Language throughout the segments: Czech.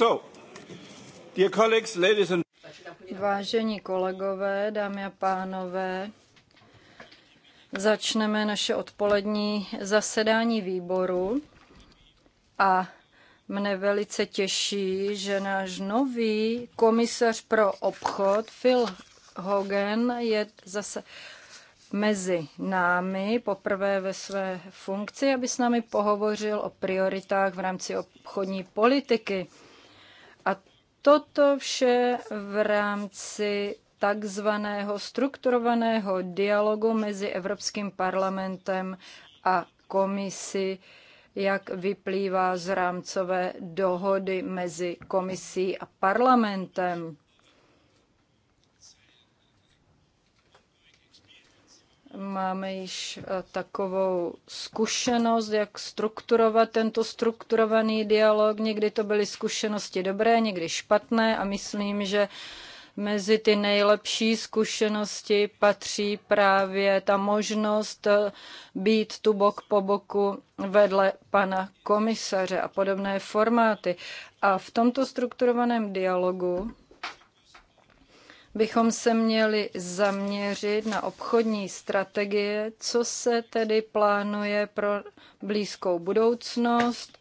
So, dear colleagues, ladies and... Vážení kolegové, dámy a pánové, začneme naše odpolední zasedání výboru a mne velice těší, že náš nový komisař pro obchod Phil Hogan je zase mezi námi poprvé ve své funkci, aby s námi pohovořil o prioritách v rámci obchodní politiky. Toto vše v rámci takzvaného strukturovaného dialogu mezi Evropským parlamentem a komisi, jak vyplývá z rámcové dohody mezi komisí a parlamentem. Máme již eh, takovou zkušenost, jak strukturovat tento strukturovaný dialog. Někdy to byly zkušenosti dobré, někdy špatné a myslím, že mezi ty nejlepší zkušenosti patří právě ta možnost eh, být tu bok po boku vedle pana komisaře a podobné formáty. A v tomto strukturovaném dialogu bychom se měli zaměřit na obchodní strategie, co se tedy plánuje pro blízkou budoucnost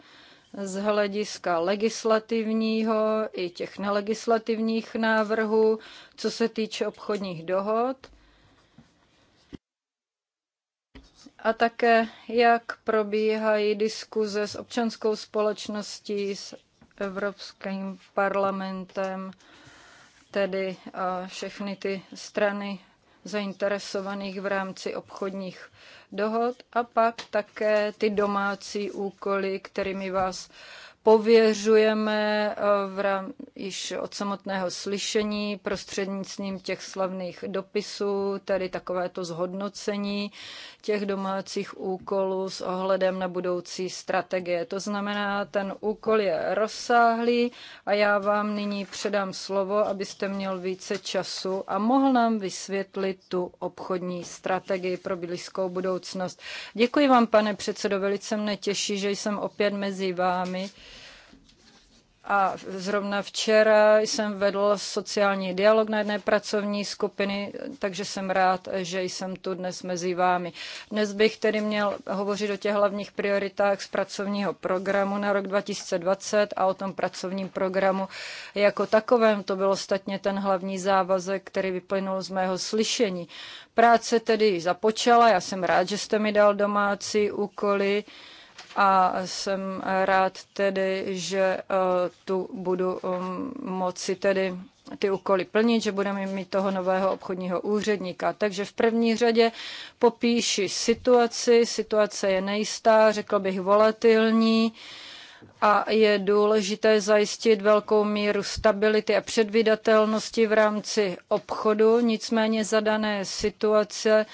z hlediska legislativního i těch nelegislativních návrhů, co se týče obchodních dohod. a také jak probíhají diskuze s občanskou společností, s Evropským parlamentem tedy eh, všechny ty strany zainteresovaných v rámci obchodních dohod a pak také ty domácí úkoly, kterými vás pověřujeme eh, v rám, již od samotného slyšení prostřednictvím těch slavných dopisů, tedy takovéto zhodnocení těch domácích úkolů s ohledem na budoucí strategie. To znamená, ten úkol je rozsáhlý a já vám nyní předám slovo, abyste měl více času a mohl nám vysvětlit tu obchodní strategii pro blízkou budoucnost. Děkuji vám, pane předsedo, velice mne těší, že jsem opět mezi vámi. A zrovna včera jsem vedl sociální dialog na jedné pracovní skupiny, takže jsem rád, že jsem tu dnes mezi vámi. Dnes bych tedy měl hovořit o těch hlavních prioritách z pracovního programu na rok 2020 a o tom pracovním programu jako takovém. To byl ostatně ten hlavní závazek, který vyplynul z mého slyšení. Práce tedy započala, já jsem rád, že jste mi dal domácí úkoly a jsem rád tedy, že e, tu budu e, moci tedy ty úkoly plnit, že budeme mít toho nového obchodního úředníka. Takže v první řadě popíši situaci. Situace je nejistá, řekl bych volatilní a je důležité zajistit velkou míru stability a předvídatelnosti v rámci obchodu. Nicméně zadané situace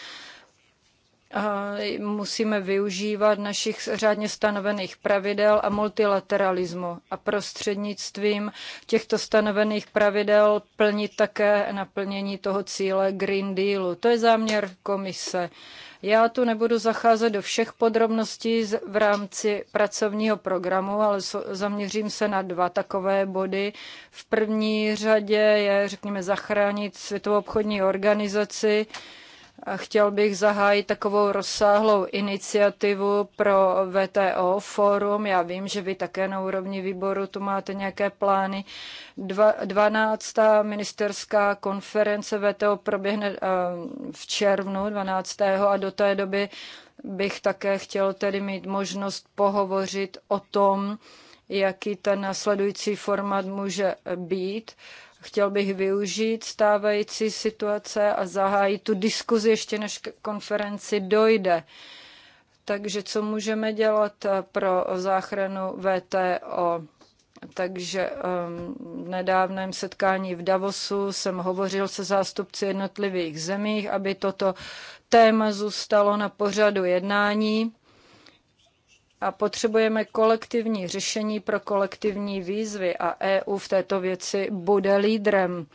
musíme využívat našich řádně stanovených pravidel a multilateralismu a prostřednictvím těchto stanovených pravidel plnit také naplnění toho cíle Green Dealu. To je záměr komise. Já tu nebudu zacházet do všech podrobností v rámci pracovního programu, ale zaměřím se na dva takové body. V první řadě je, řekněme, zachránit Světovou obchodní organizaci, Chtěl bych zahájit takovou rozsáhlou iniciativu pro VTO fórum. Já vím, že vy také na úrovni výboru tu máte nějaké plány. 12. ministerská konference VTO proběhne eh, v červnu 12. a do té doby bych také chtěl tedy mít možnost pohovořit o tom, jaký ten následující formát může být Chtěl bych využít stávající situace a zahájit tu diskuzi ještě než k konferenci dojde. Takže co můžeme dělat pro záchranu VTO? Takže um, v nedávném setkání v Davosu jsem hovořil se zástupci jednotlivých zemích, aby toto téma zůstalo na pořadu jednání a potřebujeme kolektivní řešení pro kolektivní výzvy a EU v této věci bude lídrem.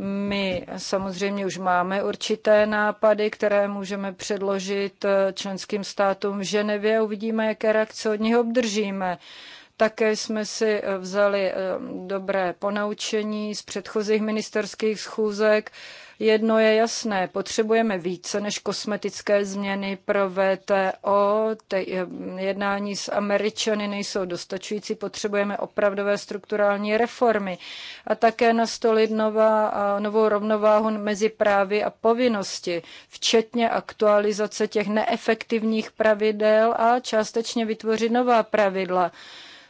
My samozřejmě už máme určité nápady, které můžeme předložit členským státům v Ženevě. Uvidíme, jaké reakce od nich obdržíme. Také jsme si vzali eh, dobré ponaučení z předchozích ministerských schůzek Jedno je jasné, potřebujeme více než kosmetické změny pro VTO, te, jednání s Američany nejsou dostačující, potřebujeme opravdové strukturální reformy a také nastolit nová, novou rovnováhu mezi právy a povinnosti, včetně aktualizace těch neefektivních pravidel a částečně vytvořit nová pravidla.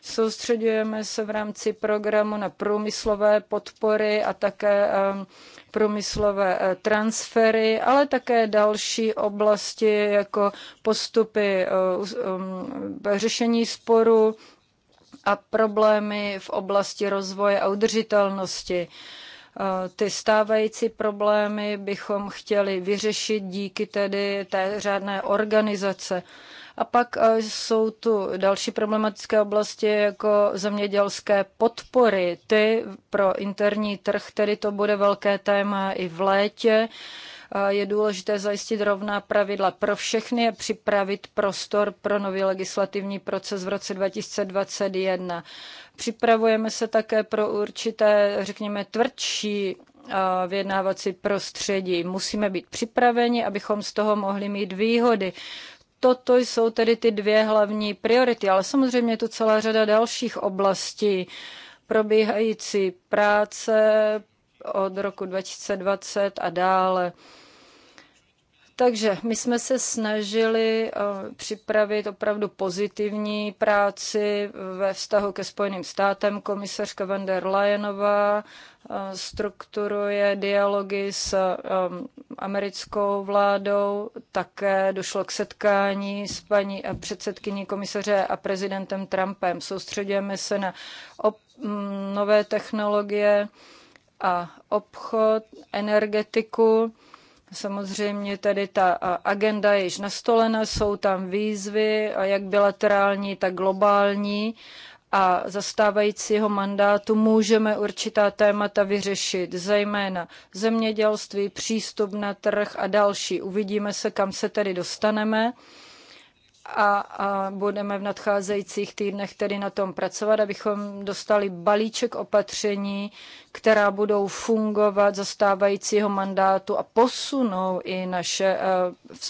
Soustředujeme se v rámci programu na průmyslové podpory a také průmyslové eh, transfery, ale také další oblasti jako postupy eh, um, řešení sporu a problémy v oblasti rozvoje a udržitelnosti. Eh, ty stávající problémy bychom chtěli vyřešit díky tedy té řádné organizace. A pak eh, jsou tu další problematické oblasti jako zemědělské podpory. Ty pro interní trh, tedy to bude velké téma i v létě. Eh, je důležité zajistit rovná pravidla pro všechny a připravit prostor pro nový legislativní proces v roce 2021. Připravujeme se také pro určité, řekněme, tvrdší eh, vyjednávací prostředí. Musíme být připraveni, abychom z toho mohli mít výhody toto jsou tedy ty dvě hlavní priority, ale samozřejmě je tu celá řada dalších oblastí probíhající práce od roku 2020 a dále. Takže my jsme se snažili eh, připravit opravdu pozitivní práci eh, ve vztahu ke Spojeným státem. Komisařka van der Leyenová eh, strukturuje dialogy s americkou vládou. Také došlo k setkání s paní předsedkyní komisaře a prezidentem Trumpem. Soustředíme se na mm, nové technologie a obchod, energetiku Samozřejmě tady ta agenda je již nastolena, jsou tam výzvy, jak bilaterální, tak globální a zastávajícího mandátu můžeme určitá témata vyřešit, zejména zemědělství, přístup na trh a další. Uvidíme se, kam se tedy dostaneme a, a budeme v nadcházejících týdnech tedy na tom pracovat, abychom dostali balíček opatření, která budou fungovat za stávajícího mandátu a posunou i naše eh,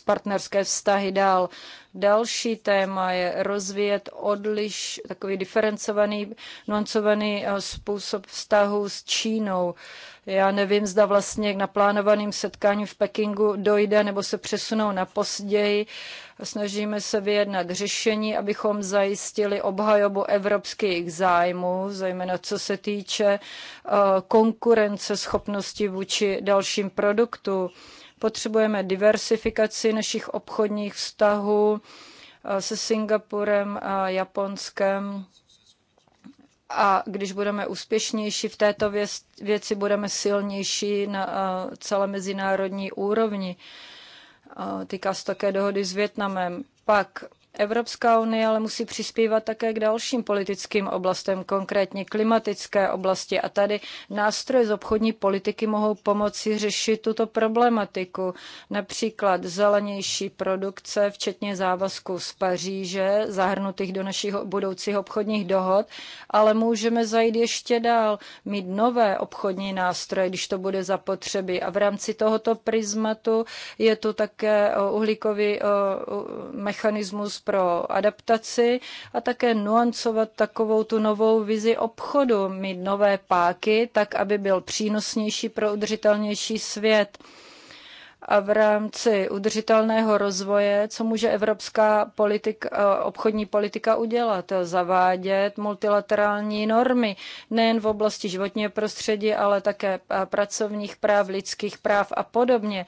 partnerské vztahy dál. Další téma je rozvíjet odliš, takový diferencovaný, nuancovaný eh, způsob vztahu s Čínou. Já nevím, zda vlastně k naplánovaným setkáním v Pekingu dojde nebo se přesunou na později. Snažíme se vyjednat řešení, abychom zajistili obhajobu evropských zájmů, zejména co se týče eh, konkurence schopnosti vůči dalším produktům. Potřebujeme diversifikaci našich obchodních vztahů eh, se Singapurem a Japonskem a když budeme úspěšnější v této věci, budeme silnější na celé mezinárodní úrovni. Týká se také dohody s Větnamem. Pak Evropská unie ale musí přispívat také k dalším politickým oblastem, konkrétně klimatické oblasti. A tady nástroje z obchodní politiky mohou pomoci řešit tuto problematiku. Například zelenější produkce, včetně závazků z Paříže, zahrnutých do našich budoucích obchodních dohod, ale můžeme zajít ještě dál, mít nové obchodní nástroje, když to bude zapotřebí. A v rámci tohoto prismatu je tu také uhlíkový eh, mechanismus pro adaptaci a také nuancovat takovou tu novou vizi obchodu, mít nové páky, tak aby byl přínosnější pro udržitelnější svět a v rámci udržitelného rozvoje, co může evropská politik, eh, obchodní politika udělat? Zavádět multilaterální normy nejen v oblasti životního prostředí, ale také eh, pracovních práv, lidských práv a podobně.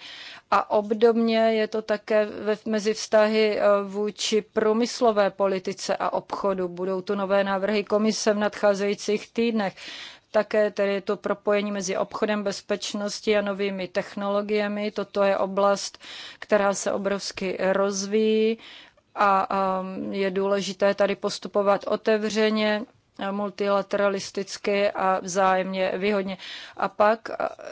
A obdobně je to také ve, mezi vztahy eh, vůči průmyslové politice a obchodu. Budou tu nové návrhy komise v nadcházejících týdnech. Také tedy to propojení mezi obchodem, bezpečnosti a novými technologiemi. Toto je oblast, která se obrovsky rozvíjí a je důležité tady postupovat otevřeně multilateralisticky a vzájemně výhodně. A pak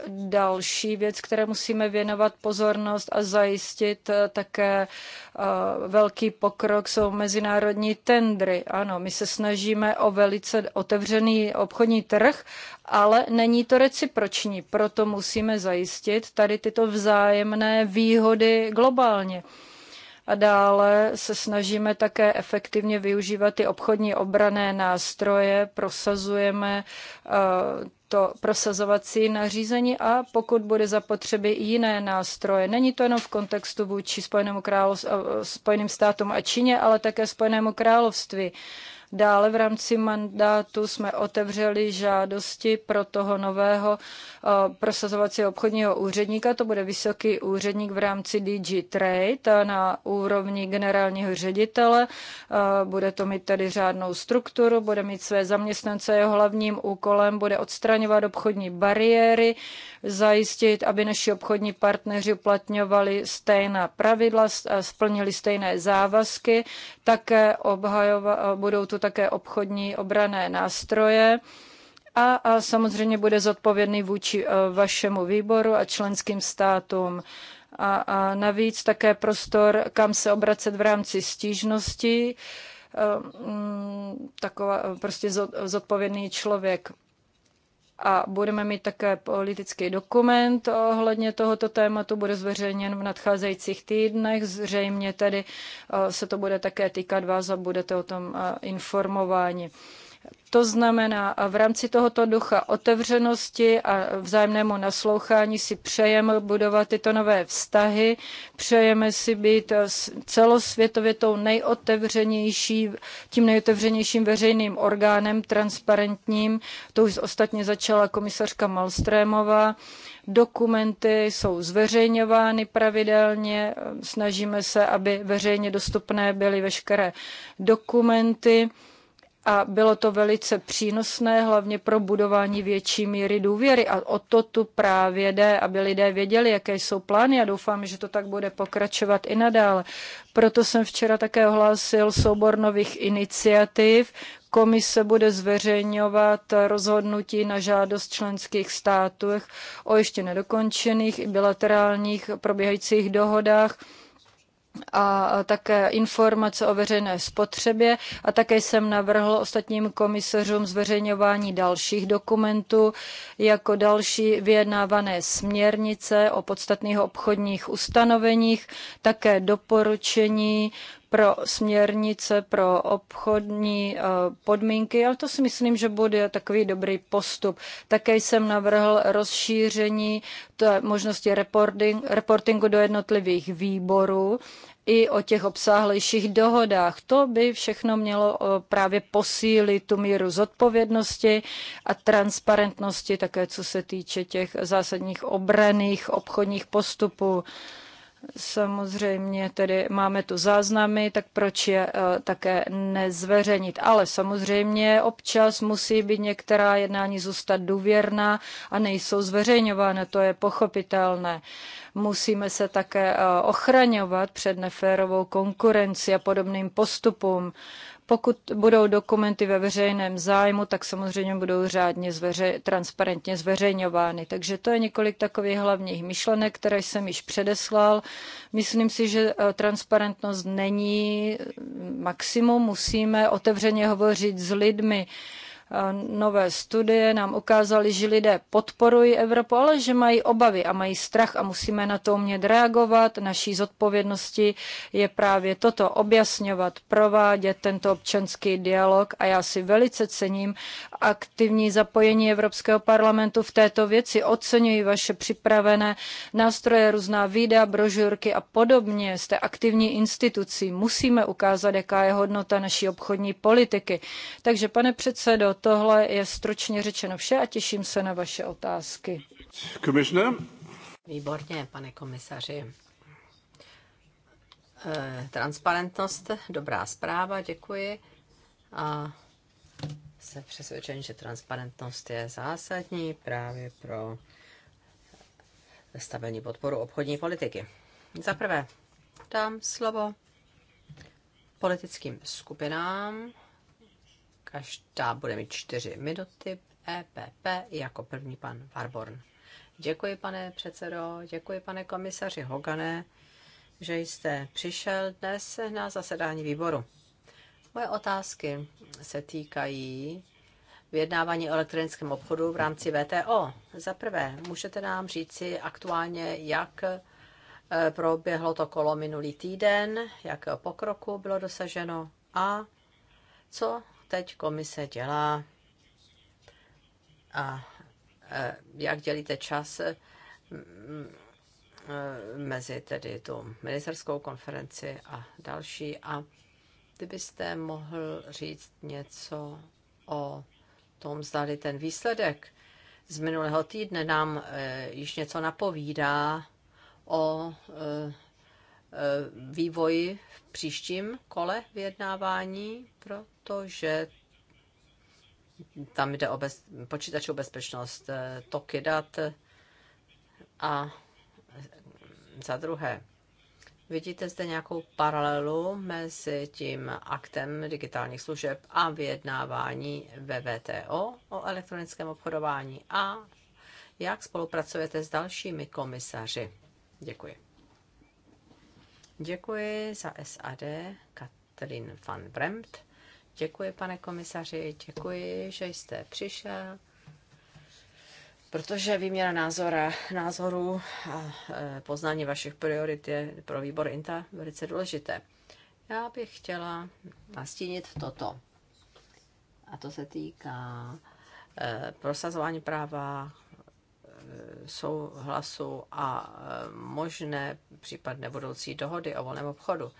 další věc, které musíme věnovat pozornost a zajistit eh, také eh, velký pokrok, jsou mezinárodní tendry. Ano, my se snažíme o velice otevřený obchodní trh, ale není to reciproční, proto musíme zajistit tady tyto vzájemné výhody globálně. A dále se snažíme také efektivně využívat ty obchodní obrané nástroje, prosazujeme eh, to prosazovací nařízení a pokud bude zapotřeby jiné nástroje. Není to jenom v kontextu vůči Spojenému království, eh, Spojeným státům a Číně, ale také Spojenému království. Dále v rámci mandátu jsme otevřeli žádosti pro toho nového eh, prosazovacího obchodního úředníka. To bude vysoký úředník v rámci DG Trade na úrovni generálního ředitele. Eh, bude to mít tedy řádnou strukturu, bude mít své zaměstnance. Jeho hlavním úkolem bude odstraňovat obchodní bariéry, zajistit, aby naši obchodní partneři uplatňovali stejná pravidla, splnili stejné závazky, také obhajova, budou tu také obchodní obrané nástroje a, a samozřejmě bude zodpovědný vůči e, vašemu výboru a členským státům. A, a navíc také prostor, kam se obracet v rámci stížnosti, e, taková e, prostě zodpovědný člověk a budeme mít také politický dokument ohledně tohoto tématu, bude zveřejněn v nadcházejících týdnech, zřejmě tedy eh, se to bude také týkat vás a budete o tom eh, informováni. To znamená, v rámci tohoto ducha otevřenosti a vzájemnému naslouchání si přejeme budovat tyto nové vztahy, přejeme si být eh, celosvětově tou nejotevřenější, tím nejotevřenějším veřejným orgánem, transparentním. To už ostatně začala komisařka Malstrémová. Dokumenty jsou zveřejňovány pravidelně, snažíme se, aby veřejně dostupné byly veškeré dokumenty a bylo to velice přínosné, hlavně pro budování větší míry důvěry. A o to tu právě jde, aby lidé věděli, jaké jsou plány a doufám, že to tak bude pokračovat i nadále. Proto jsem včera také ohlásil soubor nových iniciativ. Komise bude zveřejňovat rozhodnutí na žádost členských států o ještě nedokončených bilaterálních probíhajících dohodách a také informace o veřejné spotřebě a také jsem navrhl ostatním komisařům zveřejňování dalších dokumentů jako další vyjednávané směrnice o podstatných obchodních ustanoveních, také doporučení pro směrnice, pro obchodní eh, podmínky, ale to si myslím, že bude takový dobrý postup. Také jsem navrhl rozšíření možnosti reporting, reportingu do jednotlivých výborů i o těch obsáhlejších dohodách. To by všechno mělo eh, právě posílit tu míru zodpovědnosti a transparentnosti, také co se týče těch zásadních obraných obchodních postupů. Samozřejmě tedy máme tu záznamy, tak proč je eh, také nezveřejnit. Ale samozřejmě občas musí být některá jednání zůstat důvěrná a nejsou zveřejňována, to je pochopitelné. Musíme se také eh, ochraňovat před neférovou konkurenci a podobným postupům. Pokud budou dokumenty ve veřejném zájmu, tak samozřejmě budou řádně zveře- transparentně zveřejňovány. Takže to je několik takových hlavních myšlenek, které jsem již předeslal. Myslím si, že eh, transparentnost není eh, maximum, musíme otevřeně hovořit s lidmi. Eh, nové studie nám ukázaly, že lidé podporují Evropu, ale že mají obavy a mají strach a musíme na to umět reagovat. Naší zodpovědností je právě toto objasňovat, provádět tento občanský dialog a já si velice cením aktivní zapojení Evropského parlamentu v této věci. Oceňuji vaše připravené nástroje, různá videa, brožurky a podobně. Jste aktivní institucí. Musíme ukázat, jaká je hodnota naší obchodní politiky. Takže, pane předsedo, tohle je stručně řečeno vše a těším se na vaše otázky. Commissioner? Výborně, pane komisaři. Eh, transparentnost, dobrá zpráva, děkuji. A jsem přesvědčen, že transparentnost je zásadní právě pro stavení podporu obchodní politiky. Za prvé dám slovo politickým skupinám Každá bude mít čtyři minuty. EPP jako první pan Varborn. Děkuji, pane předsedo, děkuji, pane komisaři Hogané, že jste přišel dnes na zasedání výboru. Moje otázky se týkají vyjednávání o elektronickém obchodu v rámci VTO. Za prvé, můžete nám říci aktuálně, jak e, proběhlo to kolo minulý týden, jakého pokroku bylo dosaženo a co teď komise dělá a e, jak dělíte čas mezi tedy tu ministerskou konferenci a další a kdybyste mohl říct něco o tom, zdali ten výsledek z minulého týdne nám e, již něco napovídá o e, vývoji v příštím kole vyjednávání, pro, že tam jde o bez, počítačovou bezpečnost, eh, toky dat eh, a za druhé, vidíte zde nějakou paralelu mezi tím aktem digitálních služeb a vyjednávání ve VTO o elektronickém obchodování a jak spolupracujete s dalšími komisaři? Děkuji. Děkuji za SAD Katrin van Bremt. Děkuji, pane komisaři, děkuji, že jste přišel. Protože výměna názora, názorů a e, poznání vašich priorit je pro výbor INTA velice důležité. Já bych chtěla nastínit toto. A to se týká e, prosazování práva e, souhlasu a možné případné budoucí dohody o volném obchodu.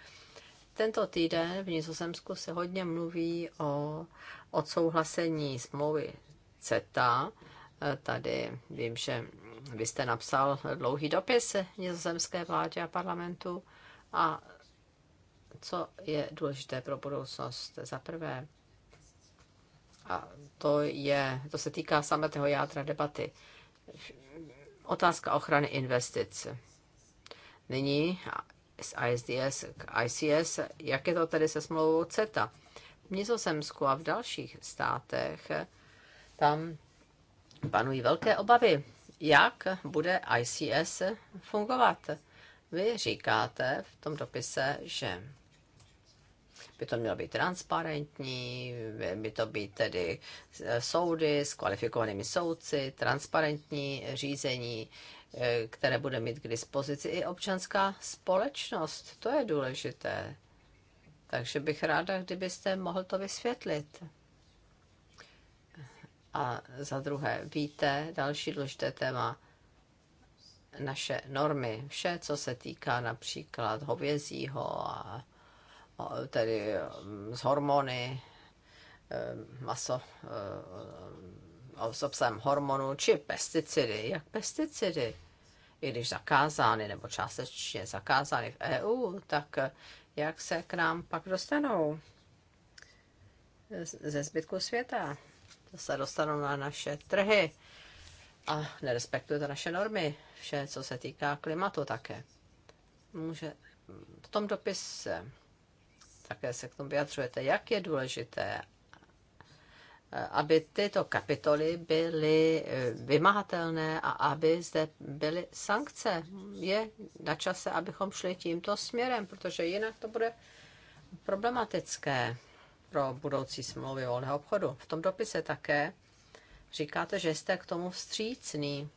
Tento týden v Nizozemsku se hodně mluví o odsouhlasení smlouvy CETA. E, tady vím, že vy jste napsal dlouhý dopis nizozemské vládě a parlamentu. A co je důležité pro budoucnost? Za prvé, a to, je, to se týká samého jádra debaty, otázka ochrany investic. Nyní z ISDS k ICS, jak je to tedy se smlouvou CETA. V Nizozemsku a v dalších státech tam panují velké obavy, jak bude ICS fungovat. Vy říkáte v tom dopise, že by to mělo být transparentní, by to být tedy soudy s kvalifikovanými soudci, transparentní řízení, Eh, které bude mít k dispozici i občanská společnost. To je důležité. Takže bych ráda, kdybyste mohl to vysvětlit. A za druhé, víte, další důležité téma, naše normy. Vše, co se týká například hovězího a tedy mm, z hormony, eh, maso eh, s obsahem hormonů či pesticidy. Jak pesticidy? I když zakázány nebo částečně zakázány v EU, tak jak se k nám pak dostanou ze zbytku světa? To se dostanou na naše trhy a nerespektuje to naše normy, vše, co se týká klimatu také. Může, v tom dopise také se k tomu vyjadřujete, jak je důležité, aby tyto kapitoly byly eh, vymahatelné a aby zde byly sankce. Je na čase, abychom šli tímto směrem, protože jinak to bude problematické pro budoucí smlouvy volného obchodu. V tom dopise také říkáte, že jste k tomu vstřícný.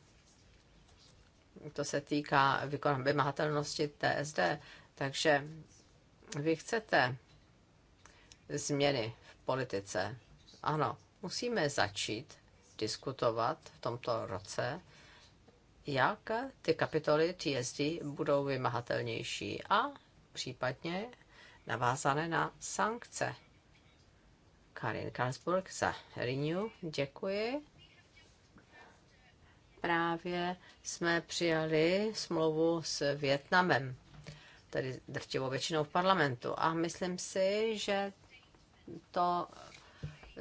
To se týká vymahatelnosti TSD. Takže vy chcete změny v politice ano, musíme začít diskutovat v tomto roce, jak ty kapitoly TSD budou vymahatelnější a případně navázané na sankce. Karin Karlsburg za Renew, děkuji. Právě jsme přijali smlouvu s Větnamem, tedy drtivou většinou v parlamentu. A myslím si, že to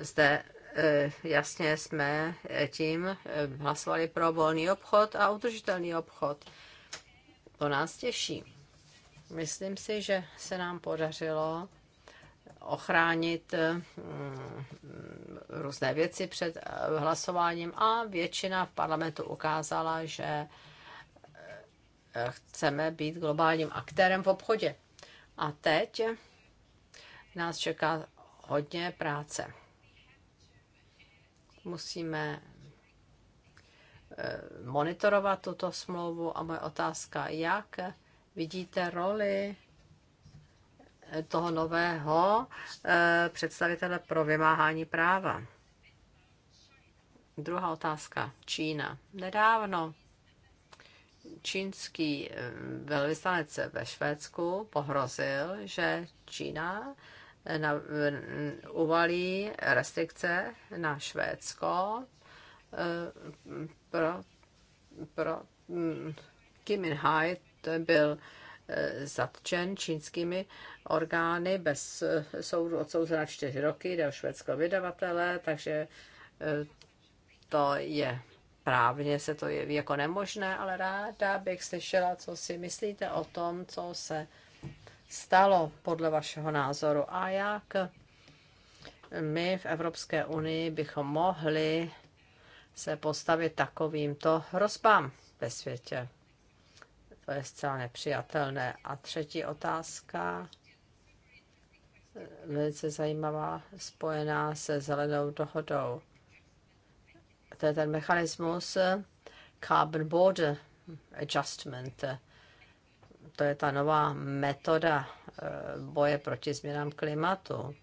zde e, jasně jsme tím e, hlasovali pro volný obchod a udržitelný obchod. To nás těší. Myslím si, že se nám podařilo ochránit e, mm, různé věci před hlasováním a většina v parlamentu ukázala, že chceme být globálním aktérem v obchodě. A teď nás čeká hodně práce musíme eh, monitorovat tuto smlouvu a moje otázka, jak vidíte roli eh, toho nového eh, představitele pro vymáhání práva. Druhá otázka. Čína. Nedávno čínský velvyslanec ve Švédsku pohrozil, že Čína na, uvalí restrikce na Švédsko eh, pro, pro hm, Kim In Hai byl eh, zatčen čínskými orgány bez eh, soudu odsouzen na čtyři roky, jde o švédského vydavatele, takže to je právně se to jeví jako nemožné, ale ráda bych slyšela, co si myslíte o tom, co se stalo podle vašeho názoru a jak my v Evropské unii bychom mohli se postavit takovýmto hrozbám ve světě. To je zcela nepřijatelné. A třetí otázka, velice zajímavá, spojená se zelenou dohodou. To je ten mechanismus Carbon Border Adjustment, to je ta nová metoda eh, boje proti změnám klimatu.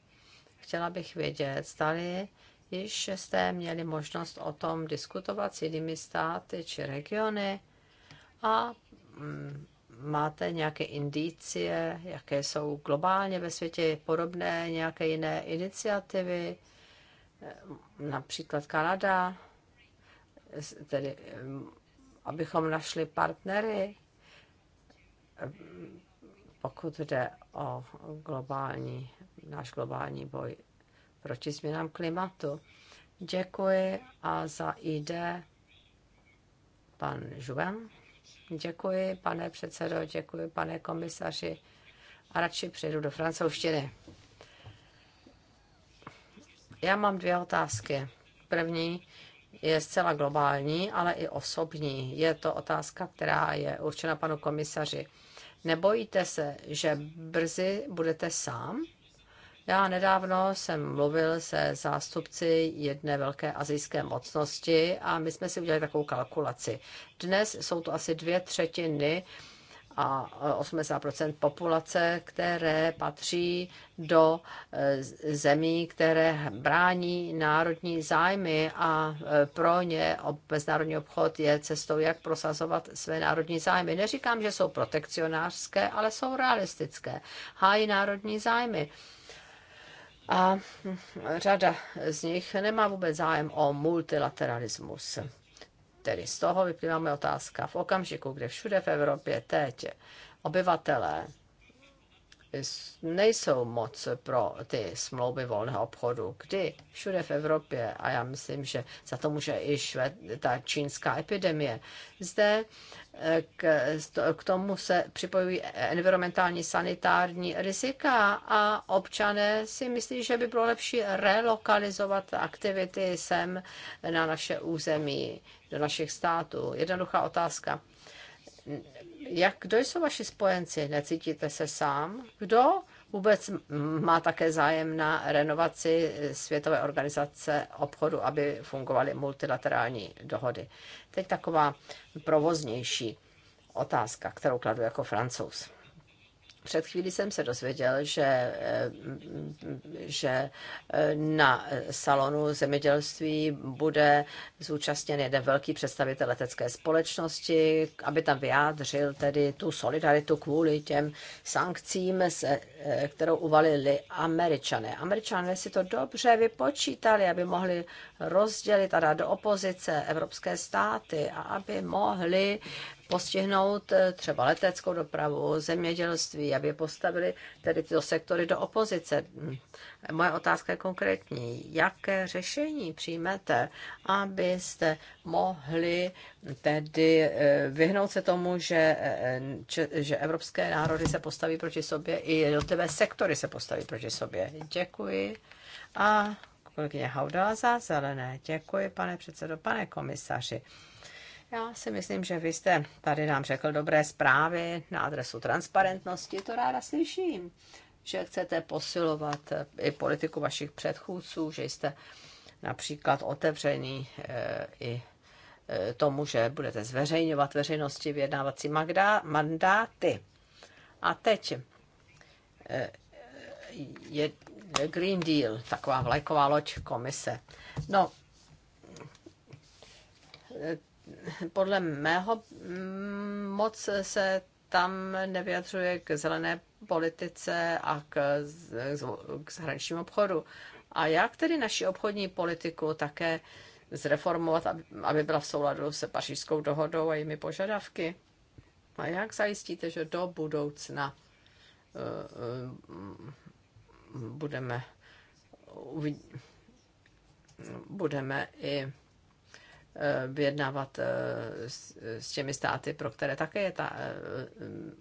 Chtěla bych vědět, stali již jste měli možnost o tom diskutovat s jinými státy či regiony a mm, máte nějaké indicie, jaké jsou globálně ve světě podobné nějaké jiné iniciativy, eh, například Kanada, tedy eh, abychom našli partnery pokud jde o globální, náš globální boj proti změnám klimatu. Děkuji a za ID pan Žuven. Děkuji, pane předsedo, děkuji, pane komisaři. A radši přejdu do francouzštiny. Já mám dvě otázky. První je zcela globální, ale i osobní. Je to otázka, která je určena panu komisaři. Nebojíte se, že brzy budete sám? Já nedávno jsem mluvil se zástupci jedné velké azijské mocnosti a my jsme si udělali takovou kalkulaci. Dnes jsou to asi dvě třetiny uh, a 80 populace, které patří do e, zemí, které brání národní zájmy a e, pro ně mezinárodní obchod je cestou, jak prosazovat své národní zájmy. Neříkám, že jsou protekcionářské, ale jsou realistické. Hájí národní zájmy. A řada z nich nemá vůbec zájem o multilateralismus. Tedy z toho moje otázka. V okamžiku, kdy všude v Evropě teď obyvatelé nejsou moc pro ty smlouvy volného obchodu. Kdy všude v Evropě, a já myslím, že za to může i švéd, ta čínská epidemie, zde eh, k, k tomu se připojují environmentální sanitární rizika a občané si myslí, že by bylo lepší relokalizovat aktivity sem na naše území, do našich států. Jednoduchá otázka jak, kdo jsou vaši spojenci? Necítíte se sám? Kdo vůbec má také zájem na renovaci Světové organizace obchodu, aby fungovaly multilaterální dohody? Teď taková provoznější otázka, kterou kladu jako francouz. Před chvílí jsem se dozvěděl, že, eh, že eh, na salonu zemědělství bude zúčastněn jeden velký představitel letecké společnosti, aby tam vyjádřil tedy tu solidaritu kvůli těm sankcím, se, eh, kterou uvalili američané. Američané si to dobře vypočítali, aby mohli rozdělit a dát do opozice evropské státy a aby mohli postihnout eh, třeba leteckou dopravu, zemědělství, aby postavili tedy tyto sektory do opozice. Hmm. Moje otázka je konkrétní. Jaké řešení přijmete, abyste mohli tedy eh, vyhnout se tomu, že, eh, že evropské národy se postaví proti sobě i jednotlivé sektory se postaví proti sobě? Děkuji. A kolegyně Haudala za zelené. Děkuji, pane předsedo, pane komisaři. Já si myslím, že vy jste tady nám řekl dobré zprávy na adresu transparentnosti, to ráda slyším, že chcete posilovat eh, i politiku vašich předchůdců, že jste například otevřený eh, i eh, tomu, že budete zveřejňovat veřejnosti vyjednávací mandáty. A teď je Green Deal, taková vlajková loď komise. No, podle mého mm, moc se tam nevyjadřuje k zelené politice a k, k zahraničnímu obchodu. A jak tedy naši obchodní politiku také zreformovat, aby byla v souladu se pařížskou dohodou a jimi požadavky? A jak zajistíte, že do budoucna eh, eh, budeme, budeme i Eh, vyjednávat eh, eh, s těmi státy, pro které také je ta mm,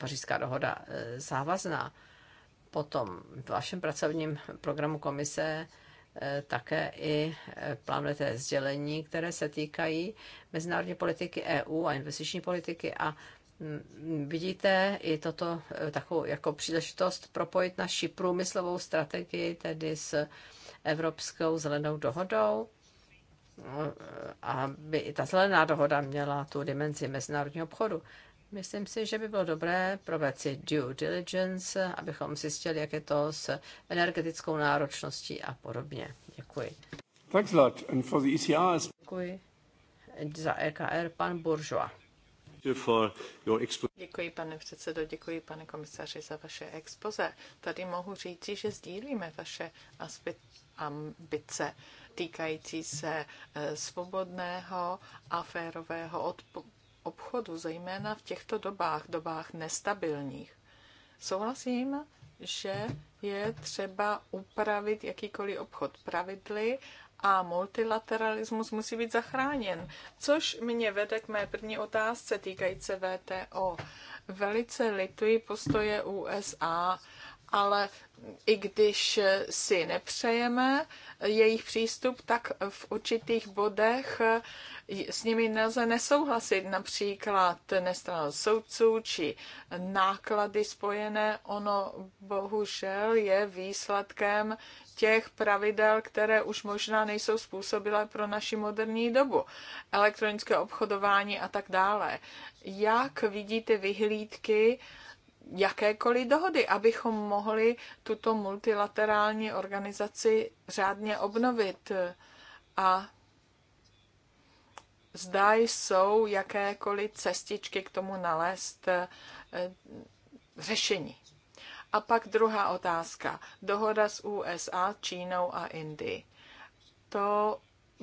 pařížská dohoda závazná. Potom v vašem pracovním programu komise také i plánujete sdělení, které se týkají mezinárodní politiky EU a investiční politiky a mm, Vidíte i toto takovou jako příležitost propojit naši průmyslovou strategii tedy s Evropskou zelenou dohodou? aby i ta zelená dohoda měla tu dimenzi mezinárodního obchodu. Myslím si, že by bylo dobré provést si due diligence, abychom zjistili, jak je to s energetickou náročností a podobně. Děkuji. Thanks a lot. And for the ECR Děkuji. Za EKR pan Buržoa. Děkuji, pane předsedo, děkuji, pane komisaři, za vaše expoze. Tady mohu říci, že sdílíme vaše ambice týkající se eh, svobodného a férového obchodu, zejména v těchto dobách, dobách nestabilních. Souhlasím, že je třeba upravit jakýkoliv obchod pravidly a multilateralismus musí být zachráněn. Což mě vede k mé první otázce týkající VTO. Velice lituji postoje USA ale i když si nepřejeme jejich přístup, tak v určitých bodech s nimi nelze nesouhlasit, například nestrannost soudců či náklady spojené. Ono bohužel je výsledkem těch pravidel, které už možná nejsou způsobilé pro naši moderní dobu, elektronické obchodování a tak dále. Jak vidíte vyhlídky, jakékoliv dohody, abychom mohli tuto multilaterální organizaci řádně obnovit. A zdá jsou jakékoliv cestičky k tomu nalézt eh, řešení. A pak druhá otázka. Dohoda s USA, Čínou a Indií. To,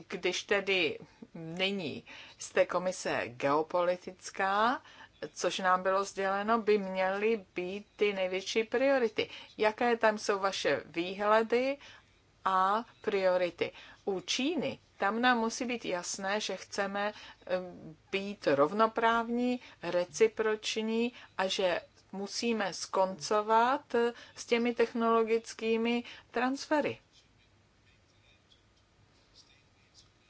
když tedy není, z té komise geopolitická, což nám bylo sděleno, by měly být ty největší priority. Jaké tam jsou vaše výhledy a priority? U Číny tam nám musí být jasné, že chceme eh, být rovnoprávní, reciproční a že musíme skoncovat s těmi technologickými transfery.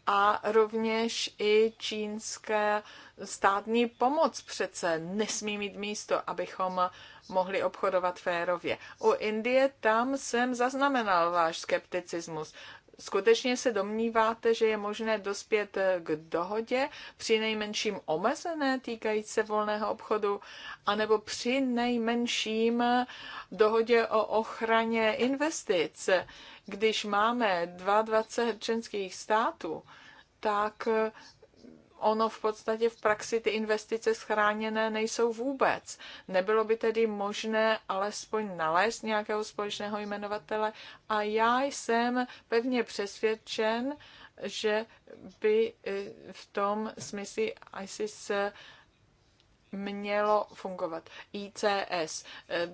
a rovněž i čínské státní pomoc přece nesmí mít místo, abychom mohli obchodovat férově. U Indie tam jsem zaznamenal váš skepticismus. Skutečně se domníváte, že je možné dospět k dohodě, při nejmenším omezené týkající se volného obchodu, anebo při nejmenším dohodě o ochraně investic. Když máme 22 členských států, tak ono v podstatě v praxi ty investice schráněné nejsou vůbec. Nebylo by tedy možné alespoň nalézt nějakého společného jmenovatele a já jsem pevně přesvědčen, že by eh, v tom smyslu ISIS eh, mělo fungovat. ICS. Eh,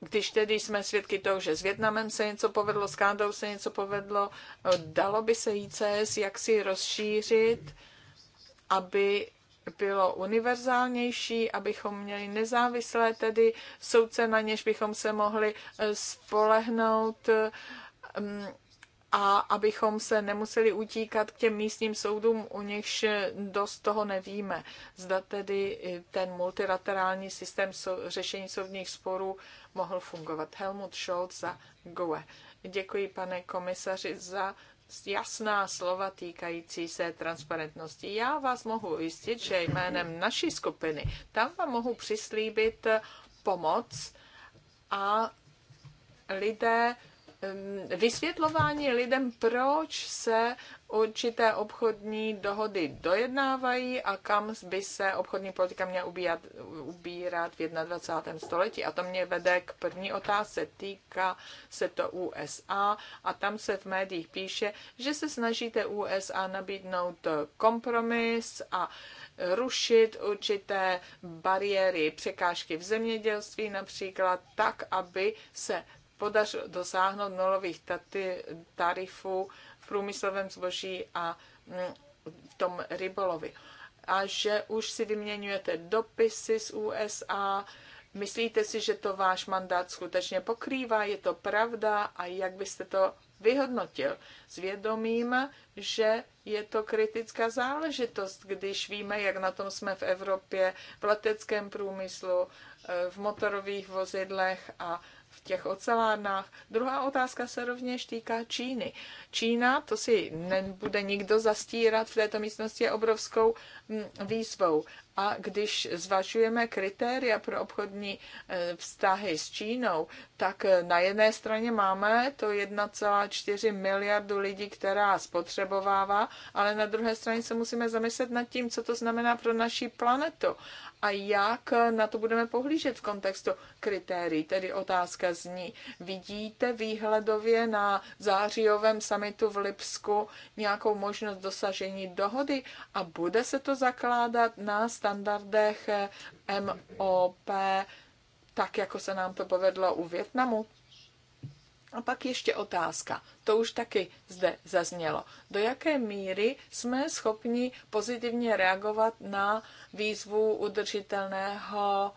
když tedy jsme svědky toho, že s Větnamem se něco povedlo, s Kandou se něco povedlo, dalo by se ICS jaksi rozšířit aby bylo univerzálnější, abychom měli nezávislé tedy soudce, na něž bychom se mohli eh, spolehnout mm, a abychom se nemuseli utíkat k těm místním soudům, u nichž eh, dost toho nevíme. Zda tedy eh, ten multilaterální systém řešení soudních sporů mohl fungovat. Helmut Scholz za GUE. Děkuji, pane komisaři, za jasná slova týkající se transparentnosti. Já vás mohu ujistit, že jménem naší skupiny tam vám mohu přislíbit pomoc a lidé Ehm, vysvětlování lidem, proč se určité obchodní dohody dojednávají a kam by se obchodní politika měla ubírat, ubírat v 21. století. A to mě vede k první otázce. Týká se to USA a tam se v médiích píše, že se snažíte USA nabídnout kompromis a rušit určité bariéry, překážky v zemědělství například, tak, aby se podařilo dosáhnout nulových tarifů v průmyslovém zboží a mm, v tom rybolovi. A že už si vyměňujete dopisy z USA, Myslíte si, že to váš mandát skutečně pokrývá? Je to pravda? A jak byste to vyhodnotil? vědomím, že je to kritická záležitost, když víme, jak na tom jsme v Evropě, v leteckém průmyslu, eh, v motorových vozidlech a těch ocelárnách. Druhá otázka se rovněž týká Číny. Čína, to si nebude nikdo zastírat v této místnosti, je obrovskou mm, výzvou. A když zvažujeme kritéria pro obchodní e, vztahy s Čínou, tak e, na jedné straně máme to 1,4 miliardu lidí, která spotřebovává, ale na druhé straně se musíme zamyslet nad tím, co to znamená pro naši planetu a jak e, na to budeme pohlížet v kontextu kritérií. Tedy otázka zní, vidíte výhledově na zářijovém samitu v Lipsku nějakou možnost dosažení dohody a bude se to zakládat na standardech eh, MOP, tak jako se nám to povedlo u Větnamu? A pak ještě otázka, to už taky zde zaznělo. Do jaké míry jsme schopni pozitivně reagovat na výzvu udržitelného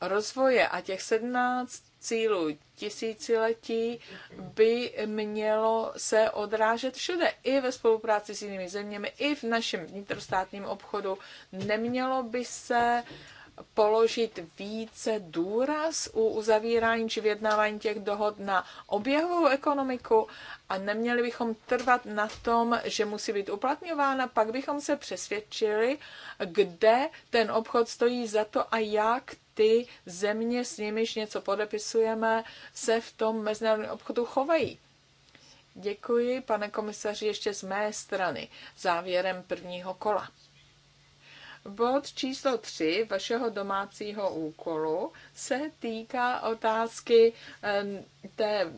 rozvoje a těch 17 cílů tisíciletí by mělo se odrážet všude, i ve spolupráci s jinými zeměmi, i v našem vnitrostátním obchodu. Nemělo by se položit více důraz u uzavírání či vyjednávání těch dohod na oběhovou ekonomiku a neměli bychom trvat na tom, že musí být uplatňována, pak bychom se přesvědčili, kde ten obchod stojí za to a jak ty země, s nimiž něco podepisujeme, se v tom mezinárodním obchodu chovají. Děkuji, pane komisaři, ještě z mé strany závěrem prvního kola. Bod číslo 3 vašeho domácího úkolu se týká otázky té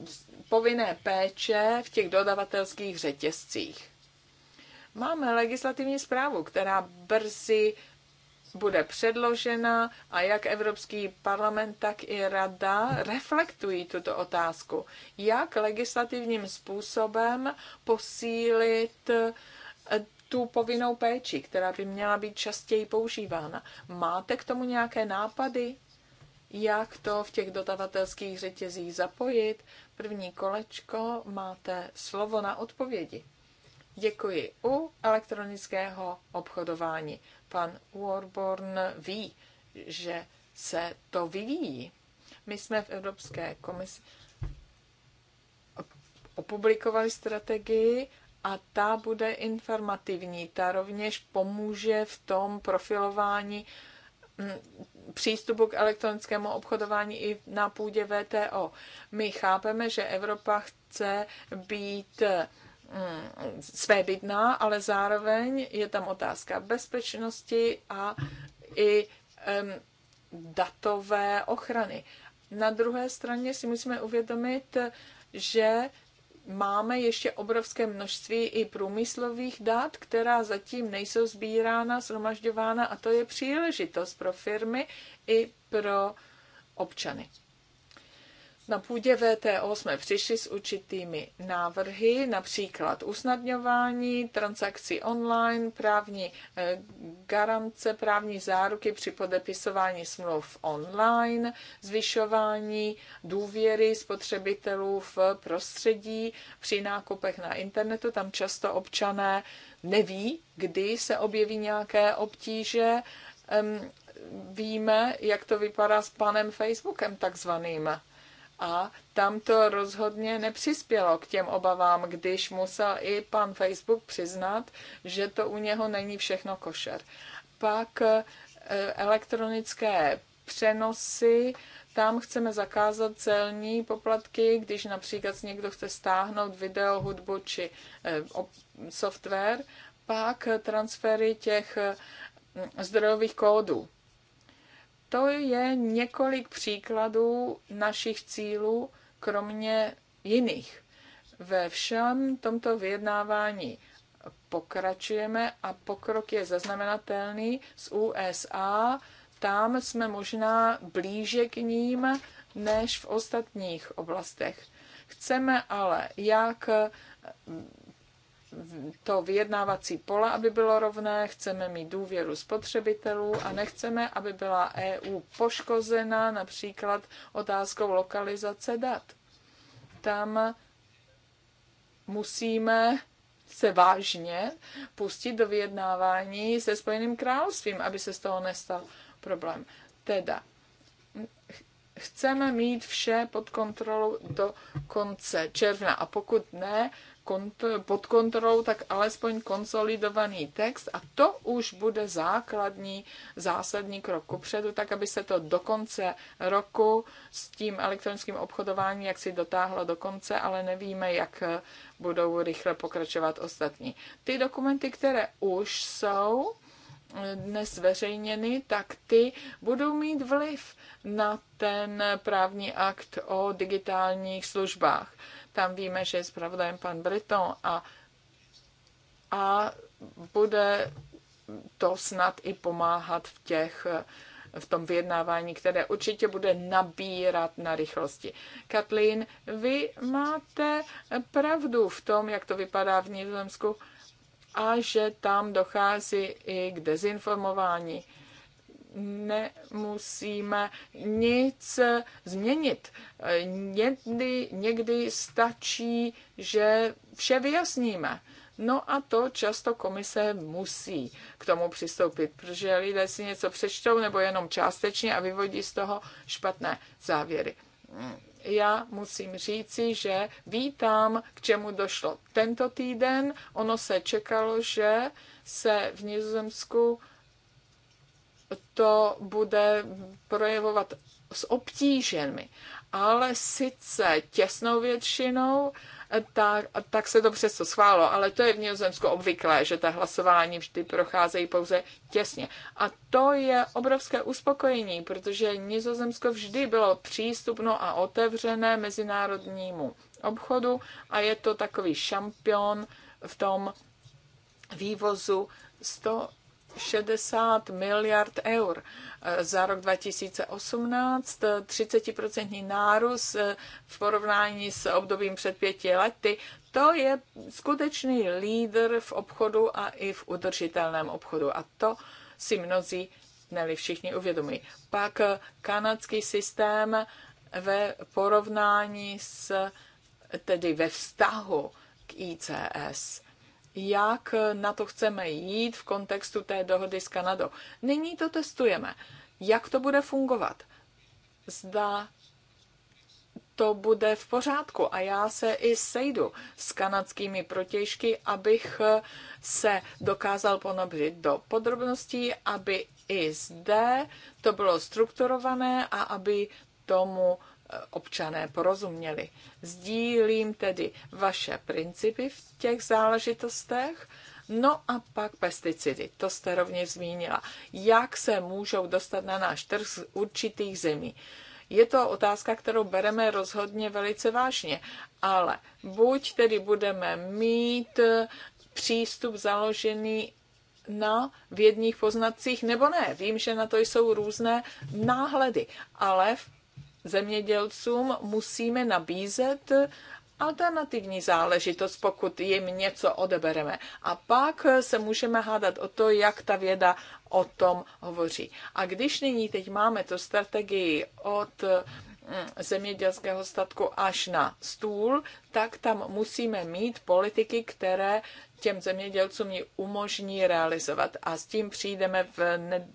povinné péče v těch dodavatelských řetězcích. Máme legislativní zprávu, která brzy bude předložena a jak Evropský parlament, tak i Rada reflektují tuto otázku. Jak legislativním způsobem posílit eh, tu povinnou péči, která by měla být častěji používána. Máte k tomu nějaké nápady? Jak to v těch dotavatelských řetězích zapojit? První kolečko, máte slovo na odpovědi. Děkuji u elektronického obchodování pan Warborn ví, že se to vyvíjí. My jsme v Evropské komisi opublikovali strategii a ta bude informativní. Ta rovněž pomůže v tom profilování mm, přístupu k elektronickému obchodování i na půdě VTO. My chápeme, že Evropa chce být svébytná, ale zároveň je tam otázka bezpečnosti a i datové ochrany. Na druhé straně si musíme uvědomit, že máme ještě obrovské množství i průmyslových dat, která zatím nejsou sbírána, zhromažďována a to je příležitost pro firmy i pro občany. Na půdě VTO jsme přišli s určitými návrhy, například usnadňování transakcí online, právní eh, garance, právní záruky při podepisování smluv online, zvyšování důvěry spotřebitelů v prostředí při nákupech na internetu. Tam často občané neví, kdy se objeví nějaké obtíže. Víme, jak to vypadá s panem Facebookem takzvaným a tam to rozhodně nepřispělo k těm obavám, když musel i pan Facebook přiznat, že to u něho není všechno košer. Pak eh, elektronické přenosy, tam chceme zakázat celní poplatky, když například někdo chce stáhnout video, hudbu či eh, software, pak eh, transfery těch zdrojových kódů to je několik příkladů našich cílů, kromě jiných. Ve všem tomto vyjednávání pokračujeme a pokrok je zaznamenatelný z USA. Tam jsme možná blíže k ním než v ostatních oblastech. Chceme ale jak to vyjednávací pole, aby bylo rovné, chceme mít důvěru spotřebitelů a nechceme, aby byla EU poškozena například otázkou lokalizace dat. Tam musíme se vážně pustit do vyjednávání se Spojeným královstvím, aby se z toho nestal problém. Teda, chceme mít vše pod kontrolou do konce června a pokud ne, pod kontrolou, tak alespoň konsolidovaný text a to už bude základní, zásadní krok kupředu, tak aby se to do konce roku s tím elektronickým obchodováním jak si dotáhlo do konce, ale nevíme, jak budou rychle pokračovat ostatní. Ty dokumenty, které už jsou, dnes zveřejněny, tak ty budou mít vliv na ten právní akt o digitálních službách. Tam víme, že je zpravodajem pan Breton a, a bude to snad i pomáhat v těch v tom vyjednávání, které určitě bude nabírat na rychlosti. Katlin, vy máte pravdu v tom, jak to vypadá v Nizozemsku a že tam dochází i k dezinformování nemusíme nic změnit. Někdy, někdy stačí, že vše vyjasníme. No a to často komise musí k tomu přistoupit, protože lidé si něco přečtou nebo jenom částečně a vyvodí z toho špatné závěry. Já musím říci, že vítám, k čemu došlo tento týden. Ono se čekalo, že se v Nizozemsku to bude projevovat s obtížemi, ale sice těsnou většinou, tak, tak se to přesto schválo, ale to je v Nizozemsku obvyklé, že ta hlasování vždy procházejí pouze těsně. A to je obrovské uspokojení, protože Nizozemsko vždy bylo přístupno a otevřené mezinárodnímu obchodu a je to takový šampion v tom vývozu 100 60 miliard eur za rok 2018, 30% nárůst eh, v porovnání s obdobím před pěti lety. To je skutečný lídr v obchodu a i v udržitelném obchodu. A to si mnozí, neli všichni, uvědomí. Pak eh, kanadský systém ve porovnání s, tedy ve vztahu k ICS jak na to chceme jít v kontextu té dohody s Kanadou. Nyní to testujeme. Jak to bude fungovat? Zda to bude v pořádku a já se i sejdu s kanadskými protěžky, abych se dokázal ponobřit do podrobností, aby i zde to bylo strukturované a aby tomu občané porozuměli. Sdílím tedy vaše principy v těch záležitostech. No a pak pesticidy, to jste rovněž zmínila. Jak se můžou dostat na náš trh z určitých zemí? Je to otázka, kterou bereme rozhodně velice vážně, ale buď tedy budeme mít eh, přístup založený na vědních poznatcích, nebo ne. Vím, že na to jsou různé náhledy, ale v zemědělcům musíme nabízet alternativní záležitost, pokud jim něco odebereme. A pak se můžeme hádat o to, jak ta věda o tom hovoří. A když nyní teď máme tu strategii od zemědělského statku až na stůl, tak tam musíme mít politiky, které těm zemědělcům ji umožní realizovat. A s tím přijdeme v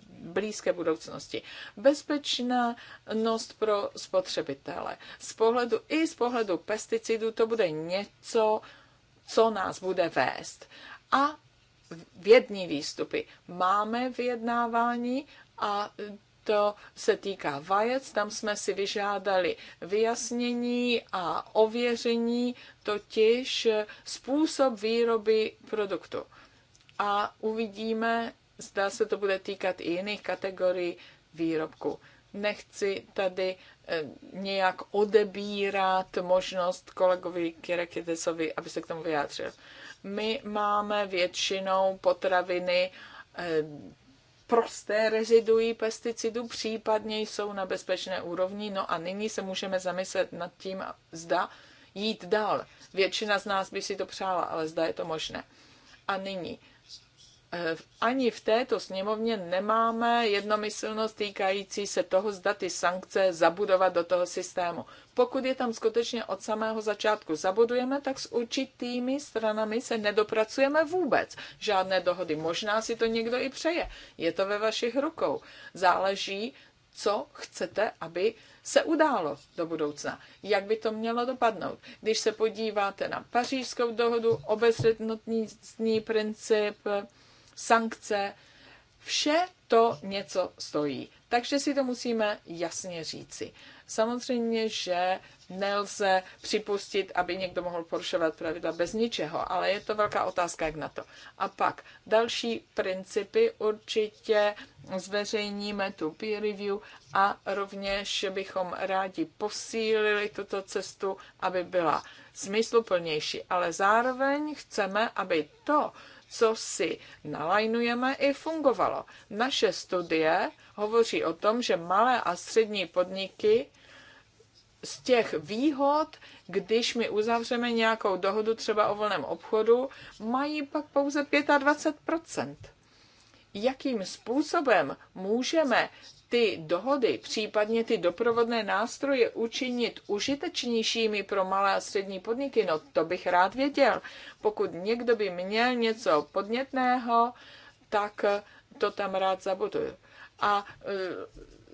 blízké budoucnosti. Bezpečnost pro spotřebitele. Z pohledu, I z pohledu pesticidů to bude něco, co nás bude vést. A vědní výstupy. Máme vyjednávání a to se týká vajec, tam jsme si vyžádali vyjasnění a ověření, totiž způsob výroby produktu. A uvidíme, zda se to bude týkat i jiných kategorií výrobku. Nechci tady eh, nějak odebírat možnost kolegovi Kirakitesovi, aby se k tomu vyjádřil. My máme většinou potraviny eh, prosté rezidují pesticidů, případně jsou na bezpečné úrovni. No a nyní se můžeme zamyslet nad tím, zda jít dál. Většina z nás by si to přála, ale zda je to možné. A nyní ani v této sněmovně nemáme jednomyslnost týkající se toho, zda ty sankce zabudovat do toho systému. Pokud je tam skutečně od samého začátku zabudujeme, tak s určitými stranami se nedopracujeme vůbec. Žádné dohody. Možná si to někdo i přeje. Je to ve vašich rukou. Záleží, co chcete, aby se událo do budoucna. Jak by to mělo dopadnout? Když se podíváte na pařížskou dohodu, obezřetnostní princip, sankce, vše to něco stojí. Takže si to musíme jasně říci. Samozřejmě, že nelze připustit, aby někdo mohl porušovat pravidla bez ničeho, ale je to velká otázka, jak na to. A pak další principy určitě zveřejníme tu peer review a rovněž bychom rádi posílili tuto cestu, aby byla smysluplnější, ale zároveň chceme, aby to, co si nalajnujeme, i fungovalo. Naše studie hovoří o tom, že malé a střední podniky z těch výhod, když my uzavřeme nějakou dohodu třeba o volném obchodu, mají pak pouze 25 jakým způsobem můžeme ty dohody, případně ty doprovodné nástroje učinit užitečnějšími pro malé a střední podniky, no to bych rád věděl. Pokud někdo by měl něco podnětného, tak to tam rád zabuduju. A e,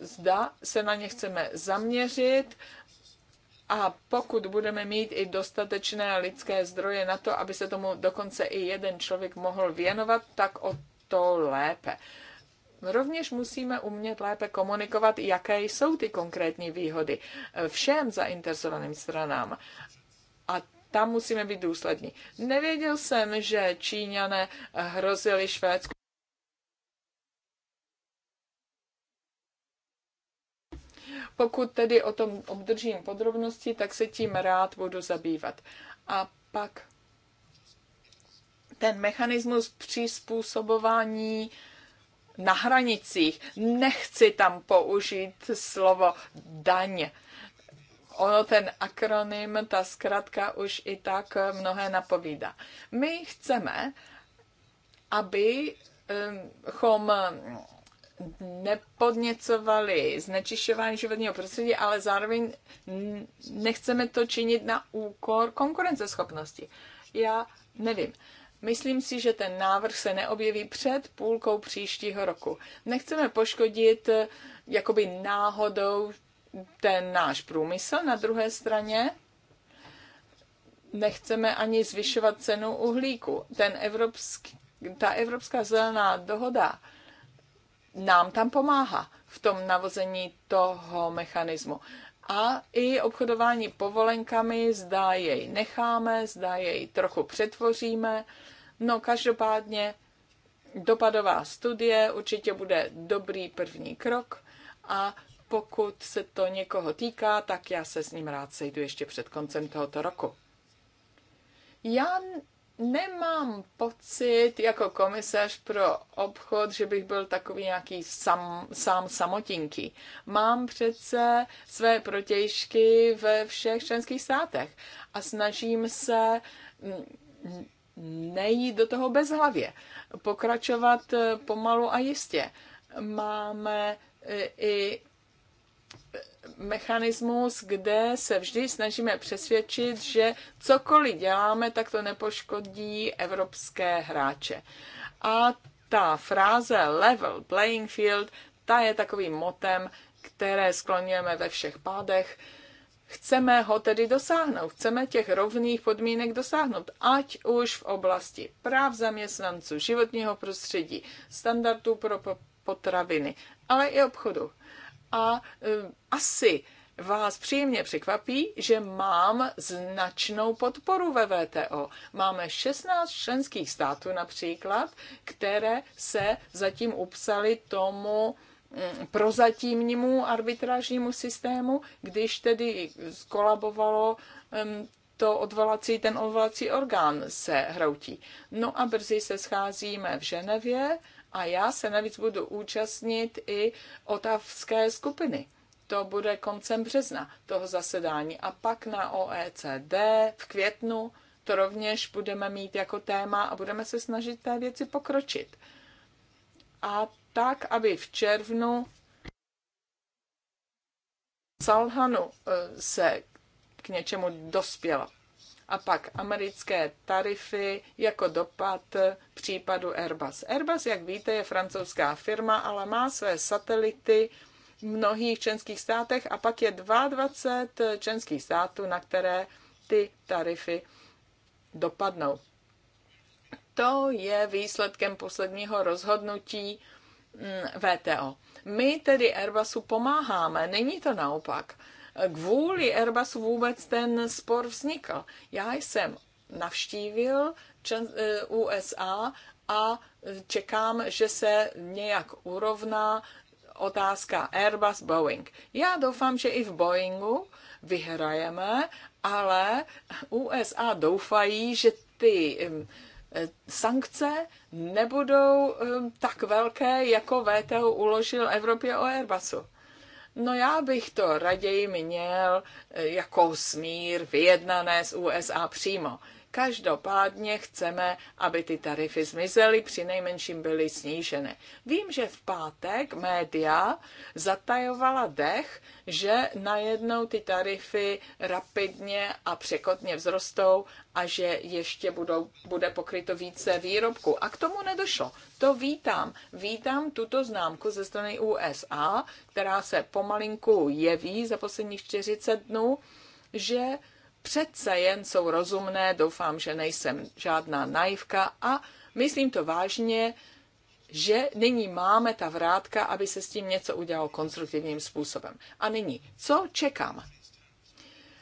zda se na ně chceme zaměřit, a pokud budeme mít i dostatečné lidské zdroje na to, aby se tomu dokonce i jeden člověk mohl věnovat, tak o to lépe. Rovněž musíme umět lépe komunikovat, jaké jsou ty konkrétní výhody všem zainteresovaným stranám. A tam musíme být důslední. Nevěděl jsem, že Číňané hrozili Švédsku. Pokud tedy o tom obdržím podrobnosti, tak se tím rád budu zabývat. A pak ten mechanismus přizpůsobování uh, na hranicích. Nechci tam použít slovo daň. Ono ten akronym, ta zkratka už i tak mnohé napovídá. My chceme, abychom um, nepodněcovali znečišování životního prostředí, ale zároveň nechceme to činit na úkor konkurenceschopnosti. Já nevím. Myslím si, že ten návrh se neobjeví před půlkou příštího roku. Nechceme poškodit eh, jakoby náhodou ten náš průmysl na druhé straně. Nechceme ani zvyšovat cenu uhlíku. Ten evropský, ta Evropská zelená dohoda nám tam pomáhá v tom navození toho mechanismu. A i obchodování povolenkami, zda jej necháme, zda jej trochu přetvoříme. No každopádně dopadová studie určitě bude dobrý první krok a pokud se to někoho týká, tak já se s ním rád sejdu ještě před koncem tohoto roku. Já nemám pocit jako komisař pro obchod, že bych byl takový nějaký sam, sám samotinký. Mám přece své protějšky ve všech členských státech a snažím se mm, nejít do toho bezhlavě, pokračovat eh, pomalu a jistě. Máme eh, i mechanismus, kde se vždy snažíme přesvědčit, že cokoliv děláme, tak to nepoškodí evropské hráče. A ta fráze level playing field, ta je takovým motem, které skloněme ve všech pádech. Chceme ho tedy dosáhnout, chceme těch rovných podmínek dosáhnout, ať už v oblasti práv zaměstnanců, životního prostředí, standardů pro potraviny, ale i obchodu a e, asi vás příjemně překvapí, že mám značnou podporu ve VTO. Máme 16 členských států například, které se zatím upsali tomu mm, prozatímnímu arbitrážnímu systému, když tedy skolabovalo mm, to odvolací, ten odvolací orgán se hroutí. No a brzy se scházíme v Ženevě a já se navíc budu účastnit i otavské skupiny. To bude koncem března toho zasedání. A pak na OECD v květnu to rovněž budeme mít jako téma a budeme se snažit té věci pokročit. A tak, aby v červnu Salhanu eh, se k něčemu dospělo. A pak americké tarify jako dopad případu Airbus. Airbus, jak víte, je francouzská firma, ale má své satelity v mnohých členských státech a pak je 22 členských států, na které ty tarify dopadnou. To je výsledkem posledního rozhodnutí mm, VTO. My tedy Airbusu pomáháme, není to naopak kvůli Airbusu vůbec ten spor vznikl. Já jsem navštívil eh, USA a čekám, že se nějak urovná otázka Airbus Boeing. Já doufám, že i v Boeingu vyhrajeme, ale USA doufají, že ty eh, sankce nebudou tak velké, jako VTO uložil Evropě o Airbusu. No já bych to raději měl eh, jako smír vyjednané z USA přímo. Každopádně chceme, aby ty tarify zmizely, při nejmenším byly sníženy. Vím, že v pátek média zatajovala dech, že najednou ty tarify rapidně a překotně vzrostou a že ještě budou, bude pokryto více výrobků. A k tomu nedošlo. To vítám. Vítám tuto známku ze strany USA, která se pomalinku jeví za posledních 40 dnů, že přece jen jsou rozumné, doufám, že nejsem žádná naivka a myslím to vážně, že nyní máme ta vrátka, aby se s tím něco udělalo konstruktivním způsobem. A nyní, co čekám?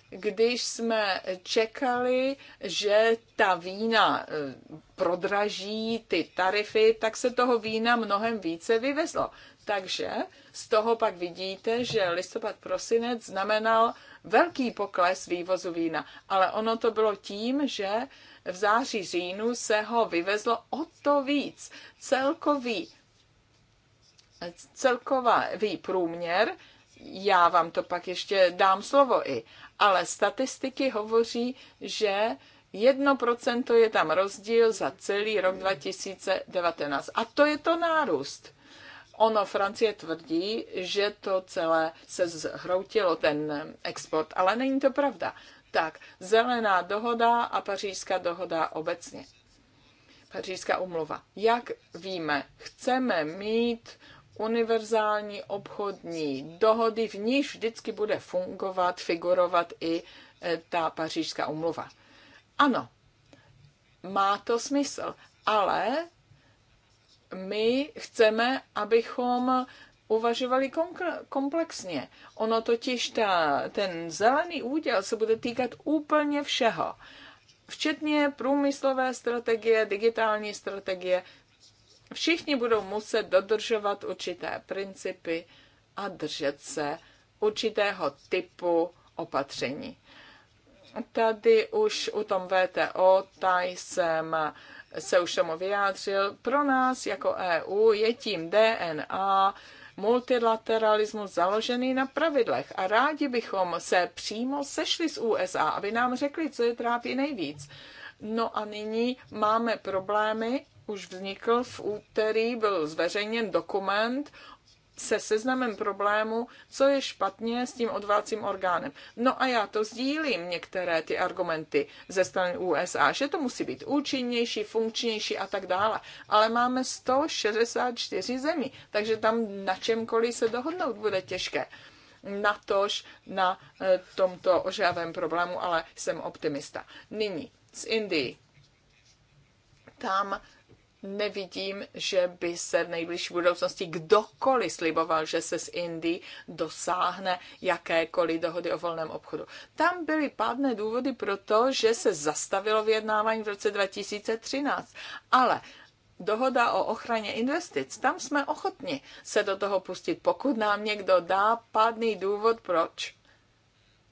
Když jsme čekali, že ta vína eh, prodraží ty tarify, tak se toho vína mnohem více vyvezlo. Takže z toho pak vidíte, že listopad prosinec znamenal velký pokles vývozu vína, ale ono to bylo tím, že v září říjnu se ho vyvezlo o to víc. Celkový, celkový průměr, já vám to pak ještě dám slovo i, ale statistiky hovoří, že 1% je tam rozdíl za celý rok 2019. Hmm. A to je to nárůst ono Francie tvrdí, že to celé se zhroutilo, ten export, ale není to pravda. Tak, zelená dohoda a pařížská dohoda obecně. Pařížská umluva. Jak víme, chceme mít univerzální obchodní dohody, v níž vždycky bude fungovat, figurovat i e, ta pařížská umluva. Ano, má to smysl, ale my chceme, abychom uvažovali komplexně. Ono totiž ta, ten zelený úděl se bude týkat úplně všeho, včetně průmyslové strategie, digitální strategie. Všichni budou muset dodržovat určité principy a držet se určitého typu opatření. Tady už u tom VTO, ta jsem se už tomu vyjádřil. Pro nás jako EU je tím DNA multilateralismus založený na pravidlech a rádi bychom se přímo sešli s USA, aby nám řekli, co je trápí nejvíc. No a nyní máme problémy, už vznikl v úterý, byl zveřejněn dokument se seznamem problému, co je špatně s tím odvácím orgánem. No a já to sdílím některé ty argumenty ze strany USA, že to musí být účinnější, funkčnější a tak dále. Ale máme 164 zemí, takže tam na čemkoliv se dohodnout bude těžké natož na eh, tomto ožávém problému, ale jsem optimista. Nyní z Indii. Tam nevidím, že by se v nejbližší budoucnosti kdokoliv sliboval, že se z Indii dosáhne jakékoliv dohody o volném obchodu. Tam byly pádné důvody pro to, že se zastavilo vyjednávání v roce 2013, ale dohoda o ochraně investic, tam jsme ochotni se do toho pustit, pokud nám někdo dá pádný důvod, proč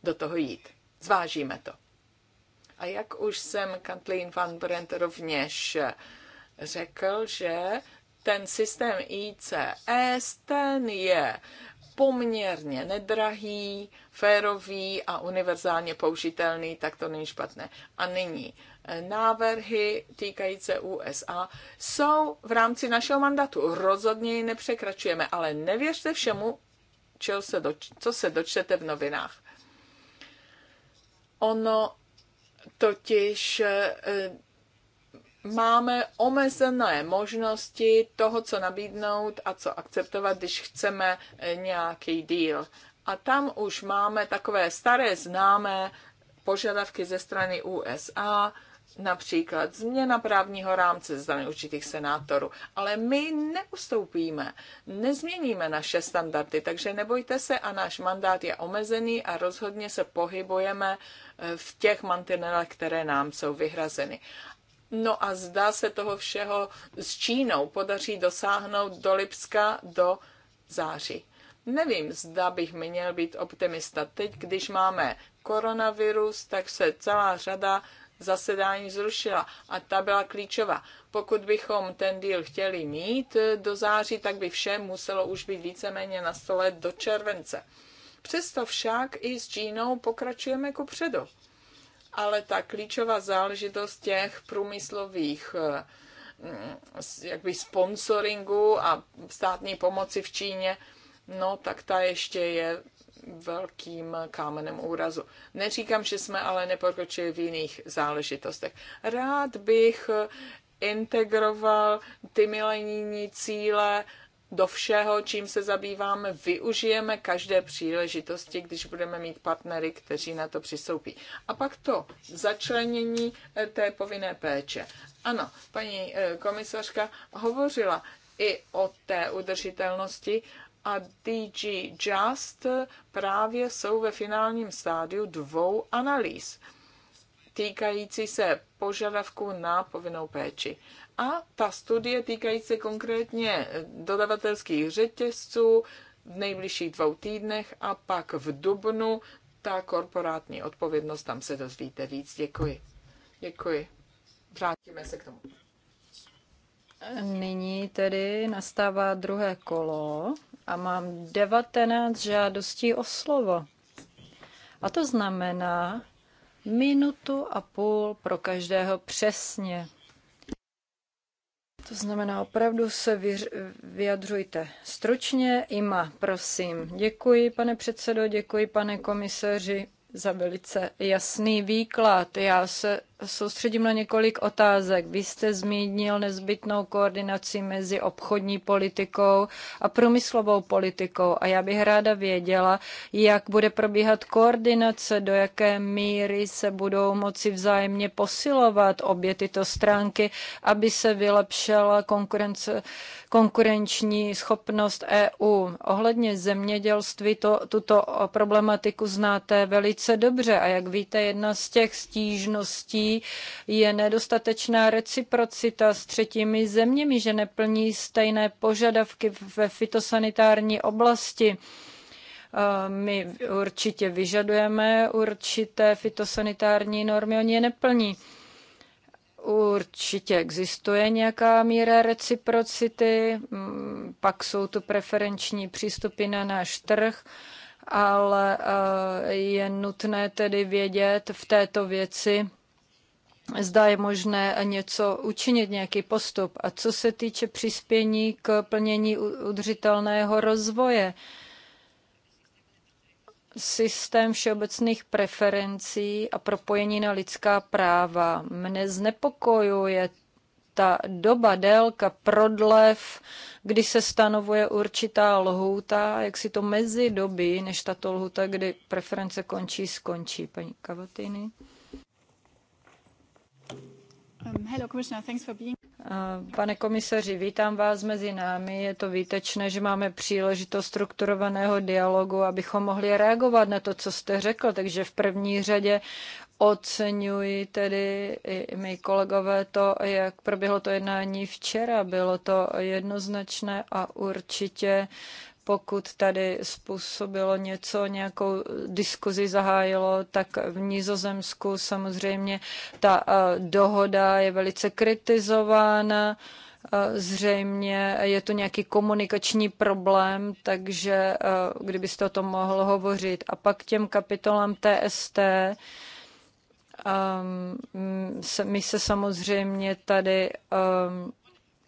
do toho jít. Zvážíme to. A jak už jsem Kathleen van Brent rovněž uh, řekl, že ten systém ICS, ten je poměrně nedrahý, férový a univerzálně použitelný, tak to není špatné. A nyní eh, návrhy týkající USA jsou v rámci našeho mandatu. Rozhodně ji nepřekračujeme, ale nevěřte všemu, se doč- co se dočtete v novinách. Ono totiž eh, máme omezené možnosti toho, co nabídnout a co akceptovat, když chceme eh, nějaký díl. A tam už máme takové staré známé požadavky ze strany USA, například změna právního rámce ze strany určitých senátorů. Ale my neustoupíme, nezměníme naše standardy, takže nebojte se a náš mandát je omezený a rozhodně se pohybujeme eh, v těch mantinelech, které nám jsou vyhrazeny. No a zdá se toho všeho s Čínou podaří dosáhnout do Lipska do září. Nevím, zda bych měl být optimista. Teď, když máme koronavirus, tak se celá řada zasedání zrušila a ta byla klíčová. Pokud bychom ten díl chtěli mít do září, tak by vše muselo už být víceméně na stole do července. Přesto však i s Čínou pokračujeme ku předu ale ta klíčová záležitost těch průmyslových eh, jakby sponsoringu a státní pomoci v Číně, no tak ta ještě je velkým kámenem úrazu. Neříkám, že jsme ale nepokročili v jiných záležitostech. Rád bych integroval ty milenijní cíle do všeho, čím se zabýváme, využijeme každé příležitosti, když budeme mít partnery, kteří na to přistoupí. A pak to začlenění eh, té povinné péče. Ano, paní eh, komisařka hovořila i o té udržitelnosti a DG Just právě jsou ve finálním stádiu dvou analýz týkající se požadavku na povinnou péči. A ta studie týkající se konkrétně dodavatelských řetězců v nejbližších dvou týdnech a pak v dubnu ta korporátní odpovědnost, tam se dozvíte víc. Děkuji. Děkuji. Vrátíme se k tomu. Nyní tedy nastává druhé kolo a mám 19 žádostí o slovo. A to znamená minutu a půl pro každého přesně. To znamená, opravdu se vyjadřujte stručně. Ima, prosím. Děkuji, pane předsedo, děkuji, pane komisaři, za velice jasný výklad. Já se soustředím na několik otázek. Vy jste zmínil nezbytnou koordinaci mezi obchodní politikou a průmyslovou politikou a já bych ráda věděla, jak bude probíhat koordinace, do jaké míry se budou moci vzájemně posilovat obě tyto stránky, aby se vylepšila konkurence, konkurenční schopnost EU. Ohledně zemědělství to, tuto problematiku znáte velice dobře a jak víte, jedna z těch stížností je nedostatečná reciprocita s třetími zeměmi, že neplní stejné požadavky ve fitosanitární oblasti. My určitě vyžadujeme určité fitosanitární normy, oni je neplní. Určitě existuje nějaká míra reciprocity, mm, pak jsou tu preferenční přístupy na náš trh, ale eh, je nutné tedy vědět v této věci, zda je možné něco učinit, nějaký postup. A co se týče přispění k plnění udržitelného rozvoje, systém všeobecných preferencí a propojení na lidská práva. Mne znepokojuje ta doba, délka, prodlev, kdy se stanovuje určitá lhůta, jak si to mezi doby, než tato lhůta, kdy preference končí, skončí. Paní Kavatiny. Um, pane komisaři, vítám vás mezi námi. Je to výtečné, že máme příležitost strukturovaného dialogu, abychom mohli reagovat na to, co jste řekl. Takže v první řadě oceňuji tedy i my kolegové to, jak proběhlo to jednání včera. Bylo to jednoznačné a určitě pokud tady způsobilo něco, nějakou diskuzi zahájilo, tak v Nizozemsku samozřejmě ta dohoda je velice kritizována. Zřejmě je to nějaký komunikační problém, takže kdybyste o tom mohl hovořit. A pak těm kapitolám TST, um, my se samozřejmě tady um,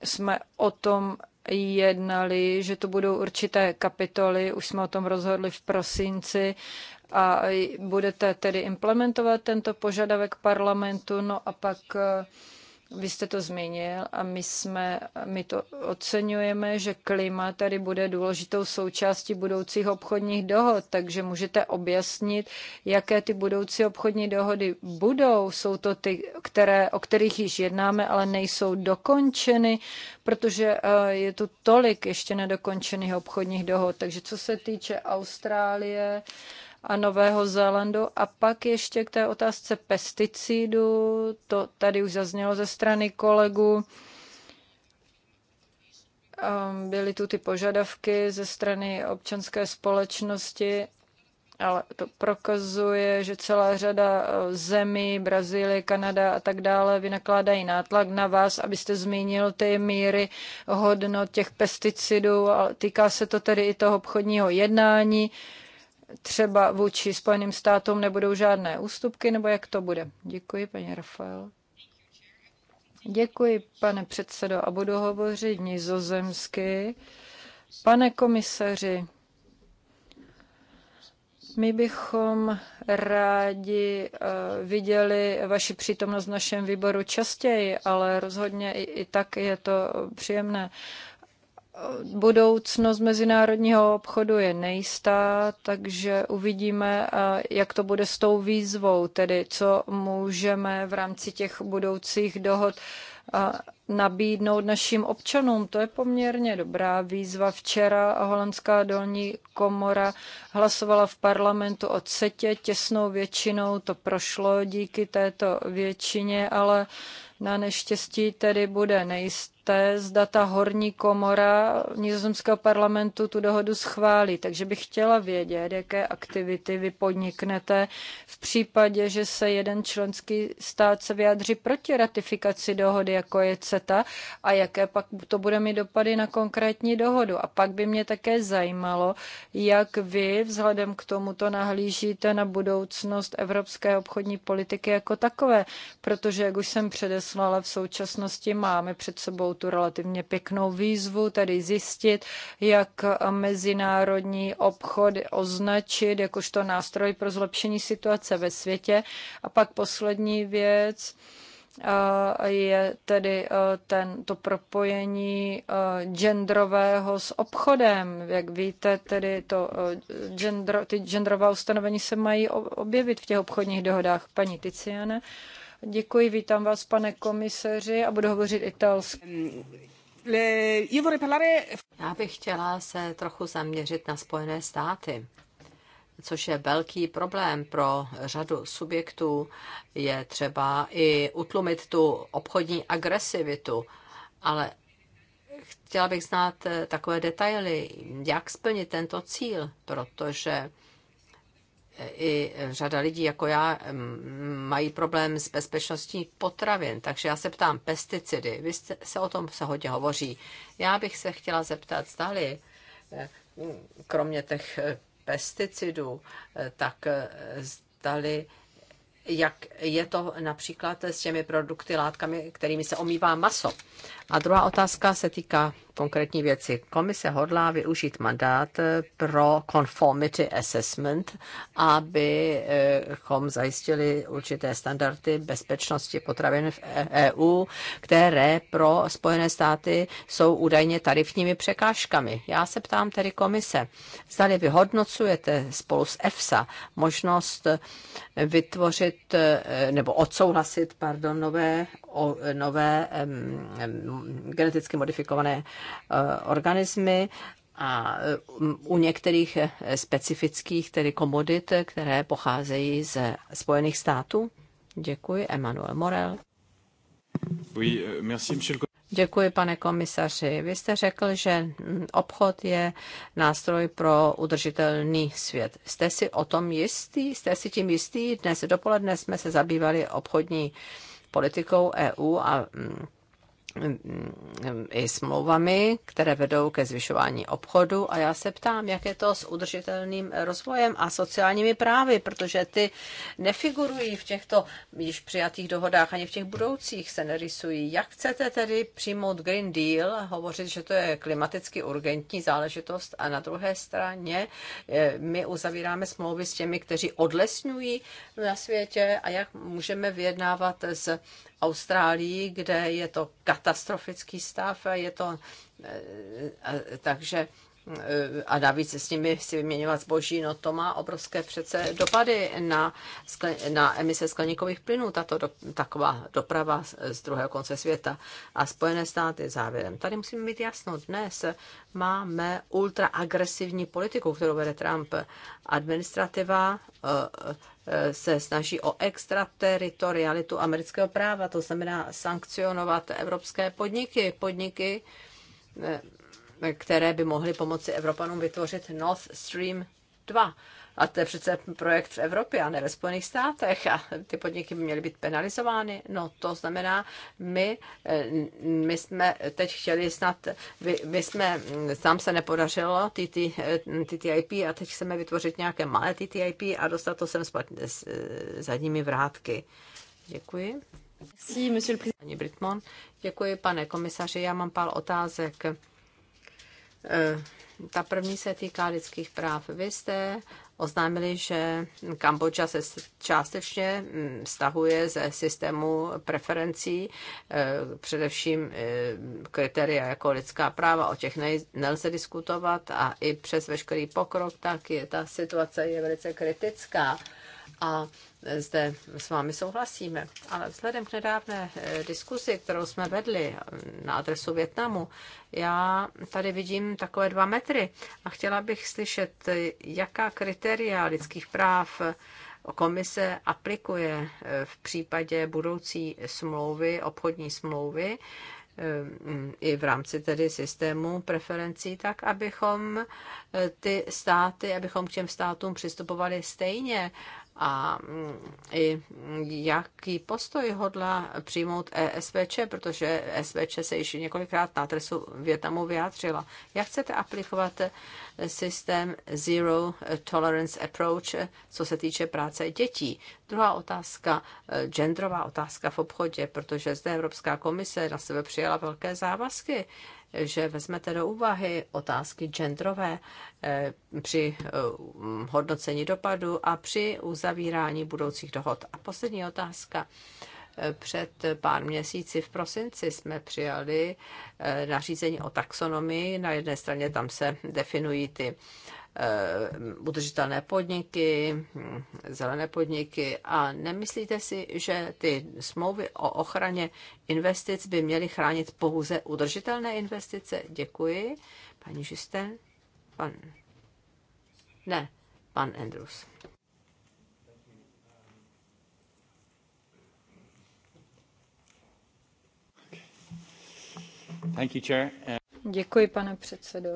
jsme o tom jednali, že to budou určité kapitoly, už jsme o tom rozhodli v prosinci, a budete tedy implementovat tento požadavek parlamentu, no a pak eh, vy jste to zmínil a my, jsme, my to oceňujeme, že klima tady bude důležitou součástí budoucích obchodních dohod, takže můžete objasnit, jaké ty budoucí obchodní dohody budou. Jsou to ty, které, o kterých již jednáme, ale nejsou dokončeny, protože eh, je tu tolik ještě nedokončených obchodních dohod. Takže co se týče Austrálie, a Nového Zélandu. A pak ještě k té otázce pesticidů, to tady už zaznělo ze strany kolegů. Ehm, byly tu ty požadavky ze strany občanské společnosti, ale to prokazuje, že celá řada eh, zemí, Brazílie, Kanada a tak dále, vynakládají nátlak na vás, abyste zmínil ty míry hodnot těch pesticidů. Týká se to tedy i toho obchodního jednání třeba vůči Spojeným státům nebudou žádné ústupky, nebo jak to bude? Děkuji, paní Rafael. Děkuji, pane předsedo, a budu hovořit nizozemsky. Pane komisaři, my bychom rádi eh, viděli vaši přítomnost v našem výboru častěji, ale rozhodně i, i tak je to příjemné budoucnost mezinárodního obchodu je nejistá, takže uvidíme, jak to bude s tou výzvou, tedy co můžeme v rámci těch budoucích dohod nabídnout našim občanům. To je poměrně dobrá výzva. Včera holandská dolní komora hlasovala v parlamentu o CETě těsnou většinou. To prošlo díky této většině, ale na neštěstí tedy bude nejistá té zda ta horní komora nizozemského parlamentu tu dohodu schválí. Takže bych chtěla vědět, jaké aktivity vy podniknete v případě, že se jeden členský stát se vyjádří proti ratifikaci dohody, jako je CETA, a jaké pak to bude mít dopady na konkrétní dohodu. A pak by mě také zajímalo, jak vy vzhledem k tomuto nahlížíte na budoucnost evropské obchodní politiky jako takové, protože, jak už jsem předeslala, v současnosti máme před sebou takovou tu relativně pěknou výzvu, tedy zjistit, jak mezinárodní obchod označit jakožto nástroj pro zlepšení situace ve světě. A pak poslední věc, je tedy ten, to propojení genderového s obchodem. Jak víte, tedy to gender, ty genderová ustanovení se mají objevit v těch obchodních dohodách. Paní Ticiane. Děkuji, vítám vás, pane komisaři, a budu hovořit italsky. Já bych chtěla se trochu zaměřit na Spojené státy což je velký problém pro řadu subjektů, je třeba i utlumit tu obchodní agresivitu. Ale chtěla bych znát eh, takové detaily, jak splnit tento cíl, protože i řada lidí jako já mají problém s bezpečností potravin, takže já se ptám, pesticidy, vy jste, se o tom se hodně hovoří. Já bych se chtěla zeptat, zdali eh, kromě těch eh, pesticidů, eh, tak zdali jak je to například s těmi produkty, látkami, kterými se omývá maso. A druhá otázka se týká konkrétní věci. Komise hodlá využít mandát eh, pro conformity assessment, abychom zajistili určité standardy bezpečnosti potravin v EU, e které pro Spojené státy jsou údajně tarifními překážkami. Já se ptám tedy komise, zdali vyhodnocujete spolu s EFSA možnost eh, vytvořit eh, nebo odsouhlasit pardon, nové, nové geneticky modifikované eh, organismy a eh, u některých eh, specifických tedy komodit, které pocházejí ze Spojených států. Děkuji, Emmanuel Morel. Euh, Děkuji, pane komisaři. Vy jste řekl, že hm, obchod je nástroj pro udržitelný svět. Jste si o tom jistý? Jste si tím jistý? Dnes dopoledne jsme se zabývali obchodní politikou EU a hm, Mm, i smlouvami, které vedou ke zvyšování obchodu. A já se ptám, jak je to s udržitelným rozvojem a sociálními právy, protože ty nefigurují v těchto již přijatých dohodách, ani v těch budoucích se nerysují. Jak chcete tedy přijmout Green Deal, hovořit, že to je klimaticky urgentní záležitost a na druhé straně eh, my uzavíráme smlouvy s těmi, kteří odlesňují na světě a jak můžeme vyjednávat s Austrálii, kde je to katastrofický stav, je to, eh, eh, takže Eh, a navíc s nimi si vyměňovat zboží, no to má obrovské přece dopady na, skle, na emise skleníkových plynů, tato do, taková doprava z druhého konce světa. A Spojené státy závěrem. Tady musíme mít jasno, dnes máme ultraagresivní politiku, kterou vede Trump. Administrativa eh, eh, se snaží o extrateritorialitu amerického práva, to znamená sankcionovat evropské podniky, podniky které by mohly pomoci Evropanům vytvořit North Stream 2. A to je přece projekt v Evropě a ne ve Spojených státech. A ty podniky by měly být penalizovány. No to znamená, my, eh, my jsme teď chtěli snad, my jsme, sám se nepodařilo TTIP eh, a teď chceme vytvořit nějaké malé TTIP a dostat to sem spad, eh, s zadními vrátky. Děkuji. Merci, monsieur le président. Pani Britmon, děkuji, pane komisaři. Já mám pár otázek Eh, ta první se týká lidských práv. Vy jste oznámili, že Kambodža se částečně hm, stahuje ze systému preferencí, eh, především eh, kritéria jako lidská práva, o těch nelze diskutovat a i přes veškerý pokrok, tak je ta situace je velice kritická a zde s vámi souhlasíme. Ale vzhledem k nedávné eh, diskusi, kterou jsme vedli eh, na adresu Větnamu, já tady vidím takové dva metry a chtěla bych slyšet, eh, jaká kritéria lidských práv komise aplikuje v případě budoucí smlouvy, obchodní smlouvy, i v rámci tedy systému preferencí, tak abychom ty státy, abychom k těm státům přistupovali stejně a mm, i mm, jaký postoj hodla přijmout ESVČ, protože e SVČ se již několikrát na trestu Větnamu vyjádřila. Jak chcete aplikovat systém Zero Tolerance Approach, co se týče práce dětí? Druhá otázka, e, genderová otázka v obchodě, protože zde Evropská komise na sebe přijala velké závazky že vezmete do úvahy otázky genderové eh, při eh, hodnocení dopadu a při uzavírání budoucích dohod. A poslední otázka. Eh, před pár měsíci v prosinci jsme přijali nařízení o taxonomii. Na jedné straně tam se definují ty Eh, udržitelné podniky, hm, zelené podniky a nemyslíte si, že ty smlouvy o ochraně investic by měly chránit pouze udržitelné investice? Děkuji. Paní Žisté? Pan... Ne, pan Andrews. Děkuji, pane předsedo.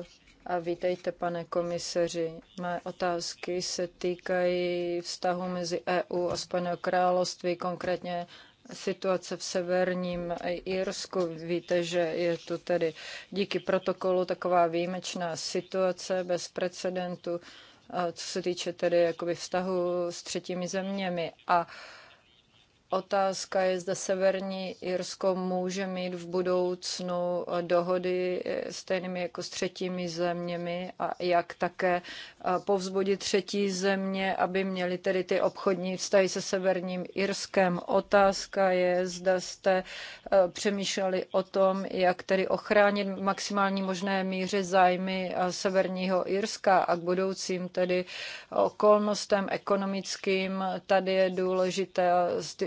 A vítejte, pane komisaři. Mé otázky se týkají vztahu mezi EU a Spojeného království, konkrétně situace v severním Irsku. Víte, že je tu tedy díky protokolu taková výjimečná situace bez precedentu, co se týče tedy jakoby vztahu s třetími zeměmi. A Otázka je, zda Severní Irsko může mít v budoucnu dohody eh, stejnými jako s třetími zeměmi a jak také eh, povzbudit třetí země, aby měly tedy ty obchodní vztahy se Severním Irskem. Otázka je, zda jste eh, přemýšleli o tom, jak tedy ochránit maximální možné míře zájmy Severního Irska a k budoucím tedy okolnostem ekonomickým. Tady je důležité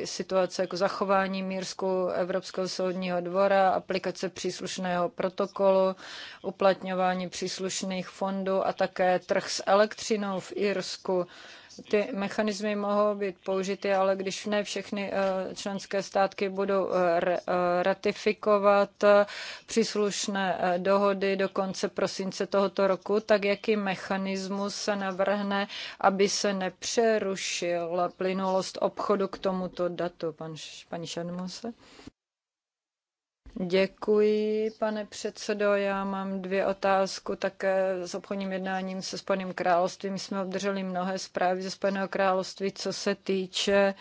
situace jako zachování mírsku Evropského soudního dvora, aplikace příslušného protokolu, uplatňování příslušných fondů a také trh s elektřinou v Irsku. Ty mechanismy mohou být použity, ale když ne všechny eh, členské státky budou eh, eh, ratifikovat příslušné dohody do konce prosince tohoto roku, tak jaký mechanismus se navrhne, aby se nepřerušila plynulost obchodu k tomuto datu, pan, paní Šadmose? Děkuji, pane předsedo. Já mám dvě otázku také s obchodním jednáním se Spojeným královstvím. Jsme obdrželi mnohé zprávy ze Spojeného království, co se týče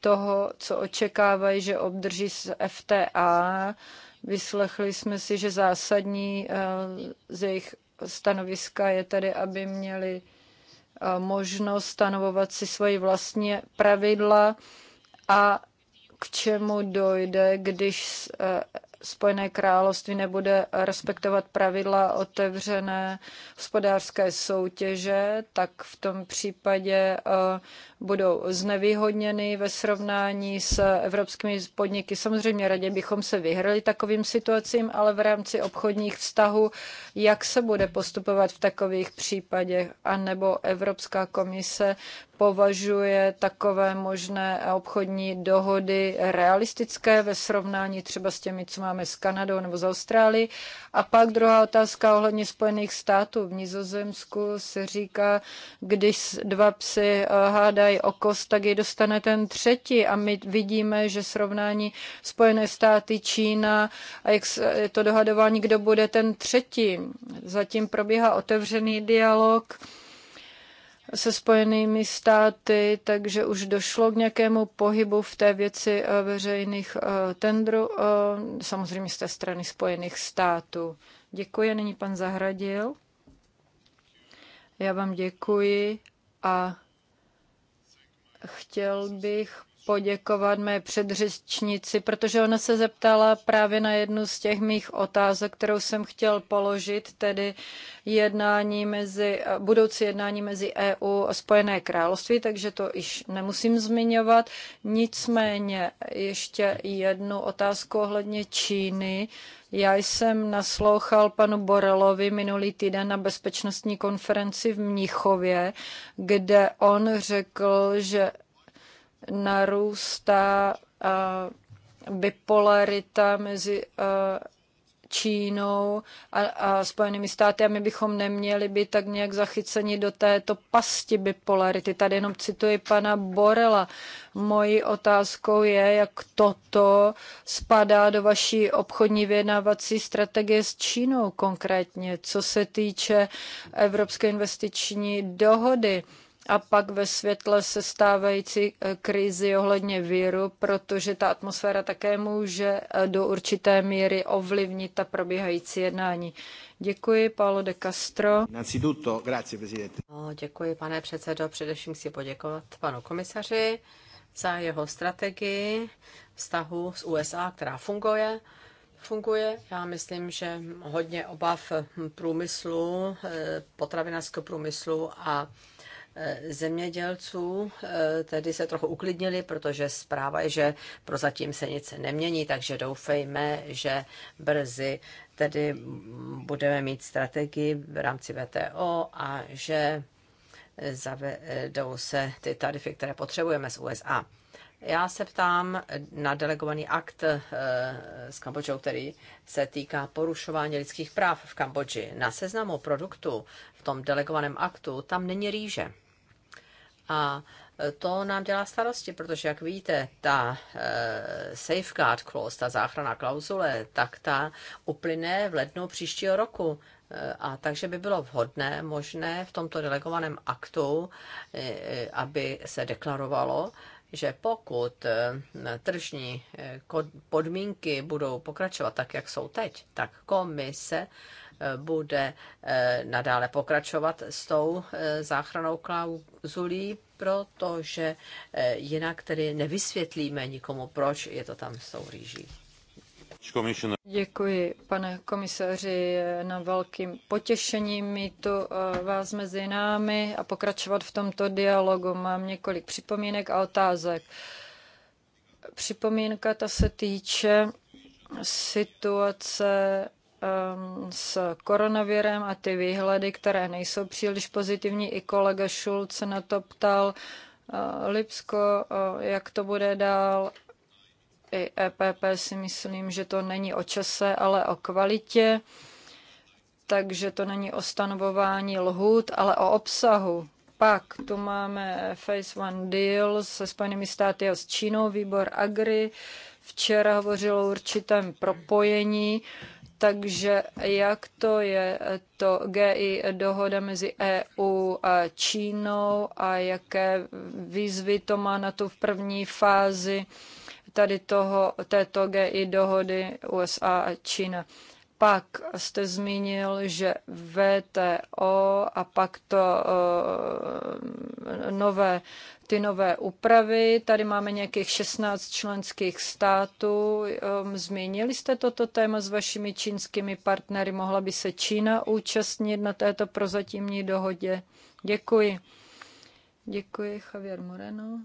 toho, co očekávají, že obdrží z FTA. Vyslechli jsme si, že zásadní eh, z jejich stanoviska je tedy, aby měli eh, možnost stanovovat si svoji vlastní pravidla a k čemu dojde, když eh, Spojené království nebude respektovat pravidla otevřené hospodářské soutěže, tak v tom případě eh, budou znevýhodněny ve srovnání s evropskými podniky. Samozřejmě radě bychom se vyhrali takovým situacím, ale v rámci obchodních vztahů, jak se bude postupovat v takových případech, anebo Evropská komise považuje takové možné obchodní dohody realistické ve srovnání třeba s těmi, co máme s Kanadou nebo s Austrálií. A pak druhá otázka ohledně Spojených států. V Nizozemsku se říká, když dva psy eh, hádají, dají o kost, tak je dostane ten třetí. A my vidíme, že srovnání Spojené státy, Čína a jak je to dohadování, kdo bude ten třetí. Zatím probíhá otevřený dialog se spojenými státy, takže už došlo k nějakému pohybu v té věci eh, veřejných eh, tendrů, eh, samozřejmě z té strany spojených států. Děkuji, nyní pan Zahradil. Já vám děkuji a Chtěl bych poděkovat mé předřečnici, protože ona se zeptala právě na jednu z těch mých otázek, kterou jsem chtěl položit, tedy jednání mezi, budoucí jednání mezi EU a Spojené království, takže to již nemusím zmiňovat. Nicméně ještě jednu otázku ohledně Číny. Já jsem naslouchal panu Borelovi minulý týden na bezpečnostní konferenci v Mnichově, kde on řekl, že narůstá bipolarita mezi Čínou a, a Spojenými státy a my bychom neměli být tak nějak zachyceni do této pasti bipolarity. Tady jenom cituji pana Borela. Mojí otázkou je, jak toto spadá do vaší obchodní vyjednávací strategie s Čínou konkrétně, co se týče Evropské investiční dohody. Uh, a pak ve světle se stávající eh, krizi ohledně víru, protože ta atmosféra také může eh, do určité míry ovlivnit ta probíhající jednání. Děkuji, Paolo de Castro. No, děkuji, pane předsedo. Především si poděkovat panu komisaři za jeho strategii vztahu s USA, která funguje funguje. Já myslím, že hodně obav průmyslu, eh, potravinářského průmyslu a Eh, zemědělců eh, tedy se trochu uklidnili, protože zpráva je, že prozatím se nic nemění, takže doufejme, že brzy tedy budeme mít strategii v rámci VTO a že eh, zavedou se ty tarify, které potřebujeme z USA. Já se ptám na delegovaný akt s Kambodžou, který se týká porušování lidských práv v Kambodži. Na seznamu produktů v tom delegovaném aktu tam není rýže. A e, to nám dělá starosti, protože, jak víte, ta uh, safeguard clause, ta záchrana klauzule, tak ta uplyne v lednu příštího roku. E, a takže by bylo vhodné, možné v tomto delegovaném aktu, aby se deklarovalo, že pokud tržní podmínky budou pokračovat tak, jak jsou teď, tak komise bude eh, nadále pokračovat s tou eh, záchranou klauzulí, protože eh, jinak tedy nevysvětlíme nikomu, proč je to tam s tou rýží. Děkuji, pane komisaři, na velkým potěšením mít tu vás mezi námi a pokračovat v tomto dialogu. Mám několik připomínek a otázek. Připomínka ta se týče situace Um, s koronavirem a ty výhledy, které nejsou příliš pozitivní. I kolega Šulc se na to ptal. Uh, Lipsko, uh, jak to bude dál? I EPP si myslím, že to není o čase, ale o kvalitě. Takže to není o stanovování lhůt, ale o obsahu. Pak tu máme Phase One Deal se Spojenými státy a s Čínou, výbor Agri. Včera hovořilo o určitém propojení. Uh, takže jak to je to GI dohoda mezi EU a Čínou a jaké výzvy to má na tu v první fázi tady toho, této GI dohody USA a Čína? Pak jste zmínil, že VTO a pak to uh, nové, ty nové úpravy. Tady máme nějakých 16 členských států. Um, zmínili jste toto téma s vašimi čínskými partnery? Mohla by se Čína účastnit na této prozatímní dohodě? Děkuji. Děkuji, Javier Moreno.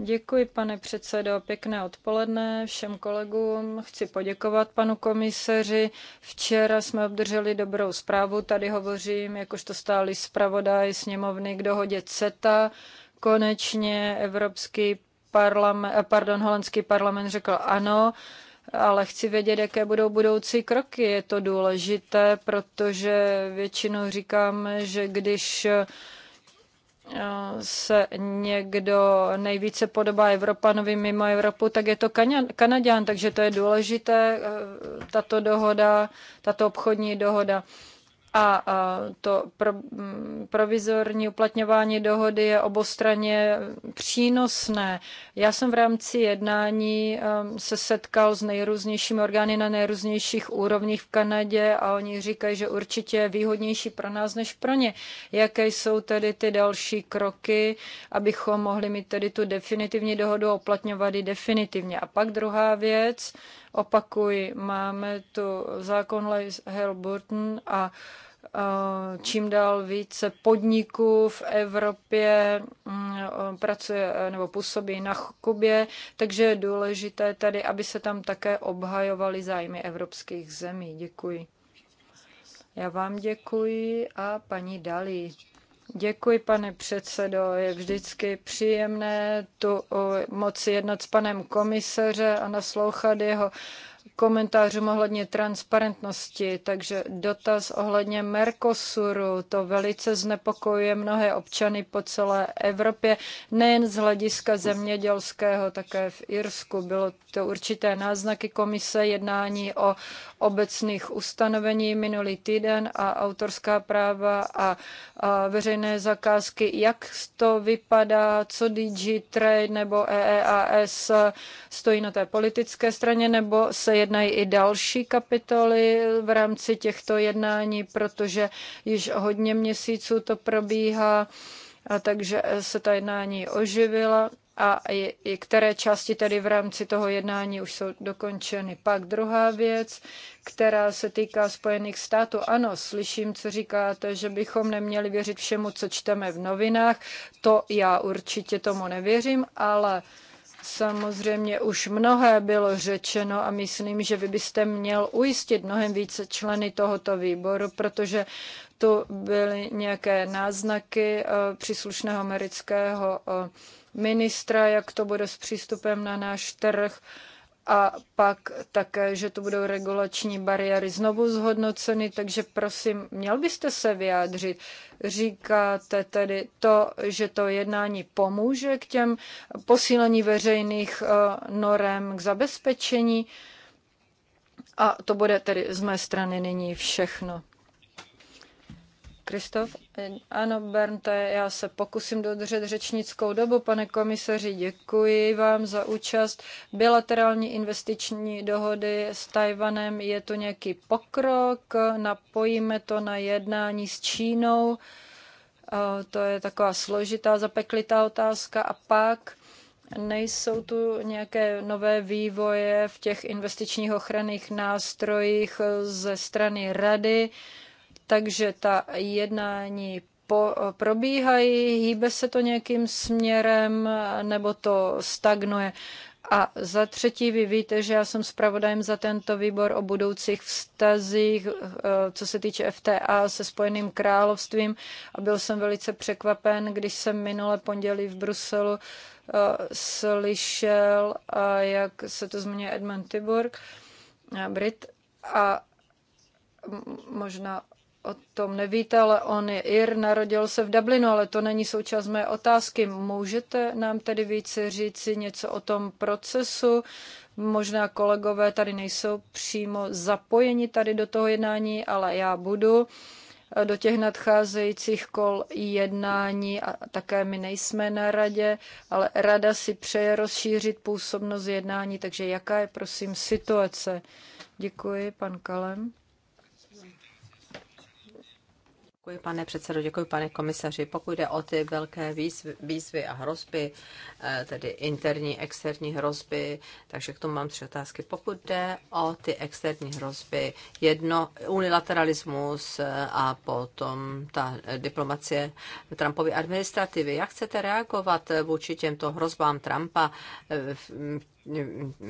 Děkuji, pane předsedo. Pěkné odpoledne všem kolegům. Chci poděkovat panu komisaři. Včera jsme obdrželi dobrou zprávu. Tady hovořím, jakožto stáli zpravodaj sněmovny k dohodě CETA. Konečně Evropský parlament, pardon, holandský parlament řekl ano ale chci vědět, jaké budou budoucí kroky. Je to důležité, protože většinou říkáme, že když se někdo nejvíce podobá Evropanovi mimo Evropu, tak je to Kanaďan, takže to je důležité, eh, tato dohoda, tato obchodní dohoda a to mm, provizorní uplatňování dohody je oboustranně přínosné. Já jsem v rámci jednání um, se setkal s nejrůznějšími orgány na nejrůznějších úrovních v Kanadě a oni říkají, že určitě je výhodnější pro nás než pro ně. Jaké jsou tedy ty další kroky, abychom mohli mít tedy tu definitivní dohodu a uplatňovat ji definitivně. A pak druhá věc, Opakuji, máme tu zákon Hale-Burton a čím dál více podniků v Evropě mm, pracuje nebo působí na Kubě, takže je důležité tady, aby se tam také obhajovaly zájmy evropských zemí. Děkuji. Já vám děkuji a paní Dalí. Děkuji, pane předsedo. Je vždycky příjemné tu eh, moci jednat s panem komisařem a naslouchat jeho komentářům ohledně transparentnosti, takže dotaz ohledně Mercosuru, to velice znepokojuje mnohé občany po celé Evropě, nejen z hlediska zemědělského, také v Irsku. Bylo to určité náznaky komise jednání o obecných ustanovení minulý týden a autorská práva a, a veřejné zakázky. Jak to vypadá, co DG Trade nebo EEAS stojí na té politické straně, nebo se se jednají i další kapitoly v rámci těchto jednání, protože již hodně měsíců to probíhá, a takže se ta jednání oživila a i které části tedy v rámci toho jednání už jsou dokončeny. Pak druhá věc, která se týká Spojených států. Ano, slyším, co říkáte, že bychom neměli věřit všemu, co čteme v novinách. To já určitě tomu nevěřím, ale uh, Samozřejmě už mnohé bylo řečeno a myslím, že vy byste měl ujistit mnohem více členy tohoto výboru, protože tu byly nějaké náznaky eh, příslušného amerického eh, ministra, jak to bude s přístupem na náš trh a pak také, že tu budou regulační bariéry znovu zhodnoceny, takže prosím, měl byste se vyjádřit. Říkáte tedy to, že to jednání pomůže k těm posílení veřejných eh, norem, k zabezpečení. A to bude tedy z mé strany nyní všechno. Kristof? Ano, Bernte, já se pokusím dodržet řečnickou dobu. Pane komisaři, děkuji vám za účast. Bilaterální investiční dohody s Tajvanem, je to nějaký pokrok? Napojíme to na jednání s Čínou? To je taková složitá, zapeklitá otázka. A pak nejsou tu nějaké nové vývoje v těch investičních ochranných nástrojích ze strany rady? Takže ta jednání po, probíhají, hýbe se to nějakým směrem nebo to stagnuje. A za třetí, vy víte, že já jsem zpravodajem za tento výbor o budoucích vztazích, eh, co se týče FTA se Spojeným královstvím a byl jsem velice překvapen, když jsem minule pondělí v Bruselu eh, slyšel, eh, jak se to změní Edmund Tiburg, Brit, a možná o tom nevíte, ale on je Ir, narodil se v Dublinu, ale to není součást mé otázky. Můžete nám tedy více říci něco o tom procesu? Možná kolegové tady nejsou přímo zapojeni tady do toho jednání, ale já budu do těch nadcházejících kol jednání a také my nejsme na radě, ale rada si přeje rozšířit působnost jednání, takže jaká je prosím situace? Děkuji, pan Kalem. Děkuji, pane předsedo, děkuji, pane komisaři. Pokud jde o ty velké výzvy, výzvy a hrozby, eh, tedy interní, externí hrozby, takže k tomu mám tři otázky. Pokud jde o ty externí hrozby, jedno, unilateralismus eh, a potom ta eh, diplomacie Trumpovy administrativy, jak chcete reagovat vůči těmto hrozbám Trumpa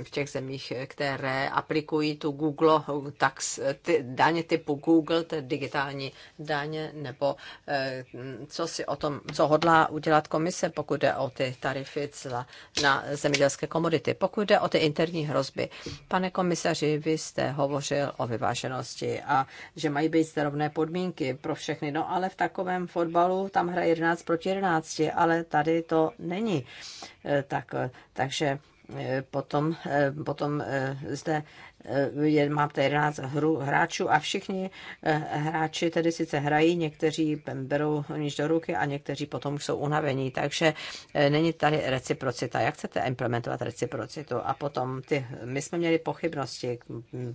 v těch zemích, které aplikují tu Google tax, ty, daně typu Google, ty digitální daně, nebo eh, co si o tom, co hodlá udělat komise, pokud jde o ty tarify cla na zemědělské komodity, pokud jde o ty interní hrozby. Pane komisaři, vy jste hovořil o vyváženosti a že mají být rovné podmínky pro všechny, no ale v takovém fotbalu tam hraje 11 proti 11, ale tady to není. Eh, tak, takže Eh, potom, eh, potom eh, zde je, máte 11 hru, hráčů a všichni hráči tedy sice hrají, někteří berou níž do ruky a někteří potom jsou unavení, takže není tady reciprocita. Jak chcete implementovat reciprocitu? A potom ty, my jsme měli pochybnosti, hm,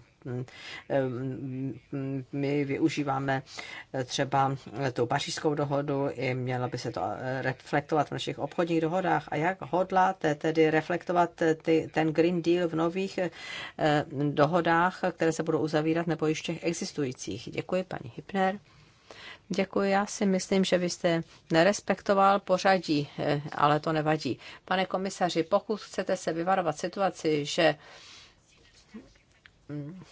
Ehm, my využíváme třeba tu pařížskou dohodu i mělo by se to eh, reflektovat v našich obchodních dohodách. A jak hodláte tedy reflektovat ty, ten Green Deal v nových eh, dohodách, které se budou uzavírat nebo ještě existujících? Děkuji, paní Hypner. Děkuji, já si myslím, že vy jste nerespektoval pořadí, eh, ale to nevadí. Pane komisaři, pokud chcete se vyvarovat situaci, že Mm.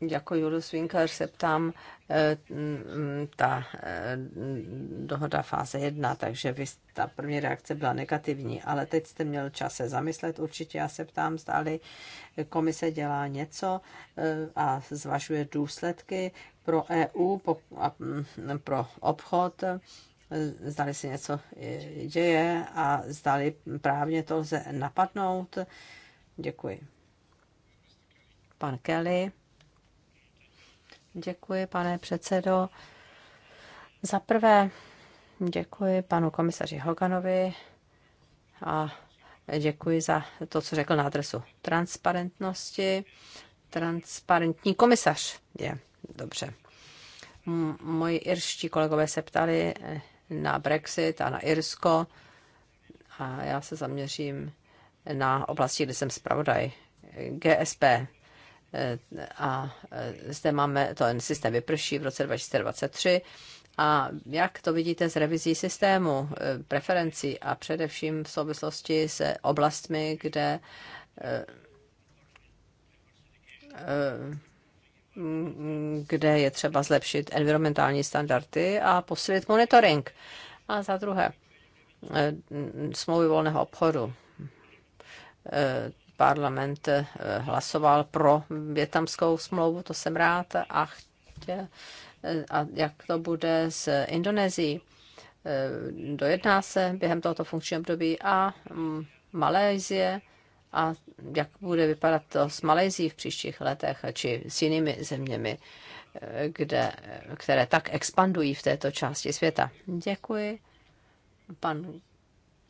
jako Julius Winkler se ptám, eh, ta eh, dohoda fáze jedna, takže vy, ta první reakce byla negativní, ale teď jste měl čas se zamyslet určitě. Já se ptám, zdali komise dělá něco eh, a zvažuje důsledky pro EU, mm, pro obchod Eh, zdali se něco eh, děje a zdali právně to lze napadnout. Děkuji. Pan Kelly. Děkuji, pane předsedo. Za prvé děkuji panu komisaři Hoganovi a děkuji za to, co řekl na adresu transparentnosti. Transparentní komisař je dobře. Moji irští kolegové se ptali, eh, na Brexit a na Irsko a já se zaměřím na oblasti, kde jsem zpravodaj. GSP. E, a e, zde máme, to ten systém vyprší v roce 2023. A jak to vidíte z revizí systému, e, preferencí a především v souvislosti se oblastmi, kde kde je třeba zlepšit environmentální standardy a posilit monitoring. A za druhé, eh, smlouvy volného obchodu. Eh, parlament eh, hlasoval pro větnamskou smlouvu, to jsem rád, a, chtěl, a jak to bude s Indonésií. Dojedná se během tohoto funkčního období a mm, Malézie a jak bude vypadat to s Malajzí v příštích letech či s jinými zeměmi, eh, kde, které tak expandují v této části světa. Děkuji. Pan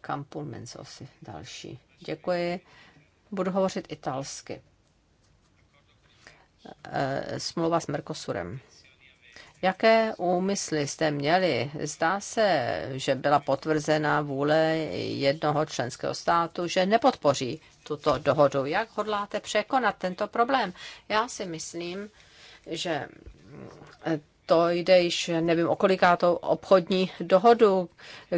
Kampul Menzosi, další. Děkuji. Budu hovořit italsky. Eh, smlouva s Mercosurem. Jaké úmysly jste měli? Zdá se, že byla potvrzena vůle jednoho členského státu, že nepodpoří tuto dohodu. Jak hodláte překonat tento problém? Já si myslím, že to jde již, nevím, o to obchodní dohodu,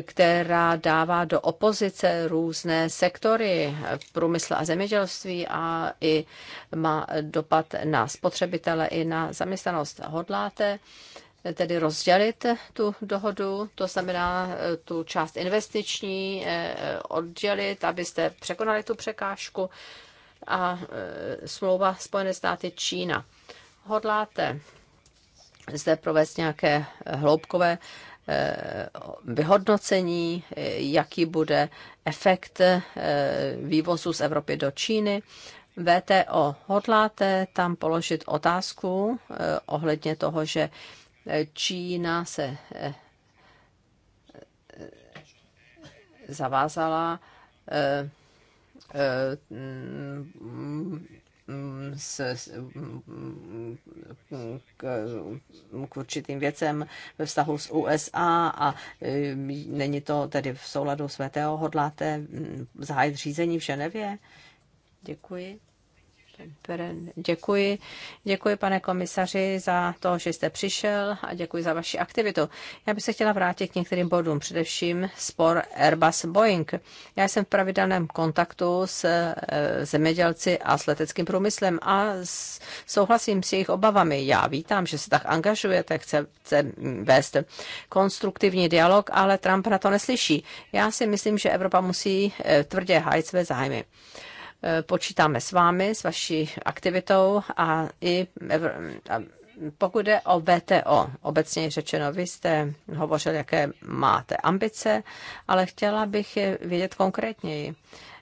která dává do opozice různé sektory průmysl a zemědělství a i má dopad na spotřebitele i na zaměstnanost. Hodláte tedy rozdělit tu dohodu, to znamená eh, tu část investiční eh, eh, oddělit, abyste překonali tu překážku a smlouva Spojené státy Čína. Hodláte zde provést nějaké hloubkové vyhodnocení, jaký bude efekt vývozu z Evropy do Číny. VTO hodláte tam položit otázku ohledně toho, že Čína se eh, eh, zavázala eh, mm, mm, mm, k, k určitým věcem ve vztahu s USA a není to tedy v souladu s VTO, hodláte zahájit řízení v Ženevě? Děkuji. Děkuji. Děkuji, pane komisaři, za to, že jste přišel a děkuji za vaši aktivitu. Já bych se chtěla vrátit k některým bodům, především spor Airbus-Boeing. Já jsem v pravidelném kontaktu s eh, zemědělci a s leteckým průmyslem a souhlasím s jejich obavami. Já vítám, že se tak angažujete, chce vést konstruktivní dialog, ale Trump na to neslyší. Já si myslím, že Evropa musí eh, tvrdě hájit své zájmy. Eh, počítáme s vámi, s vaší aktivitou a i a pokud jde o VTO, obecně řečeno, vy jste hovořil, jaké máte ambice, ale chtěla bych je vědět konkrétněji.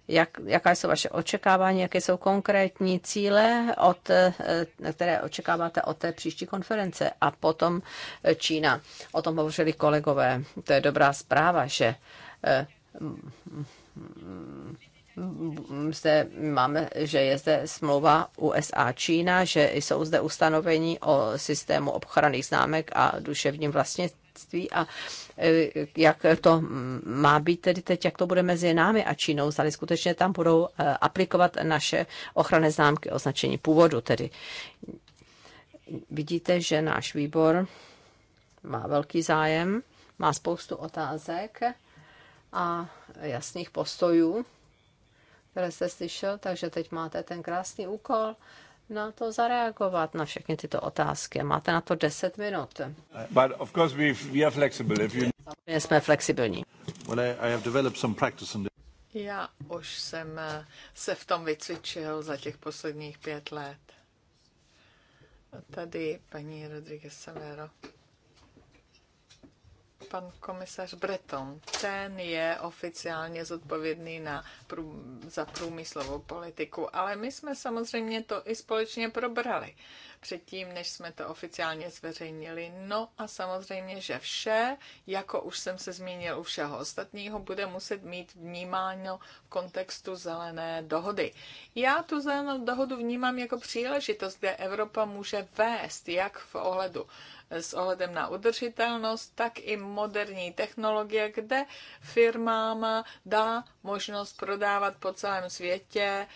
Jak, jaká jsou vaše očekávání, jaké jsou konkrétní cíle, od, eh, které očekáváte od té příští konference a potom eh, Čína. O tom hovořili kolegové. To je dobrá zpráva, že zde máme, že je zde smlouva USA-Čína, že jsou zde ustanovení o systému obchranných známek a duševním vlastnictví a e, jak to má být tedy teď, jak to bude mezi námi a Čínou, zda skutečně tam budou e, aplikovat naše ochranné známky označení původu. Tedy vidíte, že náš výbor má velký zájem, má spoustu otázek a jasných postojů které jste slyšel, takže teď máte ten krásný úkol na to zareagovat, na všechny tyto otázky. Máte na to 10 minut. But of course we, we are flexible. If you... jsme flexibilní. Well, I, I have developed some practice on this. Já už jsem eh, se v tom vycvičil za těch posledních pět let. A tady paní Rodriguez Severo pan komisař Breton, ten je oficiálně zodpovědný na, za průmyslovou politiku, ale my jsme samozřejmě to i společně probrali předtím, než jsme to oficiálně zveřejnili. No a samozřejmě, že vše, jako už jsem se zmínil u všeho ostatního, bude muset mít vnímáno v kontextu zelené dohody. Já tu zelenou dohodu vnímám jako příležitost, kde Evropa může vést, jak v ohledu s ohledem na udržitelnost, tak i moderní technologie, kde firmám dá možnost prodávat po celém světě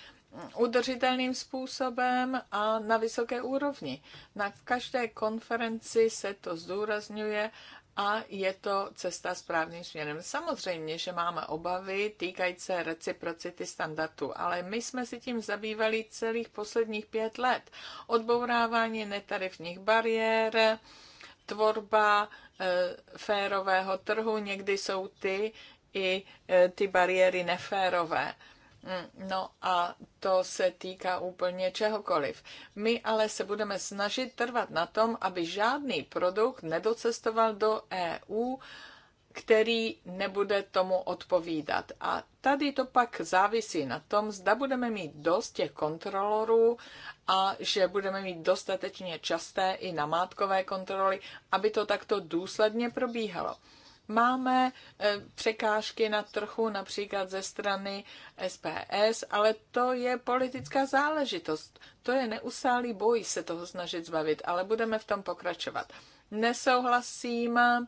udržitelným způsobem a na vysoké úrovni. Na každé konferenci se to zdůrazňuje a je to cesta správným směrem. Samozřejmě, že máme obavy týkající se reciprocity standardů, ale my jsme si tím zabývali celých posledních pět let. Odbourávání netarifních bariér, tvorba e, férového trhu, někdy jsou ty i e, ty bariéry neférové. E, Mm, no a to se týká úplně čehokoliv. My ale se budeme snažit trvat na tom, aby žádný produkt nedocestoval do EU, který nebude tomu odpovídat. A tady to pak závisí na tom, zda budeme mít dost těch kontrolorů a že budeme mít dostatečně časté i namátkové kontroly, aby to takto důsledně probíhalo. Máme eh, překážky na trhu například ze strany SPS, ale to je politická záležitost. To je neustálý boj se toho snažit zbavit, ale budeme v tom pokračovat. Nesouhlasím eh,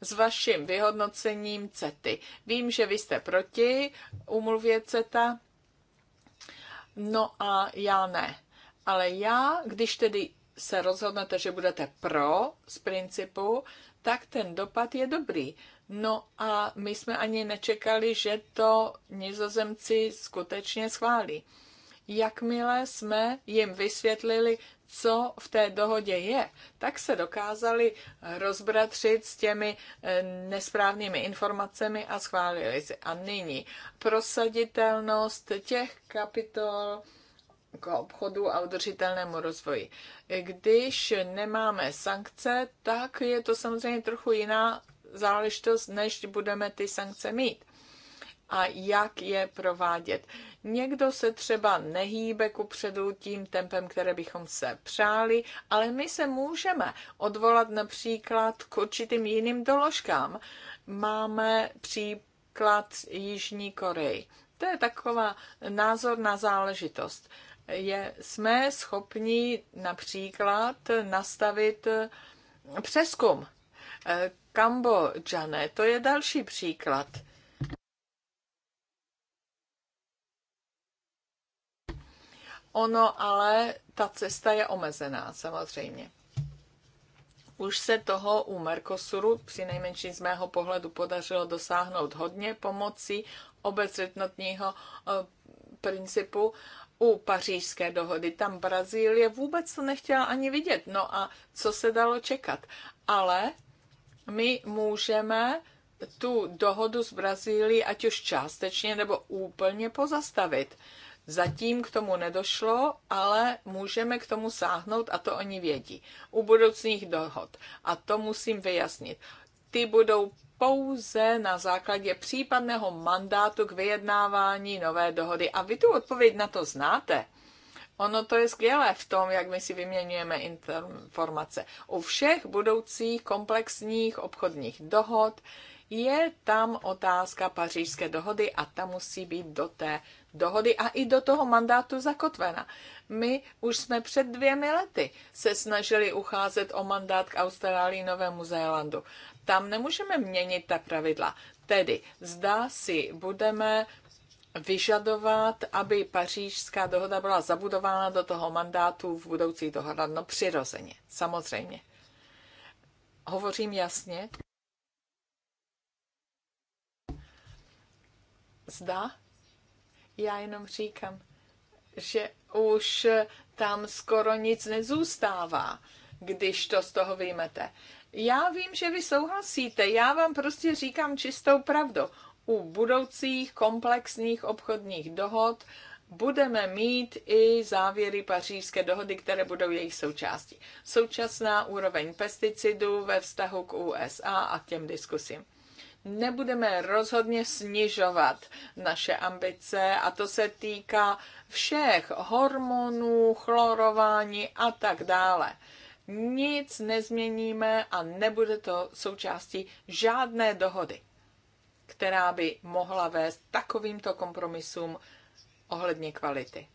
s vaším vyhodnocením CETY. Vím, že vy jste proti umluvě CETA, no a já ne. Ale já, když tedy se rozhodnete, že budete pro z principu, tak ten dopad je dobrý. No a my jsme ani nečekali, že to nizozemci skutečně schválí. Jakmile jsme jim vysvětlili, co v té dohodě je, tak se dokázali rozbratřit s těmi eh, nesprávnými informacemi a schválili si. A nyní prosaditelnost těch kapitol, k obchodu a udržitelnému rozvoji. Když nemáme sankce, tak je to samozřejmě trochu jiná záležitost, než budeme ty sankce mít a jak je provádět. Někdo se třeba nehýbe ku předu tím tempem, které bychom se přáli, ale my se můžeme odvolat například k určitým jiným doložkám. Máme příklad Jižní Koreji. To je taková názorná záležitost je, jsme schopni například nastavit přeskum. Kambo Kambodžané, to je další příklad. Ono ale, ta cesta je omezená samozřejmě. Už se toho u Mercosuru, při nejmenší z mého pohledu, podařilo dosáhnout hodně pomocí obecřetnotního eh, principu u pařížské dohody. Tam Brazílie vůbec to nechtěla ani vidět. No a co se dalo čekat? Ale my můžeme tu dohodu s Brazílií, ať už částečně nebo úplně pozastavit. Zatím k tomu nedošlo, ale můžeme k tomu sáhnout a to oni vědí. U budoucích dohod. A to musím vyjasnit. Ty budou pouze na základě případného mandátu k vyjednávání nové dohody. A vy tu odpověď na to znáte. Ono to je skvělé v tom, jak my si vyměňujeme informace. U všech budoucích komplexních obchodních dohod je tam otázka pařížské dohody a ta musí být do té dohody a i do toho mandátu zakotvena. My už jsme před dvěmi lety se snažili ucházet o mandát k Austrálii, Novému Zélandu. Tam nemůžeme měnit ta pravidla. Tedy zdá si, budeme vyžadovat, aby pařížská dohoda byla zabudována do toho mandátu v budoucí dohoda. No přirozeně, samozřejmě. Hovořím jasně. Zda já jenom říkám, že už tam skoro nic nezůstává, když to z toho vyjmete. Já vím, že vy souhlasíte, já vám prostě říkám čistou pravdu. U budoucích komplexních obchodních dohod budeme mít i závěry pařížské dohody, které budou jejich součástí. Současná úroveň pesticidů ve vztahu k USA a k těm diskusím nebudeme rozhodně snižovat naše ambice a to se týká všech hormonů, chlorování a tak dále. Nic nezměníme a nebude to součástí žádné dohody, která by mohla vést takovýmto kompromisům ohledně kvality.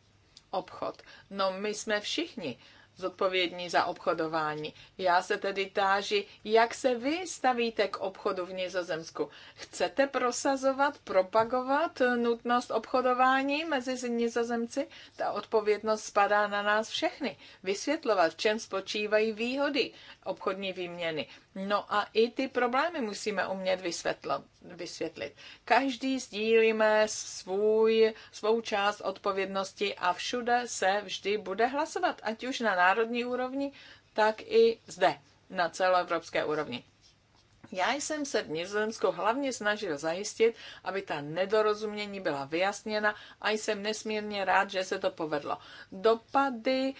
Obchod. No my jsme všichni zodpovědní za obchodování. Já se tedy táži, jak se vy stavíte k obchodu v Nizozemsku. Chcete prosazovat, propagovat nutnost obchodování mezi Nizozemci? Ta odpovědnost spadá na nás všechny. Vysvětlovat, v čem spočívají výhody obchodní výměny. No a i ty problémy musíme umět vysvětlo, vysvětlit. Každý sdílíme svůj, svou část odpovědnosti a všude se vždy bude hlasovat, ať už na národní úrovni, tak i zde, na celoevropské úrovni. Já jsem se v Nizozemsku hlavně snažil zajistit, aby ta nedorozumění byla vyjasněna a jsem nesmírně rád, že se to povedlo. Dopady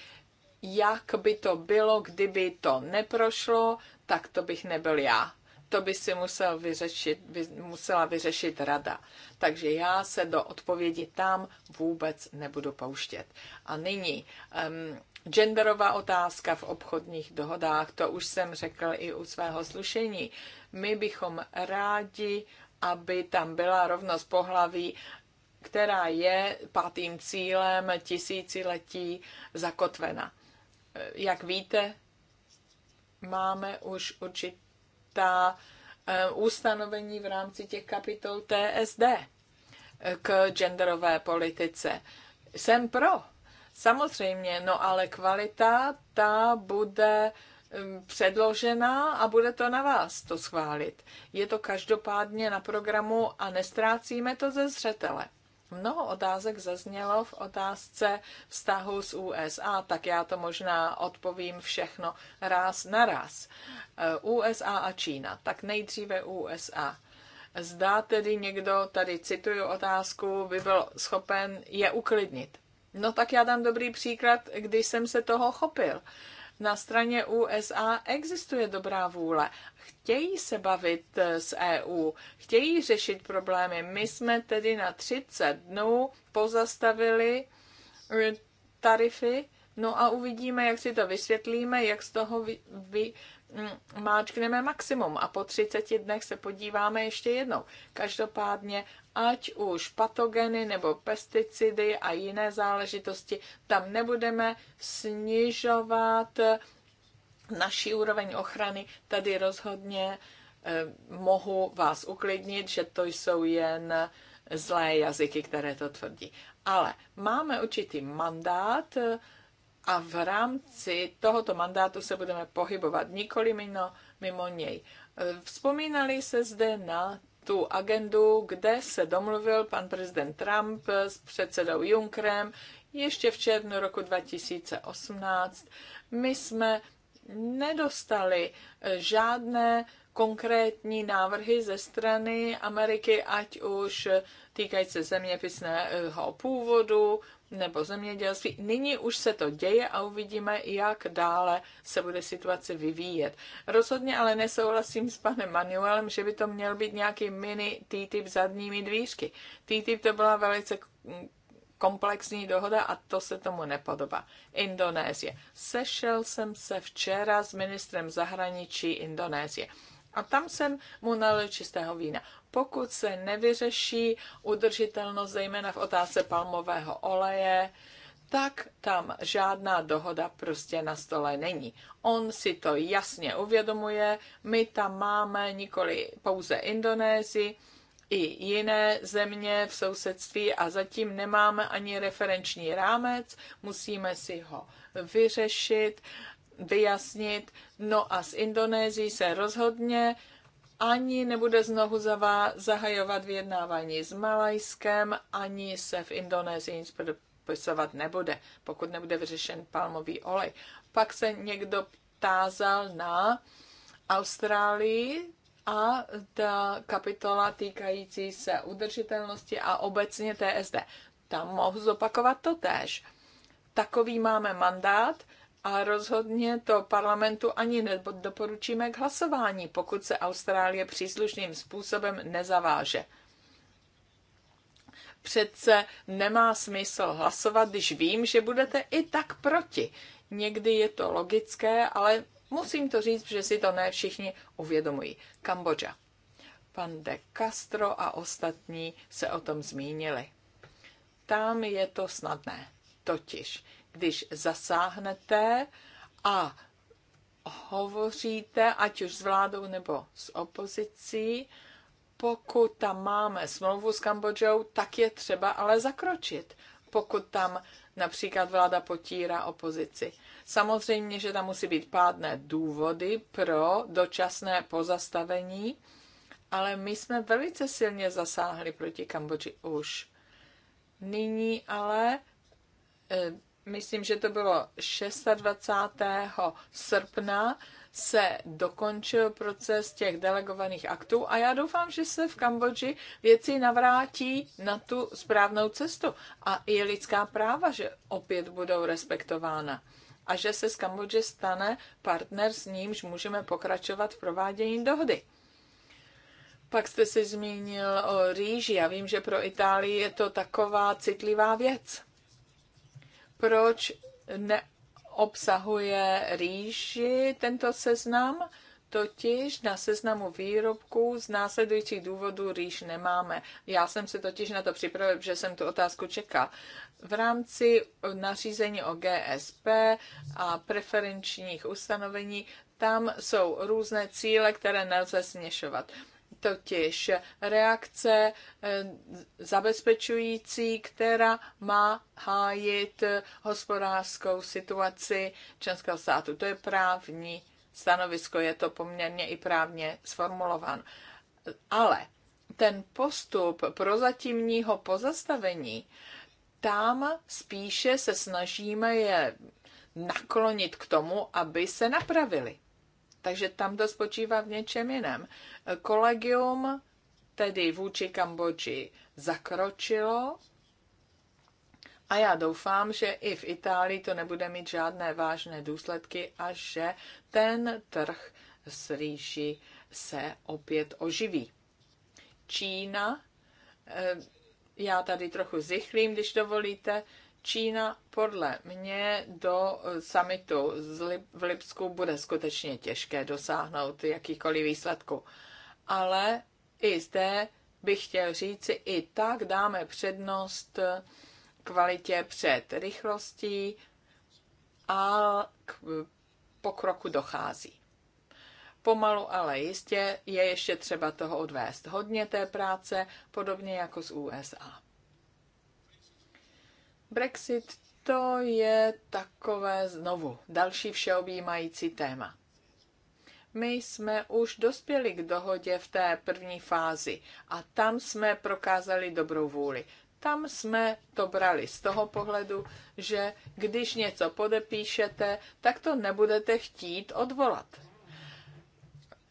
jak by to bylo, kdyby to neprošlo, tak to bych nebyl já. To by si musel vyřešit, vy, musela vyřešit rada. Takže já se do odpovědi tam vůbec nebudu pouštět. A nyní um, genderová otázka v obchodních dohodách, to už jsem řekl i u svého slušení. My bychom rádi, aby tam byla rovnost pohlaví která je pátým cílem tisíciletí zakotvena. Jak víte, máme už určitá eh, ustanovení v rámci těch kapitol TSD k genderové politice. Jsem pro, samozřejmě, no ale kvalita ta bude hm, předložená a bude to na vás to schválit. Je to každopádně na programu a nestrácíme to ze zřetele. Mnoho otázek zaznělo v otázce vztahu s USA, tak já to možná odpovím všechno ráz na ráz. Eh, USA a Čína. Tak nejdříve USA. Zdá tedy někdo, tady cituju otázku, by byl schopen je uklidnit. No tak já dám dobrý příklad, když jsem se toho chopil. Na straně USA existuje dobrá vůle. Chtějí se bavit eh, s EU, chtějí řešit problémy. My jsme tedy na 30 dnů pozastavili eh, tarify, no a uvidíme, jak si to vysvětlíme, jak z toho vy, vy, Mm, máčkneme maximum a po 30 dnech se podíváme ještě jednou. Každopádně, ať už patogeny nebo pesticidy a jiné záležitosti, tam nebudeme snižovat naší úroveň ochrany. Tady rozhodně eh, mohu vás uklidnit, že to jsou jen zlé jazyky, které to tvrdí. Ale máme určitý mandát, eh, a v rámci tohoto mandátu se budeme pohybovat, nikoli mimo, mimo něj. E, vzpomínali se zde na tu agendu, kde se domluvil pan prezident Trump s předsedou Junckerem ještě v červnu roku 2018. My jsme nedostali žádné konkrétní návrhy ze strany Ameriky, ať už týkají se zeměpisného původu nebo zemědělství. Nyní už se to děje a uvidíme, jak dále se bude situace vyvíjet. Rozhodně ale nesouhlasím s panem Manuelem, že by to měl být nějaký mini TTIP zadními dvířky. TTIP to byla velice komplexní dohoda a to se tomu nepodobá. Indonésie. Sešel jsem se včera s ministrem zahraničí Indonésie. A tam jsem mu nalil čistého vína. Pokud se nevyřeší udržitelnost, zejména v otázce palmového oleje, tak tam žádná dohoda prostě na stole není. On si to jasně uvědomuje, my tam máme nikoli pouze Indonésii, i jiné země v sousedství a zatím nemáme ani referenční rámec, musíme si ho vyřešit vyjasnit. No a s Indonésií se rozhodně ani nebude znovu zahajovat vyjednávání s Malajskem, ani se v Indonésii nic podpisovat nebude, pokud nebude vyřešen palmový olej. Pak se někdo ptázal na Austrálii a ta kapitola týkající se udržitelnosti a obecně TSD. Tam mohu zopakovat to též. Takový máme mandát, a rozhodně to parlamentu ani nedoporučíme k hlasování, pokud se Austrálie příslušným způsobem nezaváže. Přece nemá smysl hlasovat, když vím, že budete i tak proti. Někdy je to logické, ale musím to říct, že si to ne všichni uvědomují. Kambodža. Pan de Castro a ostatní se o tom zmínili. Tam je to snadné. Totiž když zasáhnete a hovoříte, ať už s vládou nebo s opozicí, pokud tam máme smlouvu s Kambodžou, tak je třeba ale zakročit, pokud tam například vláda potírá opozici. Samozřejmě, že tam musí být pádné důvody pro dočasné pozastavení, ale my jsme velice silně zasáhli proti Kambodži už. Nyní ale eh, myslím, že to bylo 26. srpna, se dokončil proces těch delegovaných aktů a já doufám, že se v Kambodži věci navrátí na tu správnou cestu a i lidská práva, že opět budou respektována a že se z Kambodže stane partner, s nímž můžeme pokračovat v provádění dohody. Pak jste se zmínil o rýži. Já vím, že pro Itálii je to taková citlivá věc proč neobsahuje rýži tento seznam, totiž na seznamu výrobků z následujících důvodů rýž nemáme. Já jsem se totiž na to připravil, že jsem tu otázku čekal. V rámci nařízení o GSP a preferenčních ustanovení tam jsou různé cíle, které nelze směšovat totiž reakce eh, zabezpečující, která má hájit hospodářskou situaci členského státu. To je právní stanovisko, je to poměrně i právně sformulován. Ale ten postup prozatímního pozastavení, tam spíše se snažíme je naklonit k tomu, aby se napravili. Takže tam to spočívá v něčem jiném. Kolegium tedy vůči Kambodži zakročilo a já doufám, že i v Itálii to nebude mít žádné vážné důsledky a že ten trh s rýží se opět oživí. Čína, eh, já tady trochu zychlím, když dovolíte, Čína podle mě do samitu v Lipsku bude skutečně těžké dosáhnout jakýkoliv výsledku. Ale i zde bych chtěl říci, i tak dáme přednost kvalitě před rychlostí a k pokroku dochází. Pomalu, ale jistě je ještě třeba toho odvést hodně té práce, podobně jako z USA. Brexit to je takové znovu další všeobjímající téma. My jsme už dospěli k dohodě v té první fázi a tam jsme prokázali dobrou vůli. Tam jsme to brali z toho pohledu, že když něco podepíšete, tak to nebudete chtít odvolat.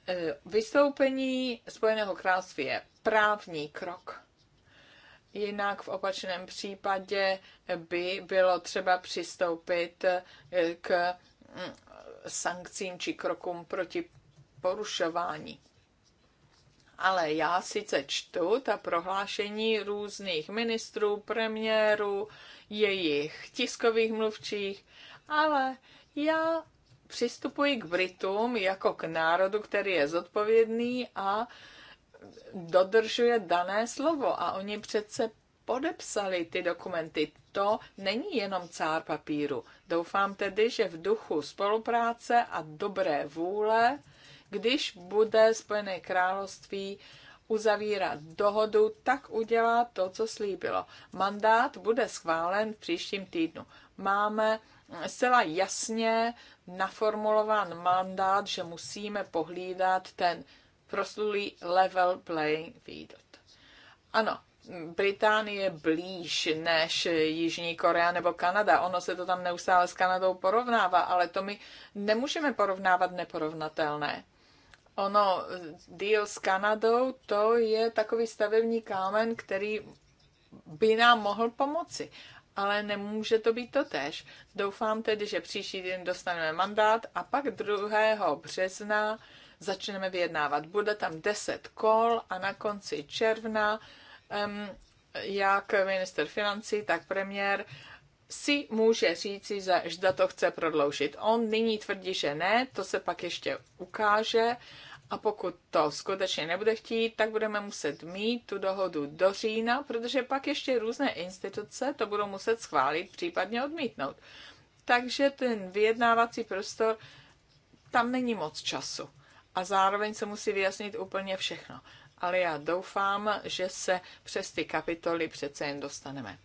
E, vystoupení Spojeného království je právní krok Jinak v opačném případě by bylo třeba přistoupit eh, k mm, sankcím či krokům proti porušování. Ale já sice čtu ta prohlášení různých ministrů, premiérů, jejich tiskových mluvčích, ale já přistupuji k Britům jako k národu, který je zodpovědný a dodržuje dané slovo a oni přece podepsali ty dokumenty. To není jenom cár papíru. Doufám tedy, že v duchu spolupráce a dobré vůle, když bude Spojené království uzavírat dohodu, tak udělá to, co slíbilo. Mandát bude schválen v příštím týdnu. Máme zcela jasně naformulovan mandát, že musíme pohlídat ten proslulý level playing field. Ano, Británie blíž než Jižní Korea nebo Kanada. Ono se to tam neustále s Kanadou porovnává, ale to my nemůžeme porovnávat neporovnatelné. Ono, deal s Kanadou, to je takový stavební kámen, který by nám mohl pomoci. Ale nemůže to být to tež. Doufám tedy, že příští den dostaneme mandát a pak 2. března začneme vyjednávat. Bude tam 10 kol a na konci června um, jak minister financí, tak premiér si může říci, že zda to chce prodloužit. On nyní tvrdí, že ne, to se pak ještě ukáže a pokud to skutečně nebude chtít, tak budeme muset mít tu dohodu do října, protože pak ještě různé instituce to budou muset schválit, případně odmítnout. Takže ten vyjednávací prostor, tam není moc času a zároveň se musí vyjasnit úplně všechno. Ale já doufám, že se přes ty kapitoly přece jen dostaneme.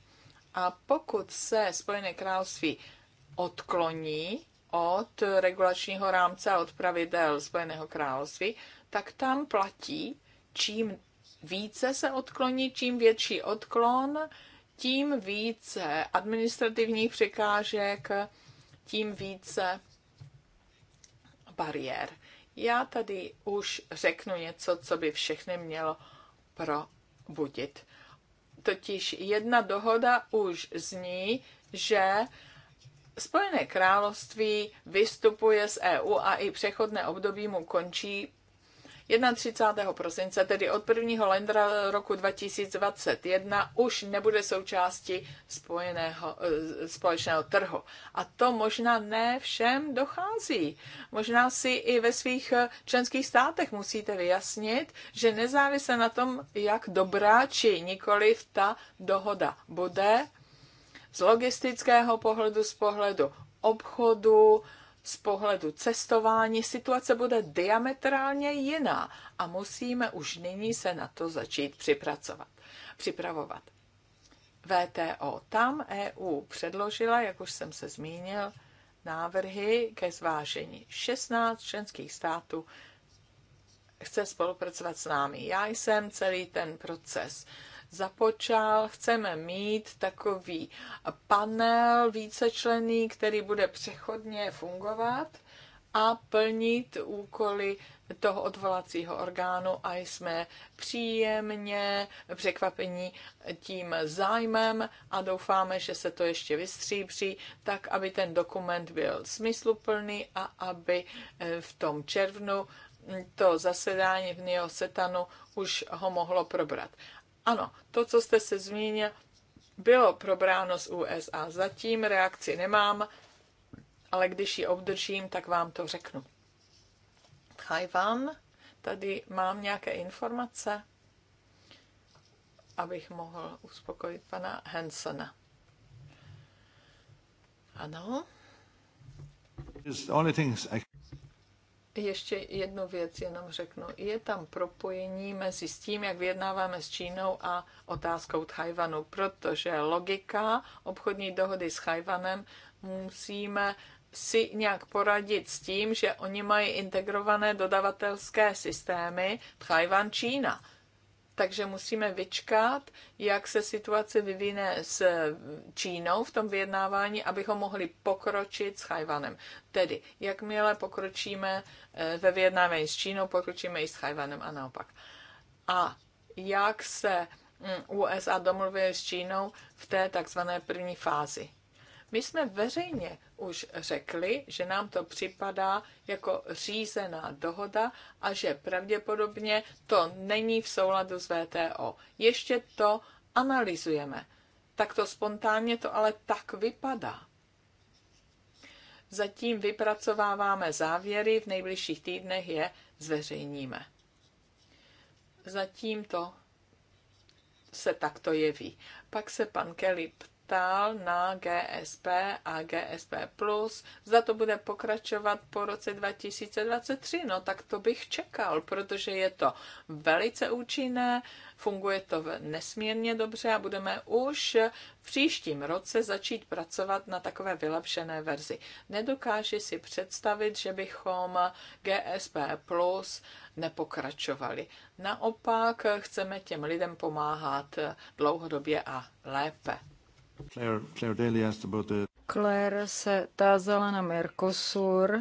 A pokud se Spojené království odkloní od regulačního rámce a od pravidel Spojeného království, tak tam platí, čím více se odkloní, čím větší odklon, tím více administrativních překážek, tím více bariér. Já tady už řeknu něco, co by všechny mělo probudit. Totiž jedna dohoda už zní, že Spojené království vystupuje z EU a i přechodné období mu končí 31. prosince, tedy od 1. ledna roku 2021, už nebude součástí spojeného, eh, společného trhu. A to možná ne všem dochází. Možná si i ve svých eh, členských státech musíte vyjasnit, že nezávisle na tom, jak dobrá či nikoliv ta dohoda bude, z logistického pohledu, z pohledu obchodu, z pohledu cestování situace bude diametrálně jiná a musíme už nyní se na to začít připracovat, připravovat. VTO. Tam EU předložila, jak už jsem se zmínil, návrhy ke zvážení. 16 členských států chce spolupracovat s námi. Já jsem celý ten proces započal, chceme mít takový panel vícečlený, který bude přechodně fungovat a plnit úkoly toho odvolacího orgánu a jsme příjemně překvapení tím zájmem a doufáme, že se to ještě vystříbří, tak aby ten dokument byl smysluplný a aby eh, v tom červnu to zasedání v Neosetanu už ho mohlo probrat. Ano, to, co jste se zmínil, bylo probráno z USA. Zatím reakci nemám, ale když ji obdržím, tak vám to řeknu. Chajván, tady mám nějaké informace, abych mohl uspokojit pana Hansona. Ano. Ještě jednu věc jenom řeknu. Je tam propojení mezi s tím, jak vyjednáváme s Čínou a otázkou Tajvanu, protože logika obchodní dohody s Tajvanem musíme si nějak poradit s tím, že oni mají integrované dodavatelské systémy Tajvan Čína takže musíme vyčkat, jak se situace vyvine s Čínou v tom vyjednávání, abychom mohli pokročit s Chajvanem. Tedy, jakmile pokročíme eh, ve vyjednávání s Čínou, pokročíme i s Chajvanem a naopak. A jak se mm, USA domluví s Čínou v té takzvané první fázi. My jsme veřejně už řekli, že nám to připadá jako řízená dohoda a že pravděpodobně to není v souladu s VTO. Ještě to analyzujeme. Tak to spontánně to ale tak vypadá. Zatím vypracováváme závěry, v nejbližších týdnech je zveřejníme. Zatím to se takto jeví. Pak se pan Kelly ptá, kapitál na GSP a GSP+, zda to bude pokračovat po roce 2023. No tak to bych čekal, protože je to velice účinné, funguje to nesmírně dobře a budeme už v příštím roce začít pracovat na takové vylepšené verzi. Nedokáži si představit, že bychom GSP Plus nepokračovali. Naopak chceme těm lidem pomáhat dlouhodobě a lépe. Claire, Daly Claire se tázala na Mercosur.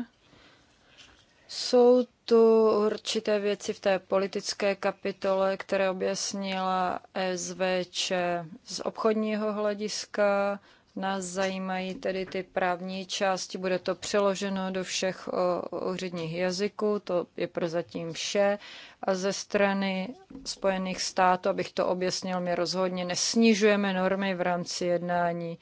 Jsou tu určité věci v té politické kapitole, které objasnila SVČ z obchodního hlediska, Nás zajímají tedy ty právní části, bude to přeloženo do všech úředních jazyků, to je prozatím vše. A ze strany Spojených států, abych to objasnil, my rozhodně nesnižujeme normy v rámci jednání.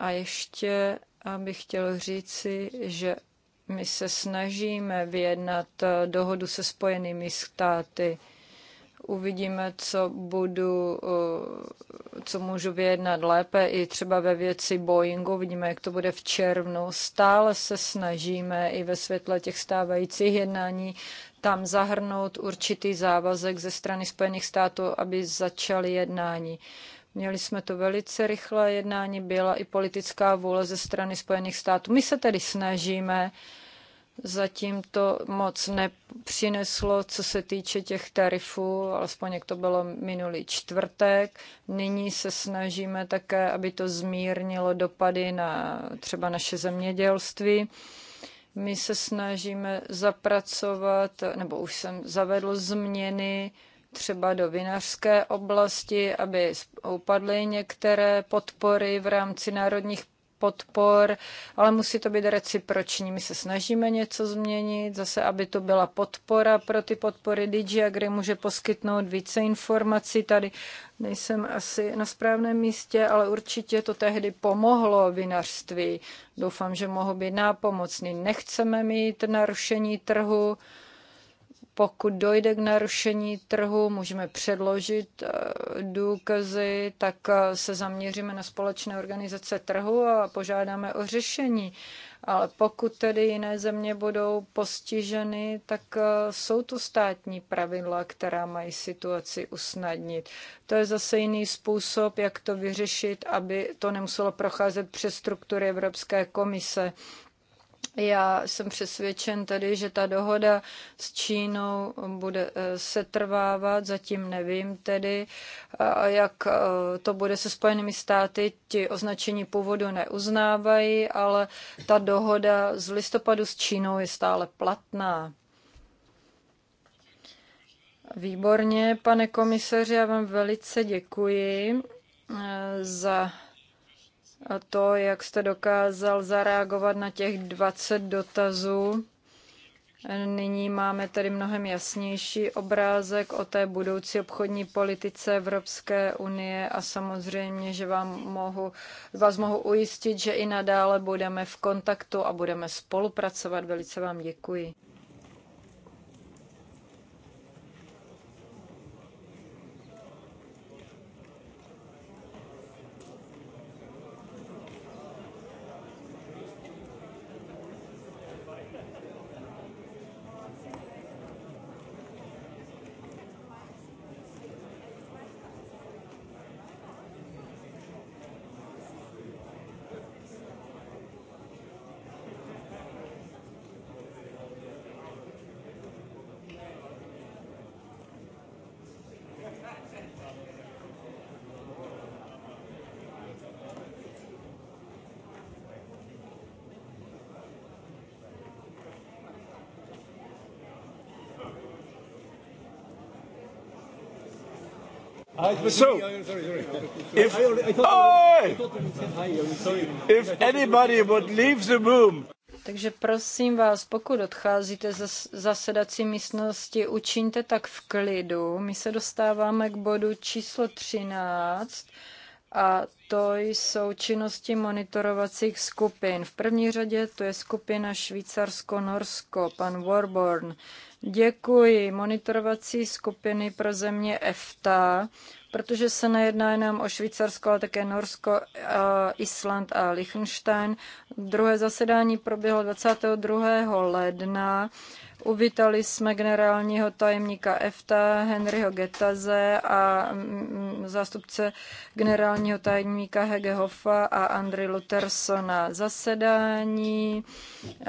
A ještě bych chtěl říci, že my se snažíme vyjednat eh, dohodu se Spojenými státy uvidíme, co budu, eh, co můžu vyjednat lépe i třeba ve věci Boeingu, vidíme, jak to bude v červnu. Stále se snažíme i ve světle těch stávajících jednání tam zahrnout určitý závazek ze strany Spojených států, aby začaly jednání. Měli jsme to velice rychlé jednání, byla i politická vůle ze strany Spojených států. My se tedy snažíme uh, zatím to moc nepřineslo, co se týče těch tarifů, alespoň jak to bylo minulý čtvrtek. Nyní se snažíme také, aby to zmírnilo dopady na třeba naše zemědělství. My se snažíme zapracovat, nebo už jsem zavedl změny, třeba do vinařské oblasti, aby upadly některé podpory v rámci národních podpor, ale musí to být reciproční. My se snažíme něco změnit, zase, aby to byla podpora pro ty podpory Digiagri kde může poskytnout více informací. Tady nejsem asi na správném místě, ale určitě to tehdy pomohlo vinařství. Doufám, že mohu být nápomocný. Nechceme mít narušení trhu, pokud dojde k narušení trhu, můžeme předložit eh, důkazy, tak eh, se zaměříme na společné organizace trhu a požádáme o řešení. Ale pokud tedy jiné země budou postiženy, tak eh, jsou tu státní pravidla, která mají situaci usnadnit. To je zase jiný způsob, jak to vyřešit, aby to nemuselo procházet přes struktury Evropské komise. Já jsem přesvědčen tedy, že ta dohoda s Čínou bude eh, setrvávat, zatím nevím tedy, jak eh, to bude se Spojenými státy, ti označení původu neuznávají, ale ta dohoda z listopadu s Čínou je stále platná. Výborně, pane komisaři, já vám velice děkuji eh, za a to, jak jste dokázal zareagovat na těch 20 dotazů. Nyní máme tedy mnohem jasnější obrázek o té budoucí obchodní politice Evropské unie a samozřejmě, že vám mohu, vás mohu ujistit, že i nadále budeme v kontaktu a budeme spolupracovat. Velice vám děkuji. So, if, oh, if anybody would leave the room, takže prosím vás, pokud odcházíte ze zasedací místnosti, učiňte tak v klidu. My se dostáváme k bodu číslo 13 a to jsou činnosti monitorovacích skupin. V první řadě to je skupina Švýcarsko-Norsko, pan Warborn. Děkuji monitorovací skupiny pro země EFTA, protože se nejedná jenom o Švýcarsko, ale také Norsko, eh, Island a Liechtenstein. Druhé zasedání proběhlo 22. ledna Uvítali jsme generálního tajemníka EFTA Henryho Getaze a mm, mm, zástupce generálního tajemníka Hege Hoffa a Andry Lutersona. Zasedání,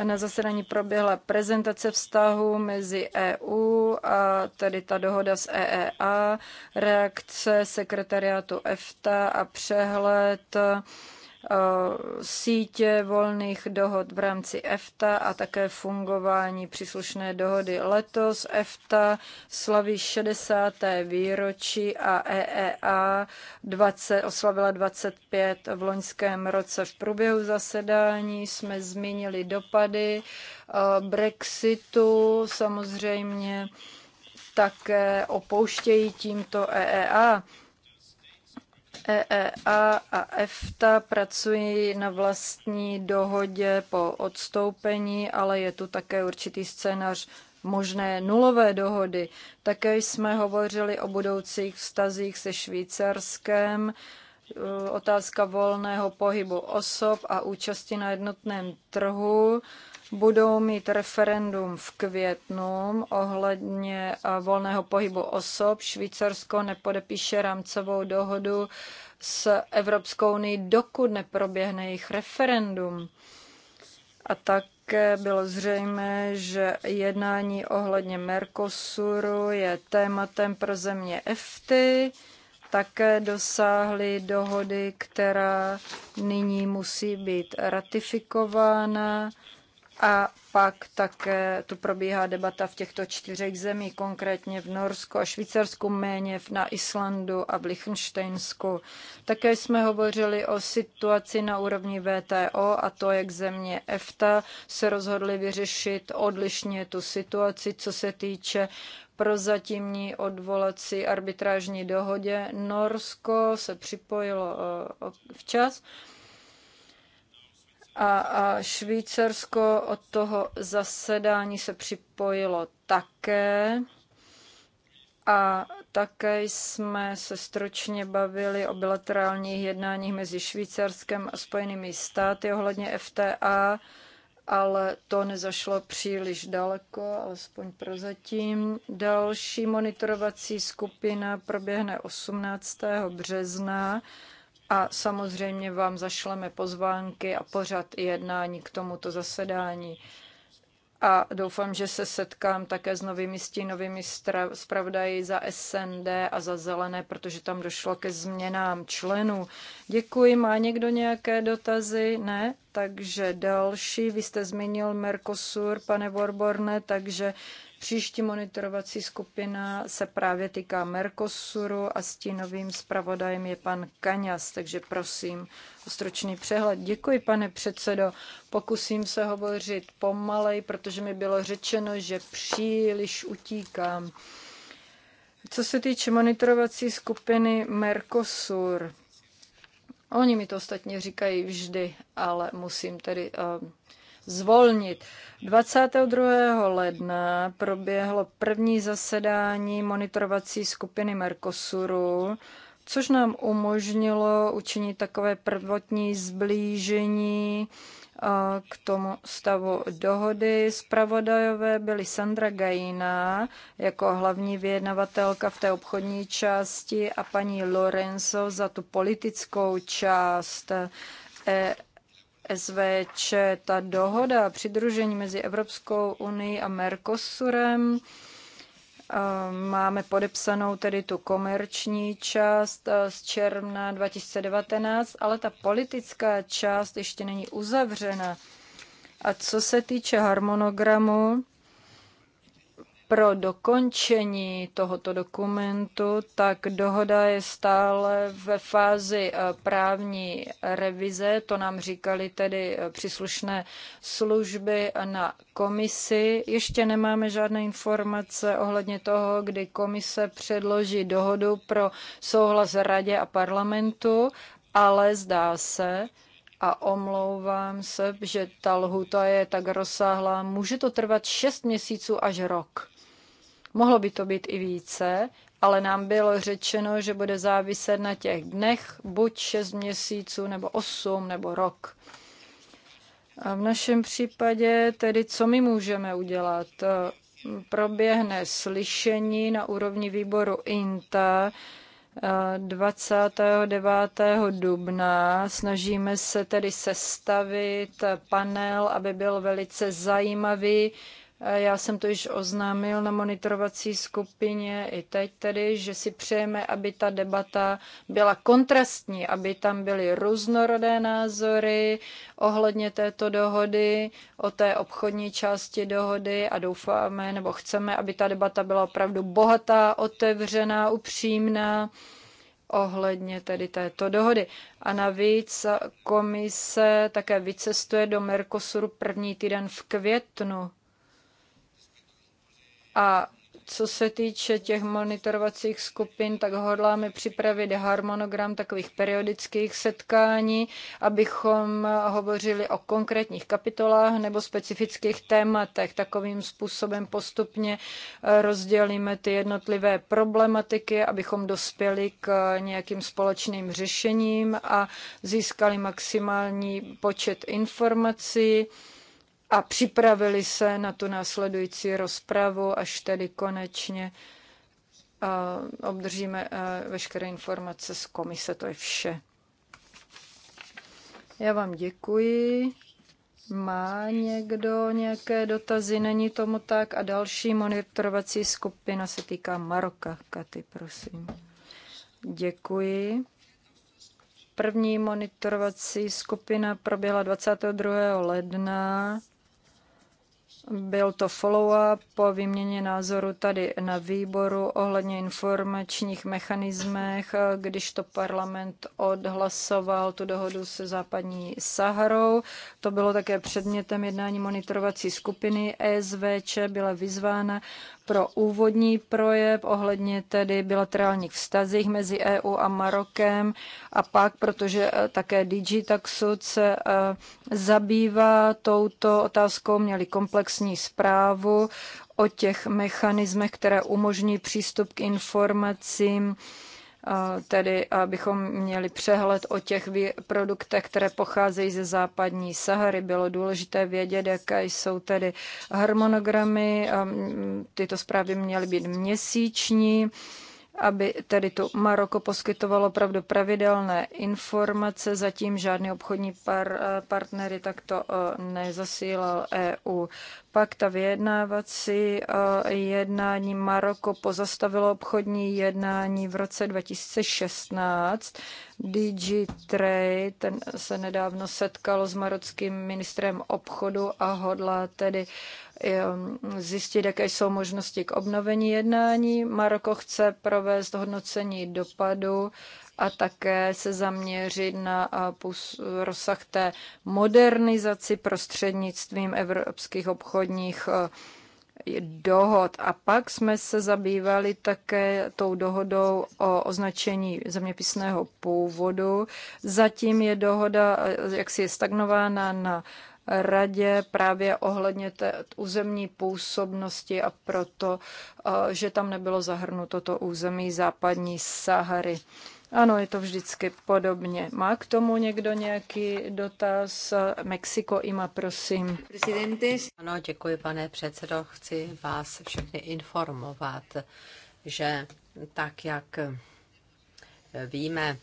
na zasedání proběhla prezentace vztahu mezi EU a tedy ta dohoda s EEA, reakce sekretariátu EFTA a přehled Eh, sítě volných dohod v rámci EFTA a také fungování příslušné dohody. Letos EFTA slaví 60. výročí a EEA 20, oslavila 25 v loňském roce. V průběhu zasedání jsme zmínili dopady eh, Brexitu, samozřejmě také opouštějí tímto EEA. EEA a EFTA e pracují na vlastní dohodě po odstoupení, ale je tu také určitý scénář možné nulové dohody. Také jsme hovořili o budoucích vztazích se Švýcarskem, e, otázka volného pohybu osob a účasti na jednotném trhu budou mít referendum v květnu ohledně eh, volného pohybu osob. Švýcarsko nepodepíše rámcovou dohodu s Evropskou unii, dokud neproběhne jejich referendum. A tak také bylo zřejmé, že jednání ohledně Mercosuru je tématem pro země EFTY. Také dosáhly dohody, která nyní musí být ratifikována a pak také tu probíhá debata v těchto čtyřech zemích, konkrétně v Norsku a Švýcarsku, méně na Islandu a v Liechtensteinsku. Také jsme hovořili o situaci na úrovni VTO a to, jak země EFTA se rozhodly vyřešit odlišně tu situaci, co se týče prozatímní odvolací arbitrážní dohodě. Norsko se připojilo eh, včas a, a Švýcarsko od toho zasedání se připojilo také. A také jsme se stročně bavili o bilaterálních jednáních mezi Švýcarskem a Spojenými státy ohledně FTA, ale to nezašlo příliš daleko, alespoň prozatím. Další monitorovací skupina proběhne 18. března a samozřejmě vám zašleme pozvánky a pořad jednání k tomuto zasedání. A doufám, že se setkám také s novými stínovými zpravodaji za SND a za zelené, protože tam došlo ke změnám členů. Děkuji. Má někdo nějaké dotazy? Ne? Takže další. Vy jste zmínil Mercosur, pane Vorborne, takže Příští monitorovací skupina se právě týká Mercosuru a stínovým zpravodajem je pan Kaňas, takže prosím o stručný přehled. Děkuji, pane předsedo. Pokusím se hovořit pomalej, protože mi bylo řečeno, že příliš utíkám. Co se týče monitorovací skupiny Mercosur, oni mi to ostatně říkají vždy, ale musím tedy uh, zvolnit. 22. ledna proběhlo první zasedání monitorovací skupiny Mercosuru, což nám umožnilo učinit takové prvotní zblížení k tomu stavu dohody. Spravodajové byly Sandra Gajina jako hlavní vyjednavatelka v té obchodní části a paní Lorenzo za tu politickou část. SVČ, ta dohoda přidružení mezi Evropskou unii a Mercosurem, Máme podepsanou tedy tu komerční část z června 2019, ale ta politická část ještě není uzavřena. A co se týče harmonogramu, pro dokončení tohoto dokumentu, tak dohoda je stále ve fázi eh, právní revize, to nám říkali tedy eh, příslušné služby na komisi. Ještě nemáme žádné informace ohledně toho, kdy komise předloží dohodu pro souhlas radě a parlamentu, ale zdá se, a omlouvám se, že ta lhuta je tak rozsáhlá, může to trvat 6 měsíců až rok. Mohlo by to být i více, ale nám bylo řečeno, že bude záviset na těch dnech, buď 6 měsíců, nebo 8, nebo rok. A v našem případě tedy, co my můžeme udělat? Proběhne slyšení na úrovni výboru INTA 29. dubna. Snažíme se tedy sestavit panel, aby byl velice zajímavý Eh, já jsem to již oznámil na monitorovací skupině i teď tedy, že si přejeme, aby ta debata byla kontrastní, aby tam byly různorodé názory ohledně této dohody, o té obchodní části dohody a doufáme nebo chceme, aby ta debata byla opravdu bohatá, otevřená, upřímná ohledně tedy této dohody. A navíc komise také vycestuje do Mercosuru první týden v květnu a co se týče těch monitorovacích skupin, tak hodláme připravit harmonogram takových periodických setkání, abychom hovořili o konkrétních kapitolách nebo specifických tématech. Takovým způsobem postupně eh, rozdělíme ty jednotlivé problematiky, abychom dospěli k nějakým společným řešením a získali maximální počet informací a připravili se na tu následující rozpravu, až tedy konečně obdržíme veškeré informace z komise. To je vše. Já vám děkuji. Má někdo nějaké dotazy? Není tomu tak. A další monitorovací skupina se týká Maroka. Katy, prosím. Děkuji. První monitorovací skupina proběhla 22. ledna byl to follow-up po výměně názoru tady na výboru ohledně informačních mechanismech, když to parlament odhlasoval tu dohodu se západní Saharou. To bylo také předmětem jednání monitorovací skupiny. ESVČ byla vyzvána, pro úvodní projev ohledně tedy bilaterálních vztazích mezi EU a Marokem a pak, protože eh, také DG Taxud se eh, zabývá touto otázkou, měli komplexní zprávu o těch mechanismech, které umožní přístup k informacím tedy abychom měli přehled o těch produktech, které pocházejí ze západní Sahary. Bylo důležité vědět, jaké jsou tedy harmonogramy. Mm, tyto zprávy měly být měsíční aby tedy to Maroko poskytovalo opravdu pravidelné informace, zatím žádný obchodní par, eh, partnery takto eh, nezasílal EU. Pak ta vyjednávací eh, jednání Maroko pozastavilo obchodní jednání v roce 2016. DG Trade ten se nedávno setkalo s marockým ministrem obchodu a hodla tedy uh, Ehm, zjistit, jaké jsou možnosti k obnovení jednání. Maroko chce provést hodnocení dopadu a také se zaměřit na rozsah té modernizaci prostřednictvím evropských obchodních e, dohod. A pak jsme se zabývali také tou dohodou o označení zeměpisného původu. Zatím je dohoda e, jaksi stagnována na radě právě ohledně té územní působnosti a proto, eh, že tam nebylo zahrnuto to území západní Sahary. Ano, je to vždycky podobně. Má k tomu někdo nějaký dotaz? Mexiko ima, prosím. Ano, děkuji, pane předsedo. Chci vás všechny informovat, že tak, jak víme,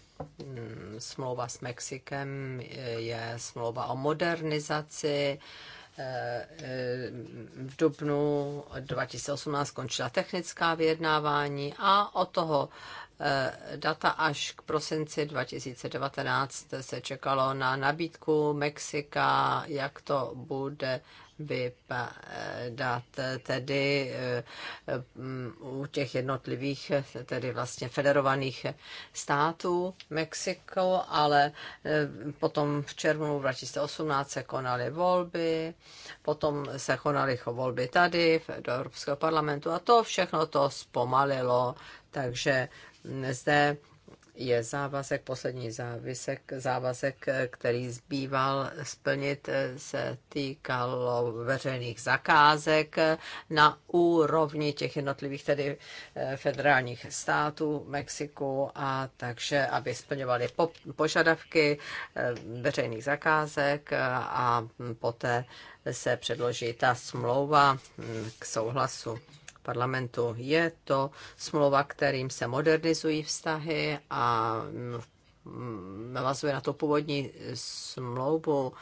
mm, smlouva s Mexikem je smlouva o modernizaci. Eh, eh, v dubnu 2018 končila technická vyjednávání a od toho eh, data až k prosinci 2019 se čekalo na nabídku Mexika, jak to bude vypadat eh, tedy eh, u těch jednotlivých, tedy vlastně federovaných států Mexiko, ale eh, potom v červnu 2018 se konaly volby, potom se konaly volby tady do Evropského parlamentu a to všechno to zpomalilo, takže mm, zde je závazek, poslední závisek, závazek, který zbýval splnit, se týkalo veřejných zakázek na úrovni těch jednotlivých tedy eh, federálních států Mexiku a takže, aby splňovali po, požadavky eh, veřejných zakázek eh, a poté se předloží ta smlouva hm, k souhlasu parlamentu. Je to smlouva, kterým se modernizují vztahy a navazuje na to původní smlouvu.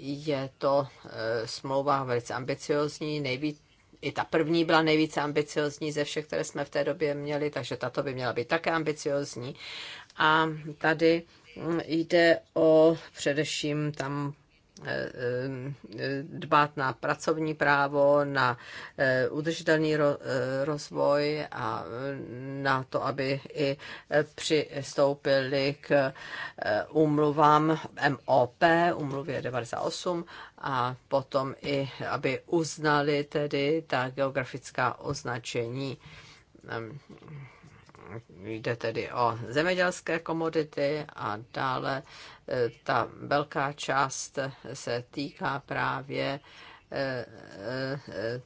Je to eh, smlouva velice ambiciozní, nejvíc i ta první byla nejvíce ambiciozní ze všech, které jsme v té době měli, takže tato by měla být také ambiciozní. A tady mm, jde o především tam Eh, eh, dbát na pracovní právo, na eh, udržitelný rozvoj a na to, aby i přistoupili k umluvám MOP, umluvě 98, a potom i, aby uznali tedy ta geografická označení ehm, jde tedy o zemědělské komodity a dále ta velká část se týká právě eh, eh,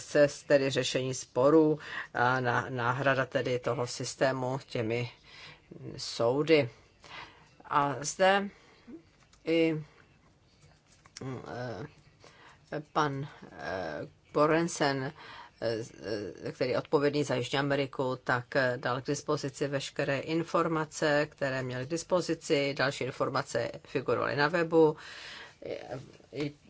se tedy řešení sporů, a náhrada tedy toho systému těmi soudy. A zde i eh, pan Borensen Eh, který je odpovědný za Jižní Ameriku, tak eh, dal k dispozici veškeré informace, které měl k dispozici. Další informace figurovaly na webu.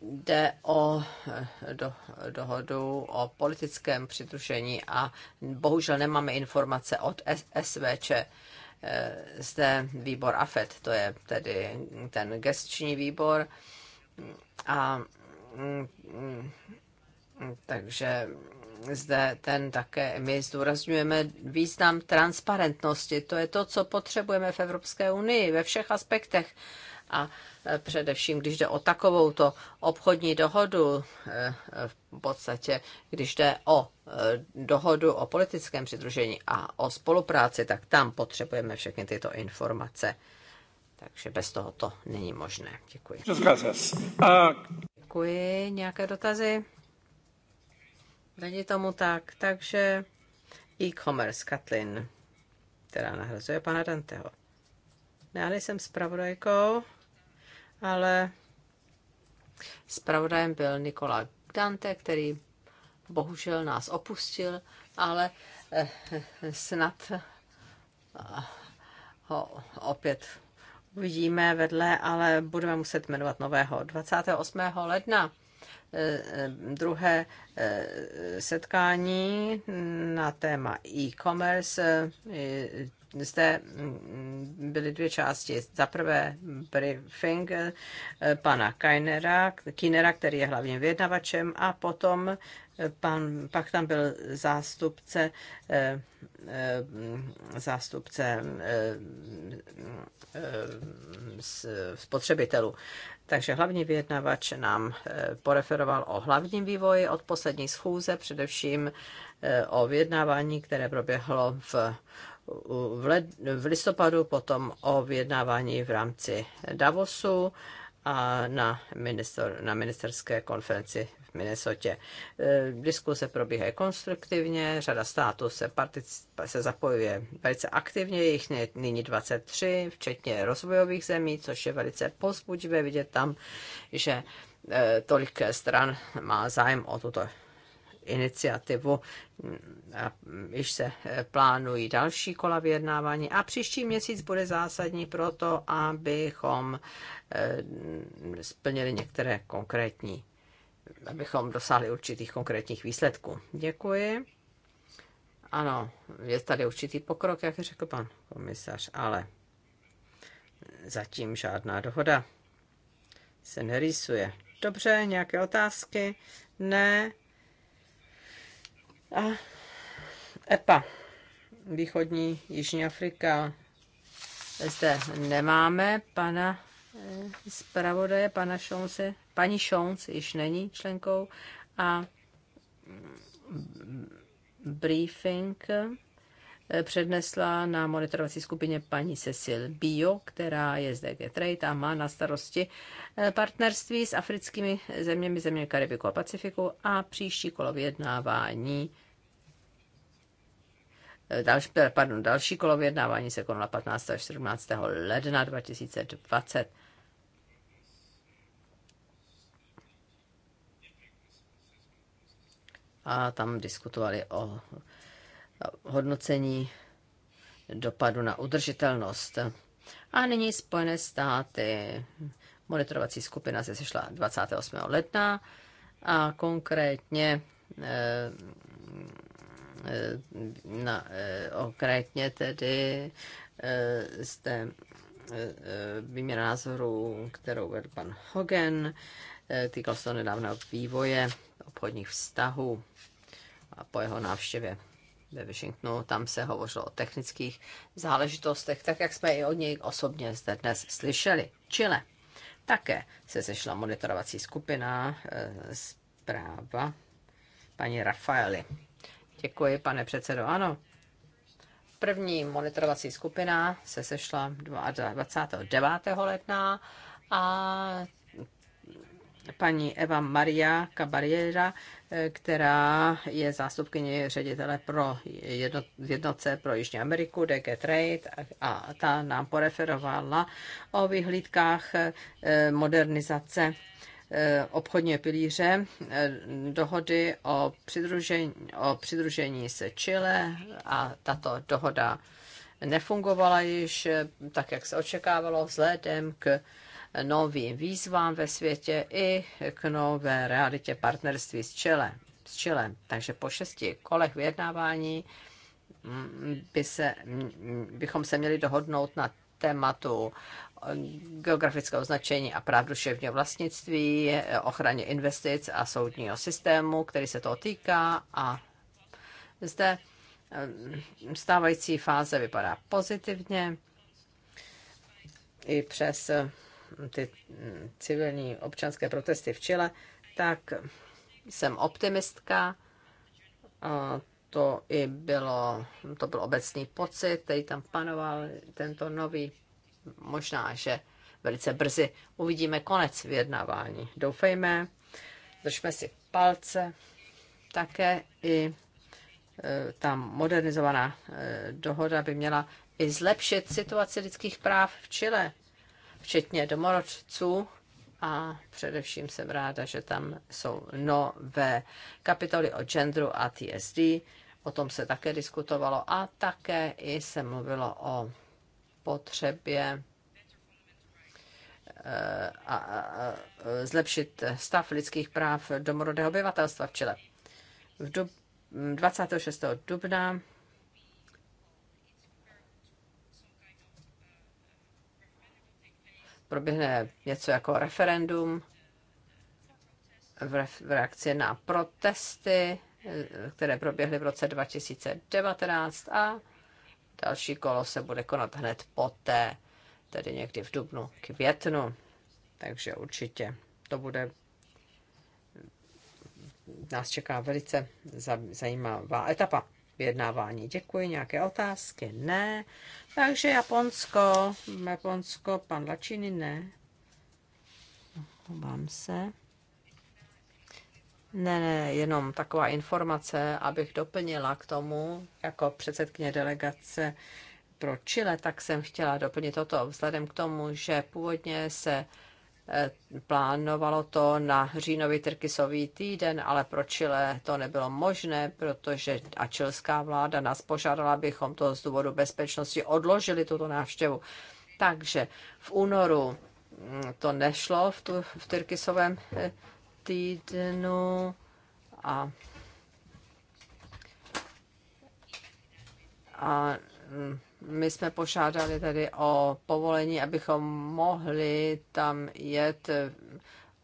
Jde o eh, do, dohodu o politickém přidružení a bohužel nemáme informace od SVČ zde výbor AFET, to je tedy ten gestční výbor. A mm, mm, takže zde ten také my zdůrazňujeme význam transparentnosti. To je to, co potřebujeme v Evropské unii ve všech aspektech. A e, především, když jde o takovouto obchodní dohodu, e, v podstatě, když jde o e, dohodu o politickém přidružení a o spolupráci, tak tam potřebujeme všechny tyto informace. Takže bez toho to není možné. Děkuji. Děkuji. Nějaké dotazy? Není tomu tak, takže e-commerce Katlin, která nahrazuje pana Danteho. Já nejsem spravodajkou, ale spravodajem byl Nikola Dante, který bohužel nás opustil, ale eh, snad eh, ho opět uvidíme vedle, ale budeme muset jmenovat nového 28. ledna druhé eh, setkání na téma e-commerce. Eh, zde mm, byly dvě části. Za prvé briefing eh, pana Kainera, Kinera, který je hlavním vyjednavačem, a potom eh, pan, pak tam byl zástupce, eh, zástupce spotřebitelů. Takže hlavní vyjednavač nám poreferoval o hlavním vývoji od poslední schůze, především o vyjednávání, které proběhlo v v, led, v listopadu, potom o vyjednávání v rámci Davosu a na, minister, na ministerské konferenci v Minnesotě. E, diskuse probíhají konstruktivně, řada států se, partic, se zapojuje velice aktivně, jich nyní 23, včetně rozvojových zemí, což je velice pozbudivé vidět tam, že e, tolik stran má zájem o tuto iniciativu. A již se eh, plánují další kola vyjednávání a příští měsíc bude zásadní pro to, abychom eh, splnili některé konkrétní, abychom dosáhli určitých konkrétních výsledků. Děkuji. Ano, je tady určitý pokrok, jak řekl pan komisař, ale zatím žádná dohoda se nerýsuje. Dobře, nějaké otázky? Ne. A EPA, východní Jižní Afrika, zde nemáme pana eh, zpravodaje, pana Šonce, paní Šonc již není členkou a mm, briefing Eh, přednesla na monitorovací skupině paní Cecil Bio, která je z DG Trade a má na starosti eh, partnerství s africkými zeměmi, země Karibiku a Pacifiku a příští kolo vyjednávání eh, Další, pardon, další kolo vyjednávání se konala 15. až 17. ledna 2020. A tam diskutovali o hodnocení dopadu na udržitelnost. A nyní Spojené státy. Monitorovací skupina se sešla 28. ledna a konkrétně eh, na, eh, konkrétně tedy jste eh, výměna názoru kterou vedl pan Hogan, týkal se to nedávného vývoje obchodních vztahů a po jeho návštěvě ve Washingtonu, tam se hovořilo o technických záležitostech, tak jak jsme i od něj osobně zde dnes slyšeli. Chile. Také se sešla monitorovací skupina eh, zpráva paní Rafaeli. Děkuji, pane předsedo. Ano, první monitorovací skupina se sešla 29. ledna a paní Eva Maria Cabariera, eh, která je zástupkyně ředitele pro jedno, jednotce pro Jižní Ameriku, DG Trade, a ta nám poreferovala o vyhlídkách eh, modernizace eh, obchodního pilíře dohody o přidružení, o přidružení se Chile a tato dohoda nefungovala již tak, jak se očekávalo, vzhledem k novým výzvám ve světě i k nové realitě partnerství s čilem, S Čilem. Takže po šesti kolech vyjednávání mm, by se, mm, bychom se měli dohodnout na tématu mm, geografického označení a práv duševního vlastnictví, ochraně investic a soudního systému, který se toho týká. A zde stávající fáze vypadá pozitivně i přes ty civilní občanské protesty v Chile, tak jsem optimistka. A to i bylo, to byl obecný pocit, který tam panoval, tento nový, možná, že velice brzy uvidíme konec vyjednávání. Doufejme, držme si palce, také i e, ta modernizovaná e, dohoda by měla i zlepšit situaci lidských práv v Chile, včetně domorodců. A především jsem ráda, že tam jsou nové kapitoly o genderu a TSD. O tom se také diskutovalo a také i se mluvilo o potřebě eh, a zlepšit stav lidských práv domorodého obyvatelstva v Chile. V dub, 26. dubna proběhne něco jako referendum v reakci na protesty, které proběhly v roce 2019 a další kolo se bude konat hned poté, tedy někdy v dubnu, květnu. Takže určitě to bude nás čeká velice zajímavá etapa vyjednávání. Děkuji. Nějaké otázky? Ne. Takže Japonsko, Japonsko, pan Lačiny ne. Obám se. Ne, ne, jenom taková informace, abych doplnila k tomu, jako předsedkyně delegace pro Chile, tak jsem chtěla doplnit toto vzhledem k tomu, že původně se Eh, plánovalo to na říjnový trkysový týden, ale pro Chile to nebylo možné, protože a čilská vláda nás požádala, abychom to z důvodu bezpečnosti odložili tuto návštěvu. Takže v únoru mm, to nešlo v, tu, v Tyrkisovém eh, týdnu a, a mm, my jsme požádali tady o povolení, abychom mohli tam jet eh,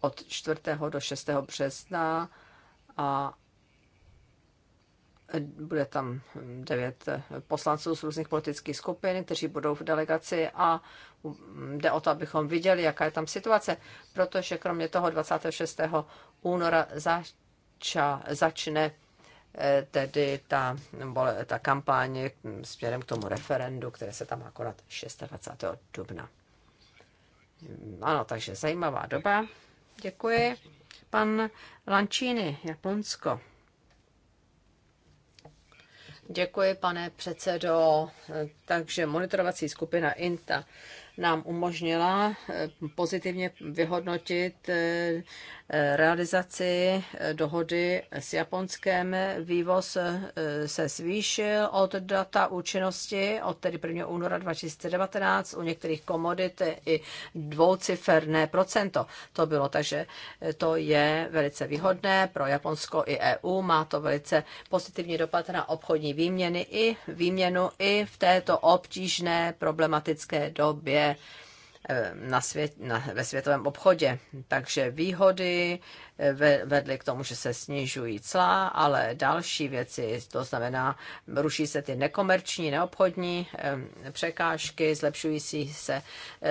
od 4. do 6. března a eh, bude tam hm, devět eh, poslanců z různých politických skupin, kteří budou v delegaci a hm, jde o to, abychom viděli, jaká je tam situace, protože kromě toho 26. února zač- začne Eh, tedy ta, ta kampaň směrem k tomu referendu, které se tam má konat 26. dubna. Ano, takže zajímavá doba. Děkuji. Pan Lančíny, Japonsko. Děkuji, pane předsedo. Takže monitorovací skupina INTA nám umožnila eh, pozitivně vyhodnotit eh, realizaci eh, dohody s Japonskem vývoz eh, se zvýšil od data účinnosti, od tedy 1. února 2019, u některých komodit i dvouciferné procento to bylo, takže eh, to je velice výhodné pro Japonsko i EU, má to velice pozitivní dopad na obchodní výměny i výměnu i v této obtížné problematické době. Eh, na svět, na, ve světovém obchodě. Takže výhody eh, vedly k tomu, že se snižují cla, ale další věci, to znamená, ruší se ty nekomerční, neobchodní eh, překážky, zlepšují se,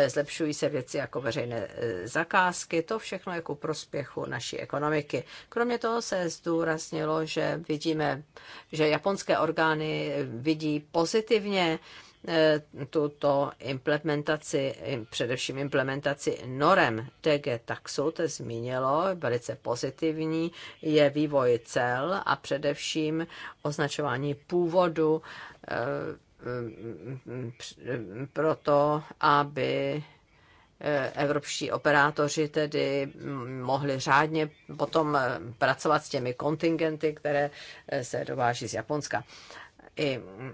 zlepšují se věci jako veřejné zakázky, to všechno je ku prospěchu naší ekonomiky. Kromě toho se zdůraznilo, že vidíme, že japonské orgány vidí pozitivně, Eh, tuto implementaci, především implementaci norem DG Taxu, to zmínilo, velice pozitivní je vývoj cel a především označování původu eh, mm, proto, aby eh, evropští operátoři tedy mohli řádně potom pracovat s těmi kontingenty, které se dováží z Japonska. I mm,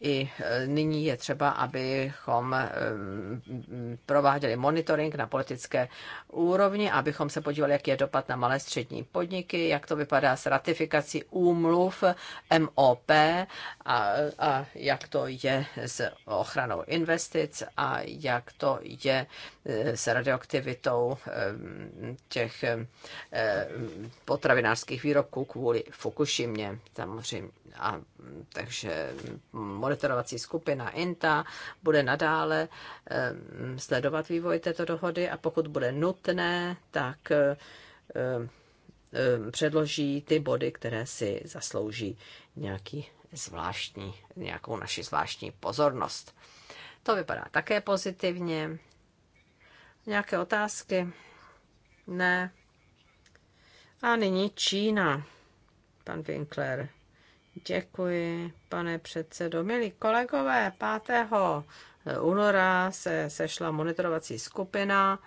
i eh, nyní je třeba, abychom eh, prováděli monitoring na politické úrovni, abychom se podívali, jak je dopad na malé střední podniky, jak to vypadá s ratifikací úmluv MOP a, a jak to je s ochranou investic a jak to je eh, s radioaktivitou těch potravinářských výrobků kvůli Fukushimě samozřejmě. A takže monitorovací skupina INTA bude nadále sledovat vývoj této dohody a pokud bude nutné, tak předloží ty body, které si zaslouží nějaký zvláštní, nějakou naši zvláštní pozornost. To vypadá také pozitivně. Nějaké otázky? Ne. A nyní Čína, pan Winkler. Děkuji, pane předsedo. Milí kolegové, 5. února se sešla monitorovací skupina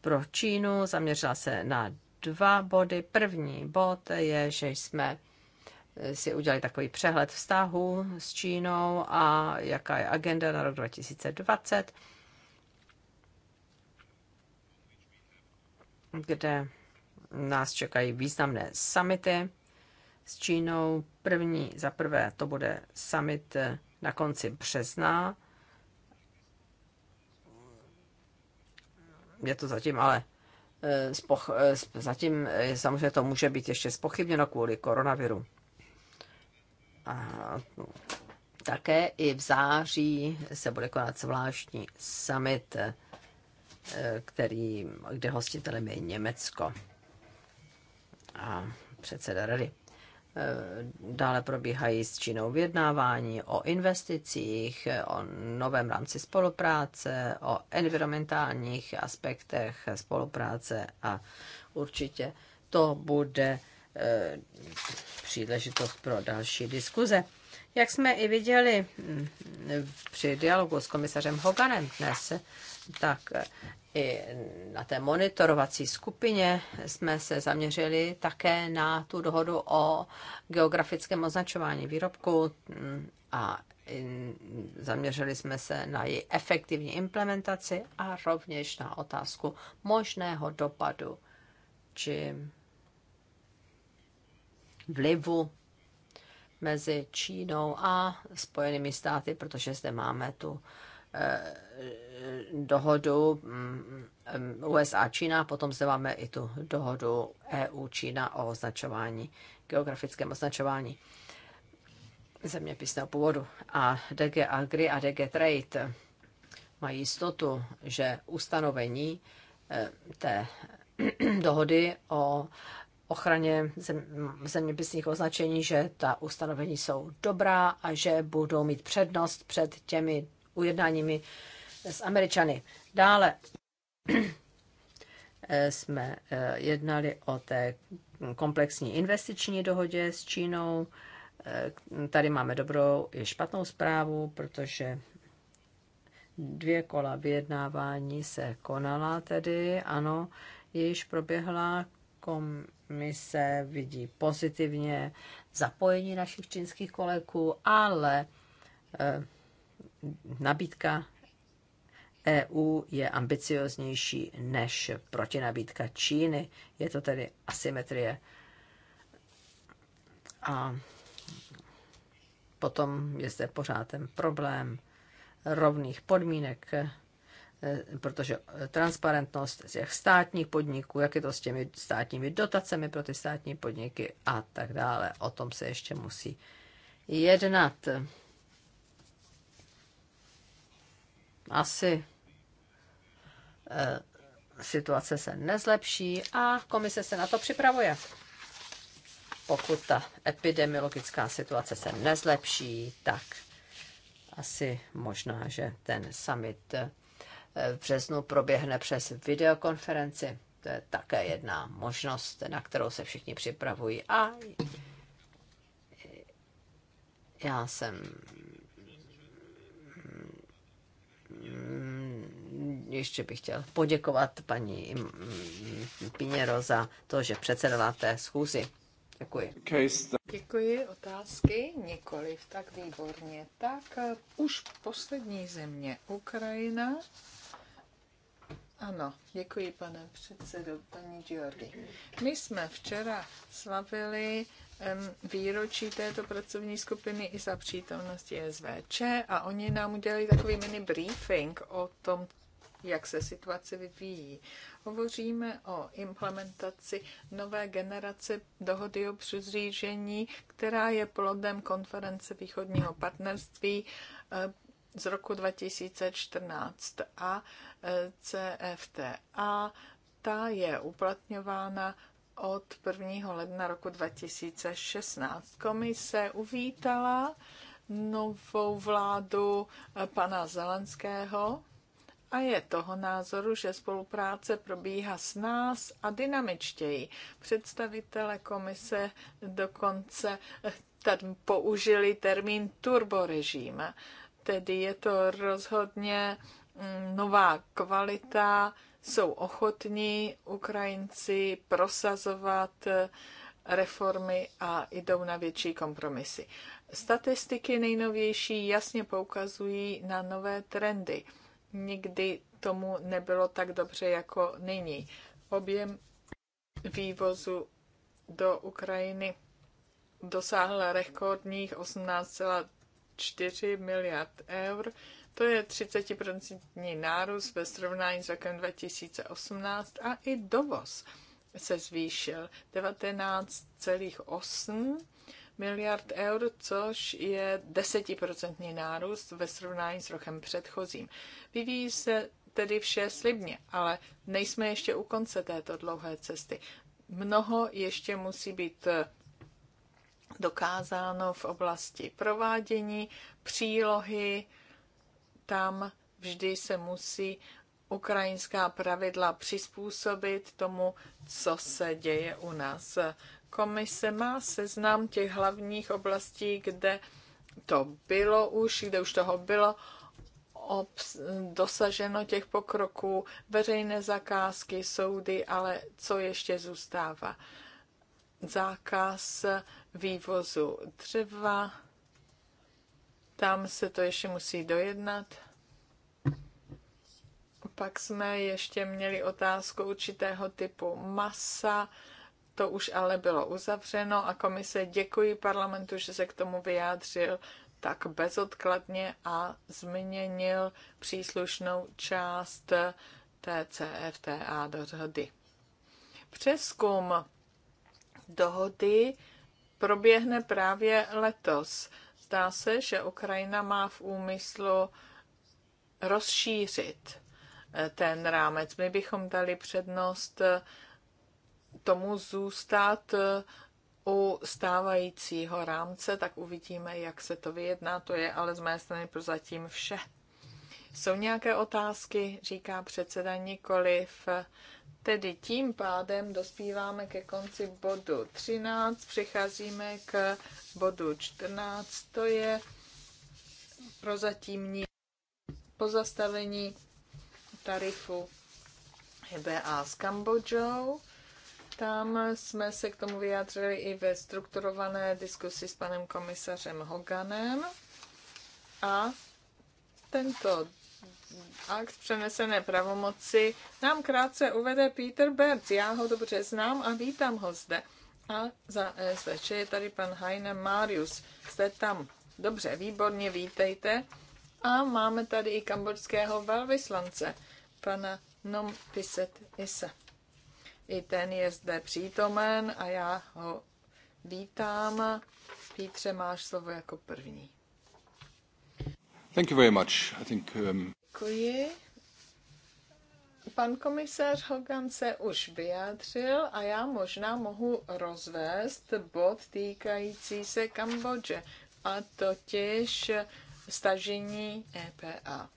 pro Čínu. Zaměřila se na dva body. První bod je, že jsme si udělali takový přehled vztahu s Čínou a jaká je agenda na rok 2020, kde nás čekají významné summity s Čínou. První, za prvé, to bude summit eh, na konci března. Je to zatím ale eh, spoch, eh, zatím samozřejmě to může být ještě spochybněno kvůli koronaviru. A no, také i v září se bude konat zvláštní summit, který, kde hostitelem je Německo a předseda rady. E, dále probíhají s Čínou vyjednávání o investicích, o novém rámci spolupráce, o environmentálních aspektech spolupráce a určitě to bude e, příležitost pro další diskuze. Jak jsme i viděli při dialogu s komisařem Hoganem dnes, tak i na té monitorovací skupině jsme se zaměřili také na tu dohodu o geografickém označování výrobku mm, a zaměřili jsme se na její efektivní implementaci a rovněž na otázku možného dopadu či vlivu mezi Čínou a Spojenými státy, protože zde máme tu dohodu mm, USA-Čína, potom zde máme i tu dohodu EU-Čína o označování, geografickém označování zeměpisného původu. A DG Agri a DG Trade mají jistotu, že ustanovení eh, té dohody o ochraně zem, zeměpisných označení, že ta ustanovení jsou dobrá a že budou mít přednost před těmi ujednáními s Američany. Dále eh, jsme eh, jednali o té komplexní investiční dohodě s Čínou. Eh, tady máme dobrou i špatnou zprávu, protože dvě kola vyjednávání se konala tedy, ano, již proběhla komise, vidí pozitivně zapojení našich čínských kolegů, ale nabídka EU je ambicioznější než protinabídka Číny. Je to tedy asymetrie. A potom je zde pořád ten problém rovných podmínek, e, protože transparentnost z těch státních podniků, jak je to s těmi státními dotacemi pro ty státní podniky a tak dále. O tom se ještě musí jednat. asi eh, situace se nezlepší a komise se na to připravuje. Pokud ta epidemiologická situace se nezlepší, tak asi možná, že ten summit eh, v březnu proběhne přes videokonferenci. To je také jedna možnost, na kterou se všichni připravují. A já jsem Mm, ještě bych chtěl poděkovat paní mm, mm, Piněro za to, že předsedala té schůzi. Děkuji. Děkuji. Otázky? Nikoliv. Tak výborně. Tak eh, už poslední země, Ukrajina. Ano, děkuji pane předsedo, paní Georgi. My jsme včera slavili výročí této pracovní skupiny i za přítomnosti SVČ a oni nám udělali takový mini briefing o tom, jak se situace vyvíjí. Hovoříme o implementaci nové generace dohody o přizřížení, která je plodem konference východního partnerství eh, z roku 2014 a eh, CFTA. Ta je uplatňována od 1. ledna roku 2016. Komise uvítala novou vládu eh, pana Zelenského a je toho názoru, že spolupráce probíhá s nás a dynamičtěji. Představitele komise dokonce eh, tady použili termín turborežím, tedy je to rozhodně mm, nová kvalita jsou ochotní Ukrajinci prosazovat eh, reformy a jdou na větší kompromisy. Statistiky nejnovější jasně poukazují na nové trendy. Nikdy tomu nebylo tak dobře jako nyní. Objem vývozu do Ukrajiny dosáhl rekordních 18,4 miliard eur to je 30% nárůst ve srovnání s rokem 2018 a i dovoz se zvýšil 19,8 miliard eur, což je desetiprocentní nárůst ve srovnání s rokem předchozím. Vyvíjí se tedy vše slibně, ale nejsme ještě u konce této dlouhé cesty. Mnoho ještě musí být eh, dokázáno v oblasti provádění, přílohy, tam vždy se musí ukrajinská pravidla přizpůsobit tomu, co se děje u nás. Komise má seznam těch hlavních oblastí, kde to bylo už, kde už toho bylo dosaženo těch pokroků, veřejné zakázky, soudy, ale co ještě zůstává? Zákaz vývozu dřeva, tam se to ještě musí dojednat. Pak jsme ještě měli otázku určitého typu masa. To už ale bylo uzavřeno a komise děkuji parlamentu, že se k tomu vyjádřil tak bezodkladně a změnil příslušnou část TCFTA dohody. Přeskum dohody proběhne právě letos. Zdá se, že Ukrajina má v úmyslu rozšířit eh, ten rámec. My bychom dali přednost eh, tomu zůstat eh, u stávajícího rámce, tak uvidíme, jak se to vyjedná. To je ale z mé strany prozatím vše. Jsou nějaké otázky, říká předseda nikoliv. Tedy tím pádem dospíváme ke konci bodu 13, přecházíme k bodu 14, to je prozatímní pozastavení tarifu EBA s Kambodžou. Tam jsme se k tomu vyjádřili i ve strukturované diskusi s panem komisařem Hoganem. A tento akt přenesené pravomoci nám krátce uvede Peter Berg. Já ho dobře znám a vítám ho zde. A za SVČ je tady pan Heine Marius. Jste tam. Dobře, výborně, vítejte. A máme tady i kambodského velvyslance, pana Nom Piset Ise. I ten je zde přítomen a já ho vítám. Pítře, máš slovo jako první. Um, Děkuji. Pan komisař Hogan se už vyjádřil a já možná mohu rozvést bod týkající se Kambodže a totiž stažení EPA.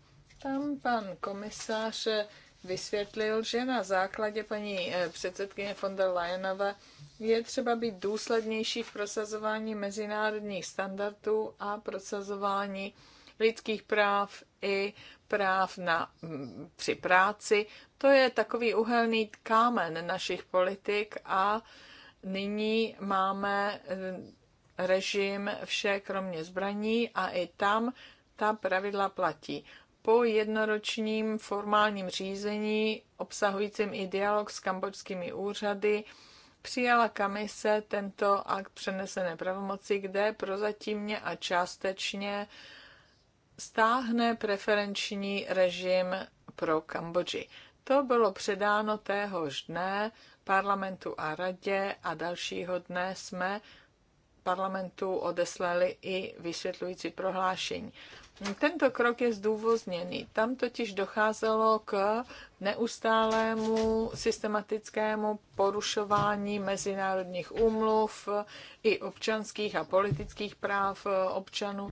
Tam pan komisař vysvětlil, že na základě paní eh, předsedkyně von der Leyenové je třeba být důslednější v prosazování mezinárodních standardů a prosazování lidských práv i práv na, při práci. To je takový uhelný kámen našich politik a nyní máme e, režim vše kromě zbraní a i tam ta pravidla platí. Po jednoročním formálním řízení obsahujícím i dialog s kambočskými úřady přijala kamise tento akt přenesené pravomoci, kde prozatímně a částečně uh, stáhne preferenční režim pro Kambodži. To bylo předáno téhož dne parlamentu a radě a dalšího dne jsme parlamentu odeslali i vysvětlující prohlášení. Tento krok je zdůvozněný. Tam totiž docházelo k neustálému systematickému porušování mezinárodních úmluv i občanských a politických práv občanů.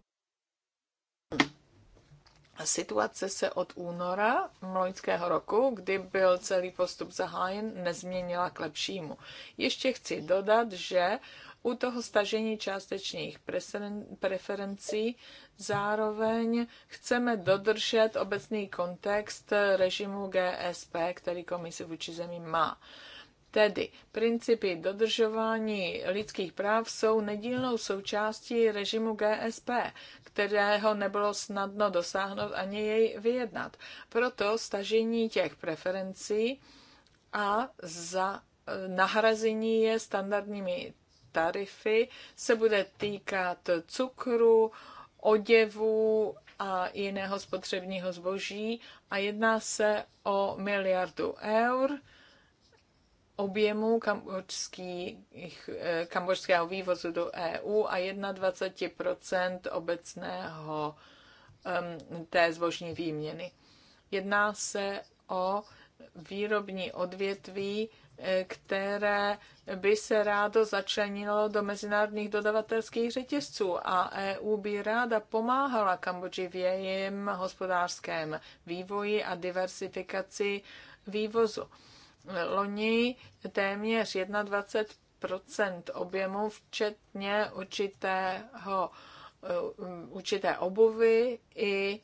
Situace se od února loňského roku, kdy byl celý postup zahájen, nezměnila k lepšímu. Ještě chci dodat, že u toho stažení částečných preferencí zároveň chceme dodržet obecný kontext režimu GSP, který komisi vůči zemím má. Tedy principy dodržování lidských práv jsou nedílnou součástí režimu GSP, kterého nebylo snadno dosáhnout ani jej vyjednat. Proto stažení těch preferencí a za nahrazení je standardními tarify se bude týkat cukru, oděvů a jiného spotřebního zboží a jedná se o miliardu eur objemu kambočského eh, vývozu do EU a 21 obecného té zbožní výměny. Jedná se o výrobní odvětví, eh, které by se rádo začlenilo do mezinárodních dodavatelských řetězců a EU by ráda pomáhala Kambodži v jejím hospodářském vývoji a diversifikaci vývozu loni téměř 21% objemu, včetně určitého, eh, určité obuvy i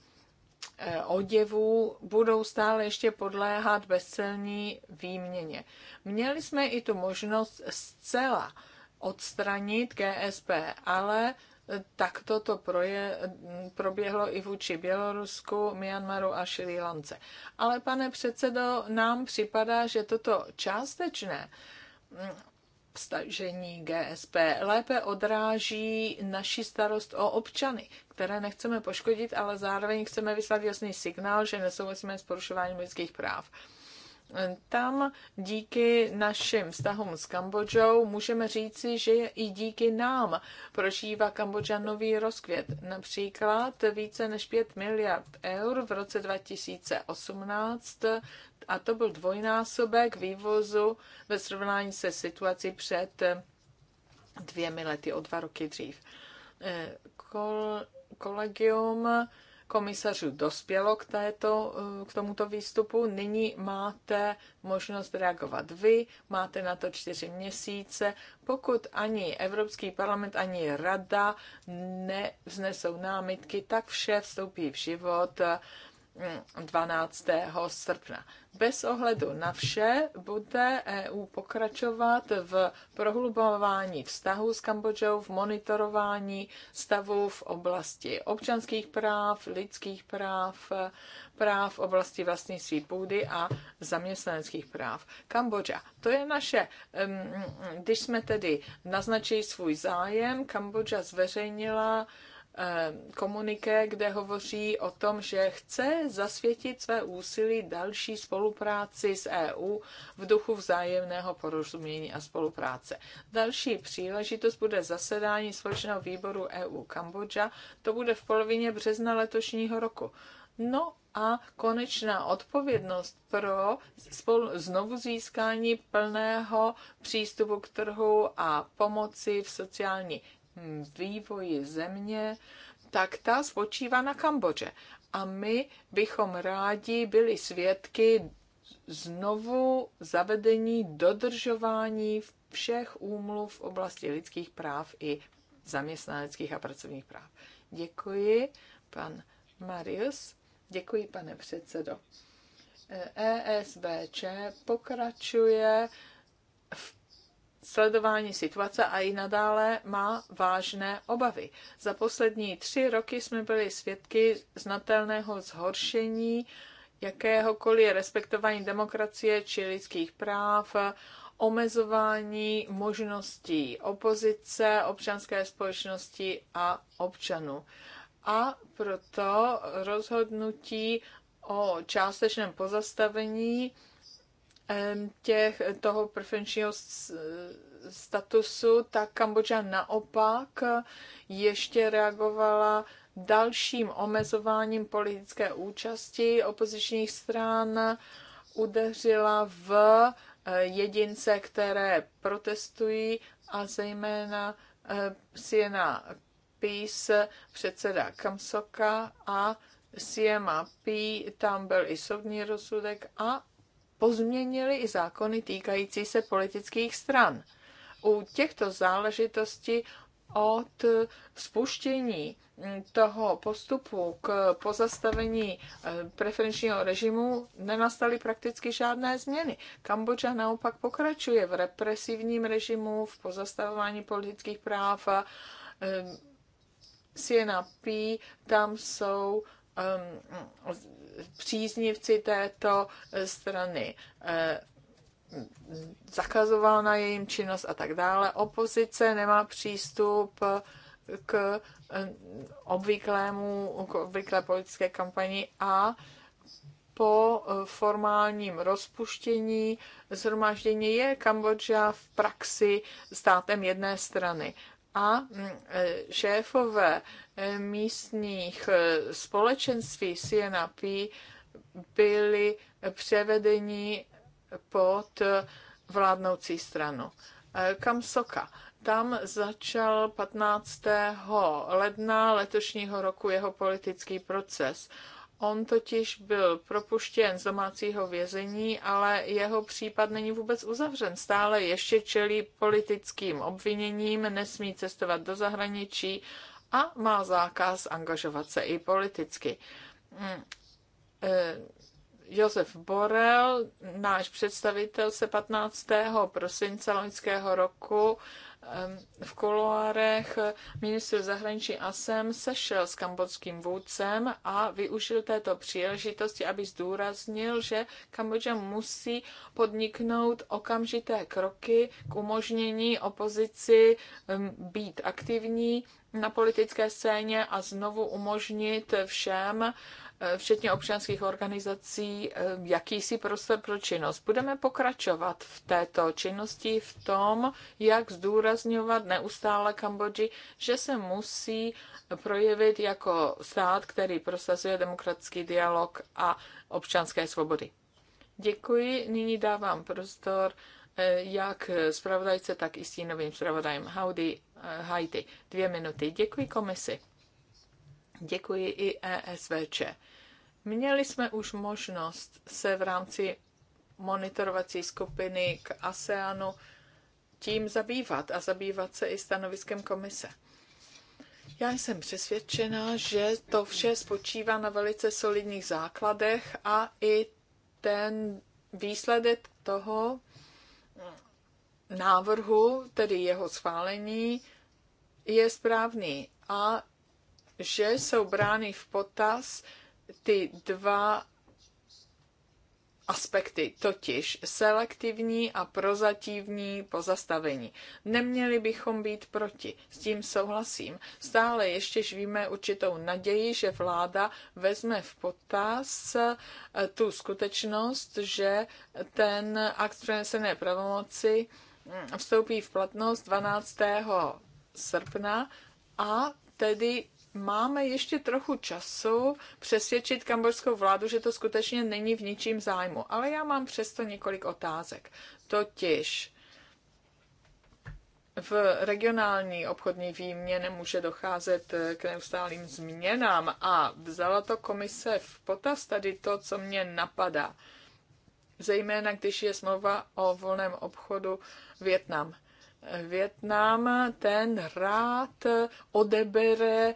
eh, oděvů budou stále ještě podléhat bezcelní výměně. Měli jsme i tu možnost zcela odstranit GSP, ale tak toto proje, proběhlo i vůči Bělorusku, Myanmaru a Šri Lance. Ale pane předsedo, nám připadá, že toto částečné mm, stažení GSP lépe odráží naši starost o občany, které nechceme poškodit, ale zároveň chceme vyslat jasný signál, že nesouhlasíme s porušováním lidských práv. Tam díky našim vztahům s Kambodžou můžeme říci, že i díky nám prožívá Kambodža nový rozkvět. Například více než 5 miliard eur v roce 2018 a to byl dvojnásobek vývozu ve srovnání se situací před dvěmi lety, o dva roky dřív. Eh, kol, kolegium komisařů dospělo k, této, eh, k tomuto výstupu. Nyní máte možnost reagovat vy, máte na to čtyři měsíce. Pokud ani Evropský parlament, ani Rada nevznesou námitky, tak vše vstoupí v život 12. srpna. Bez ohledu na vše bude EU pokračovat v prohlubování vztahu s Kambodžou, v monitorování stavu v oblasti občanských práv, lidských práv, práv v oblasti vlastnictví půdy a zaměstnaneckých práv. Kambodža, to je naše, když jsme tedy naznačili svůj zájem, Kambodža zveřejnila Eh, komuniké, kde hovoří o tom, že chce zasvětit své úsilí další spolupráci s EU v duchu vzájemného porozumění a spolupráce. Další příležitost bude zasedání společného výboru EU Kambodža. To bude v polovině března letošního roku. No a konečná odpovědnost pro znovu získání plného přístupu k trhu a pomoci v sociální vývoji země, tak ta spočívá na Kambodže. A my bychom rádi byli svědky znovu zavedení dodržování všech úmluv v oblasti lidských práv i zaměstnaneckých a pracovních práv. Děkuji, pan Marius. Děkuji, pane předsedo. ESBČ pokračuje sledování situace a i nadále má vážné obavy. Za poslední tři roky jsme byli svědky znatelného zhoršení jakéhokoliv respektování demokracie či lidských práv, omezování možností opozice, občanské společnosti a občanů. A proto rozhodnutí o částečném pozastavení těch, toho preferenčního statusu, tak Kambodža naopak ještě reagovala dalším omezováním politické účasti opozičních stran, udeřila v eh, jedince, které protestují a zejména eh, Siena Peace, předseda Kamsoka a siema pí tam byl i soudní rozsudek a pozměnili i zákony týkající se politických stran. U těchto záležitostí od spuštění mm, toho postupu k pozastavení eh, preferenčního režimu nenastaly prakticky žádné změny. Kambodža naopak pokračuje v represivním režimu, v pozastavování politických práv. CNAP, eh, tam jsou Um, příznivci této eh, strany eh, zakazoval na jejím činnost a tak dále. Opozice nemá přístup k eh, obvyklému, k obvyklé politické kampani a po formálním rozpuštění zhromáždění je Kambodža v praxi státem jedné strany a mm, eh, šéfové eh, místních eh, společenství CNAP byli převedeni pod vládnoucí stranu. Kamsoka. Tam začal 15. ledna letošního roku jeho politický proces. On totiž byl propuštěn z domácího vězení, ale jeho případ není vůbec uzavřen. Stále ještě čelí politickým obviněním, nesmí cestovat do zahraničí a má zákaz angažovat se i politicky. Mm, e, Josef Borel, náš představitel, se 15. prosince loňského roku v kuloárech ministr zahraničí Asem sešel s kambodským vůdcem a využil této příležitosti, aby zdůraznil, že Kambodža musí podniknout okamžité kroky k umožnění opozici být aktivní na politické scéně a znovu umožnit všem Eh, včetně občanských organizací, eh, jakýsi prostor pro činnost. Budeme pokračovat v této činnosti v tom, jak zdůrazňovat neustále Kambodži, že se musí projevit jako stát, který prosazuje demokratický dialog a občanské svobody. Děkuji, nyní dávám prostor eh, jak zpravodajce, tak i stínovým zpravodajem Haudi Haiti. Dvě minuty. Děkuji komisi. Děkuji i ESVČ. Měli jsme už možnost se v rámci monitorovací skupiny k ASEANu tím zabývat a zabývat se i stanoviskem komise. Já jsem přesvědčena, že to vše spočívá na velice solidních základech a i ten výsledek toho návrhu, tedy jeho schválení, je správný a že jsou brány v potaz ty dva aspekty, totiž selektivní a prozatívní pozastavení. Neměli bychom být proti, s tím souhlasím. Stále ještě žvíme určitou naději, že vláda vezme v potaz eh, tu skutečnost, že ten akt přenesené pravomoci mm, vstoupí v platnost 12. srpna a tedy máme ještě trochu času přesvědčit kambožskou vládu, že to skutečně není v ničím zájmu. Ale já mám přesto několik otázek. Totiž v regionální obchodní výměně může docházet k neustálým změnám a vzala to komise v potaz tady to, co mě napadá. Zejména když je smlouva o volném obchodu Větnam. Větnam, ten rád odebere eh,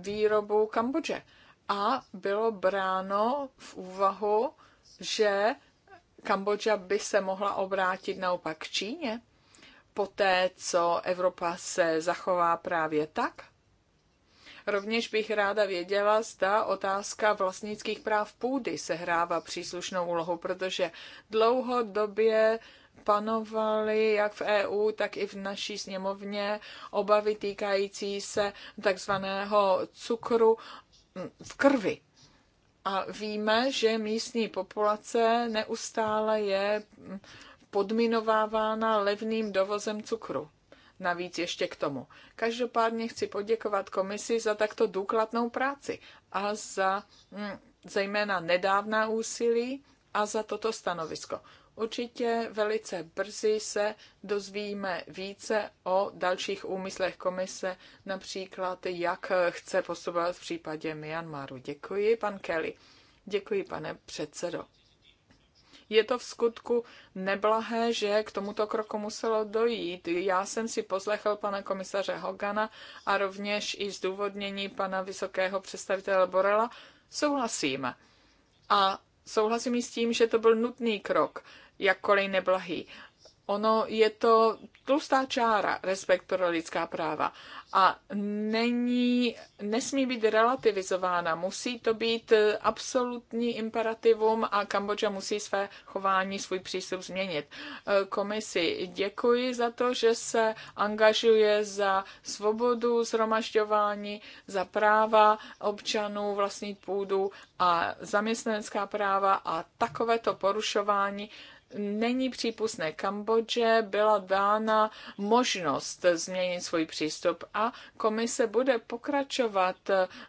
výrobu Kambodže. A bylo bráno v úvahu, že Kambodža by se mohla obrátit naopak k Číně, poté co Evropa se zachová právě tak? Rovněž bych ráda věděla, zda otázka vlastnických práv půdy sehrává příslušnou úlohu, protože dlouhodobě panovaly jak v EU, tak i v naší sněmovně obavy týkající se takzvaného cukru v krvi. A víme, že místní populace neustále je podminovávána levným dovozem cukru. Navíc ještě k tomu. Každopádně chci poděkovat komisi za takto důkladnou práci a za mm, zejména nedávná úsilí a za toto stanovisko. Určitě velice brzy se dozvíme více o dalších úmyslech komise, například jak chce postupovat v případě Myanmaru. Děkuji, pan Kelly. Děkuji, pane předsedo. Je to v skutku neblahé, že k tomuto kroku muselo dojít. Já jsem si poslechl pana komisaře Hogana a rovněž i zdůvodnění pana vysokého představitele Borela. Souhlasím. A souhlasím i s tím, že to byl nutný krok, jakkoliv neblahý. Ono je to tlustá čára, respekt pro lidská práva. A není, nesmí být relativizována. Musí to být absolutní imperativum a Kambodža musí své chování, svůj přístup změnit. E, komisi děkuji za to, že se angažuje za svobodu zhromažďování, za práva občanů vlastnit půdu a zaměstnanecká práva a takovéto porušování není přípustné. Kambodže byla dána možnost změnit svůj přístup a komise bude pokračovat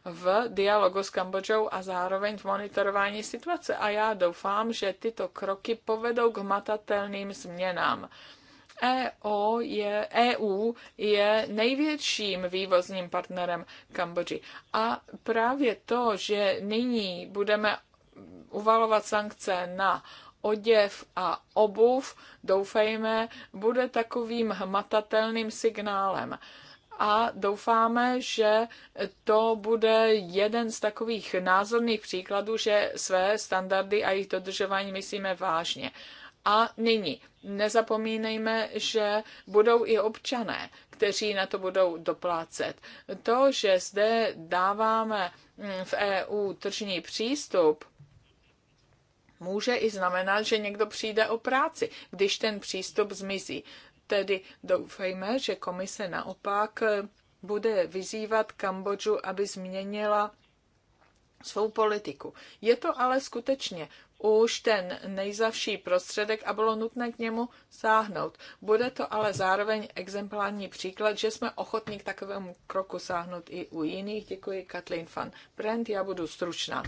v dialogu s Kambodžou a zároveň v monitorování situace. A já doufám, že tyto kroky povedou k matatelným změnám. EO je, EU je největším vývozním partnerem Kambodži. A právě to, že nyní budeme uvalovat sankce na oděv a obuv, doufejme, bude takovým hmatatelným signálem. A doufáme, že to bude jeden z takových názorných příkladů, že své standardy a jejich dodržování myslíme vážně. A nyní nezapomínejme, že budou i občané, kteří na to budou doplácet. To, že zde dáváme mm, v EU tržní přístup, může i znamenat, že někdo přijde o práci, když ten přístup zmizí. Tedy doufejme, že komise naopak eh, bude vyzývat Kambodžu, aby změnila svou politiku. Je to ale skutečně už ten nejzavší prostředek a bylo nutné k němu sáhnout. Bude to ale zároveň exemplární příklad, že jsme ochotní k takovému kroku sáhnout i u jiných. Děkuji, Kathleen van Brent, já budu stručná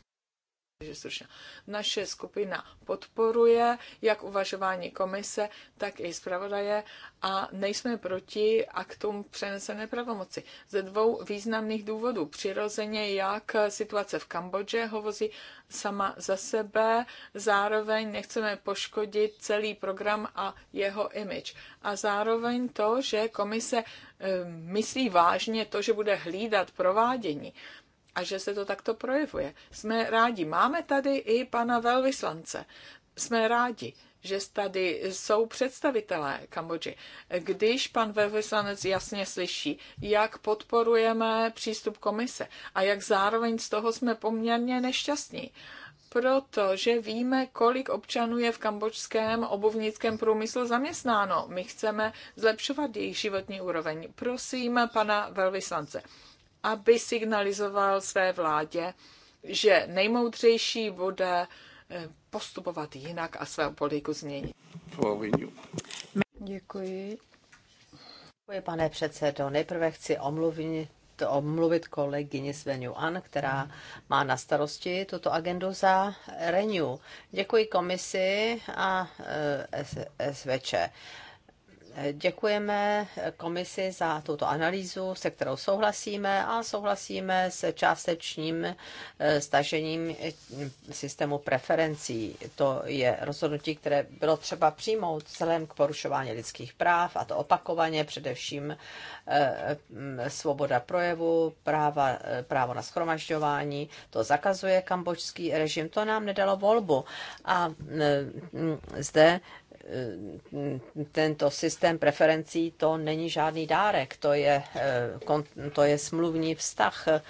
stručně. Naše skupina podporuje jak uvažování komise, tak i zpravodaje a nejsme proti aktům přenesené pravomoci. Ze dvou významných důvodů. Přirozeně, jak situace v Kambodži hovoří sama za sebe, zároveň nechceme poškodit celý program a jeho image. A zároveň to, že komise eh, myslí vážně to, že bude hlídat provádění a že se to takto projevuje. Jsme rádi. Máme tady i pana velvyslance. Jsme rádi, že tady jsou představitelé Kambodži. Když pan velvyslanec jasně slyší, jak podporujeme přístup komise a jak zároveň z toho jsme poměrně nešťastní, protože víme, kolik občanů je v kambočském obuvnickém průmyslu zaměstnáno. My chceme zlepšovat jejich životní úroveň. Prosím pana velvyslance, aby signalizoval své vládě, že nejmoudřejší bude eh, postupovat jinak a svou politiku změnit. Děkuji. Děkuji, pane předsedo. Nejprve chci omluvit omluvit kolegyni Svenu An, která má na starosti tuto agendu za Renew. Děkuji komisi a eh, SVČ Děkujeme komisi za tuto analýzu, se kterou souhlasíme a souhlasíme s částečným eh, stažením eh, systému preferencí. To je rozhodnutí, které bylo třeba přijmout vzhledem k porušování lidských práv, a to opakovaně, především eh, mm, svoboda projevu, práva, právo na schromažďování. To zakazuje kambočský režim, to nám nedalo volbu. A mm, mm, zde tento systém preferencí to není žádný dárek, to je, eh, to je smluvní vztah, eh,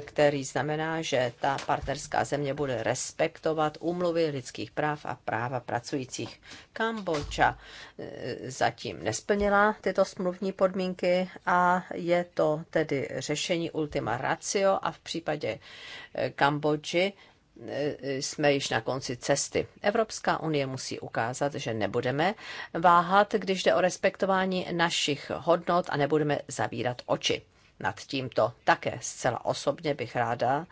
který znamená, že ta partnerská země bude respektovat úmluvy lidských práv a práva pracujících. Kambodža eh, zatím nesplnila tyto smluvní podmínky a je to tedy řešení ultima ratio a v případě Kambodži jsme již na konci cesty. Evropská unie musí ukázat, že nebudeme váhat, když jde o respektování našich hodnot a nebudeme zavírat oči. Nad tímto také zcela osobně bych ráda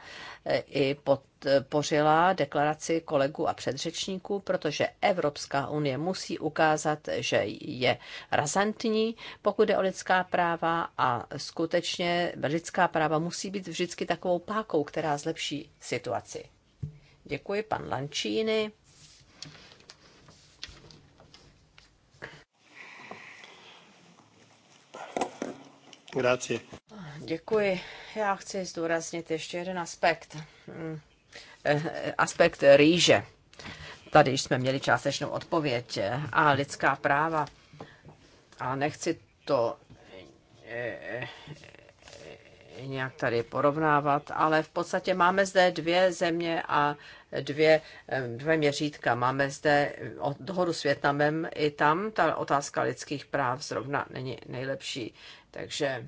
eh, i podpořila deklaraci kolegů a předřečníků, protože Evropská unie musí ukázat, že je razantní, pokud jde o lidská práva a skutečně lidská práva musí být vždycky takovou pákou, která zlepší situaci. Děkuji, pan Lančíny. Grazie. Děkuji. Já chci zdůraznit ještě jeden aspekt. Mm, eh, aspekt rýže. Tady jsme měli částečnou odpověď a lidská práva. A nechci to eh, eh, nějak tady porovnávat, ale v podstatě máme zde dvě země a dvě, dvě měřítka. Máme zde eh, dohodu s Větnamem i tam. Ta otázka lidských práv zrovna není nejlepší. Takže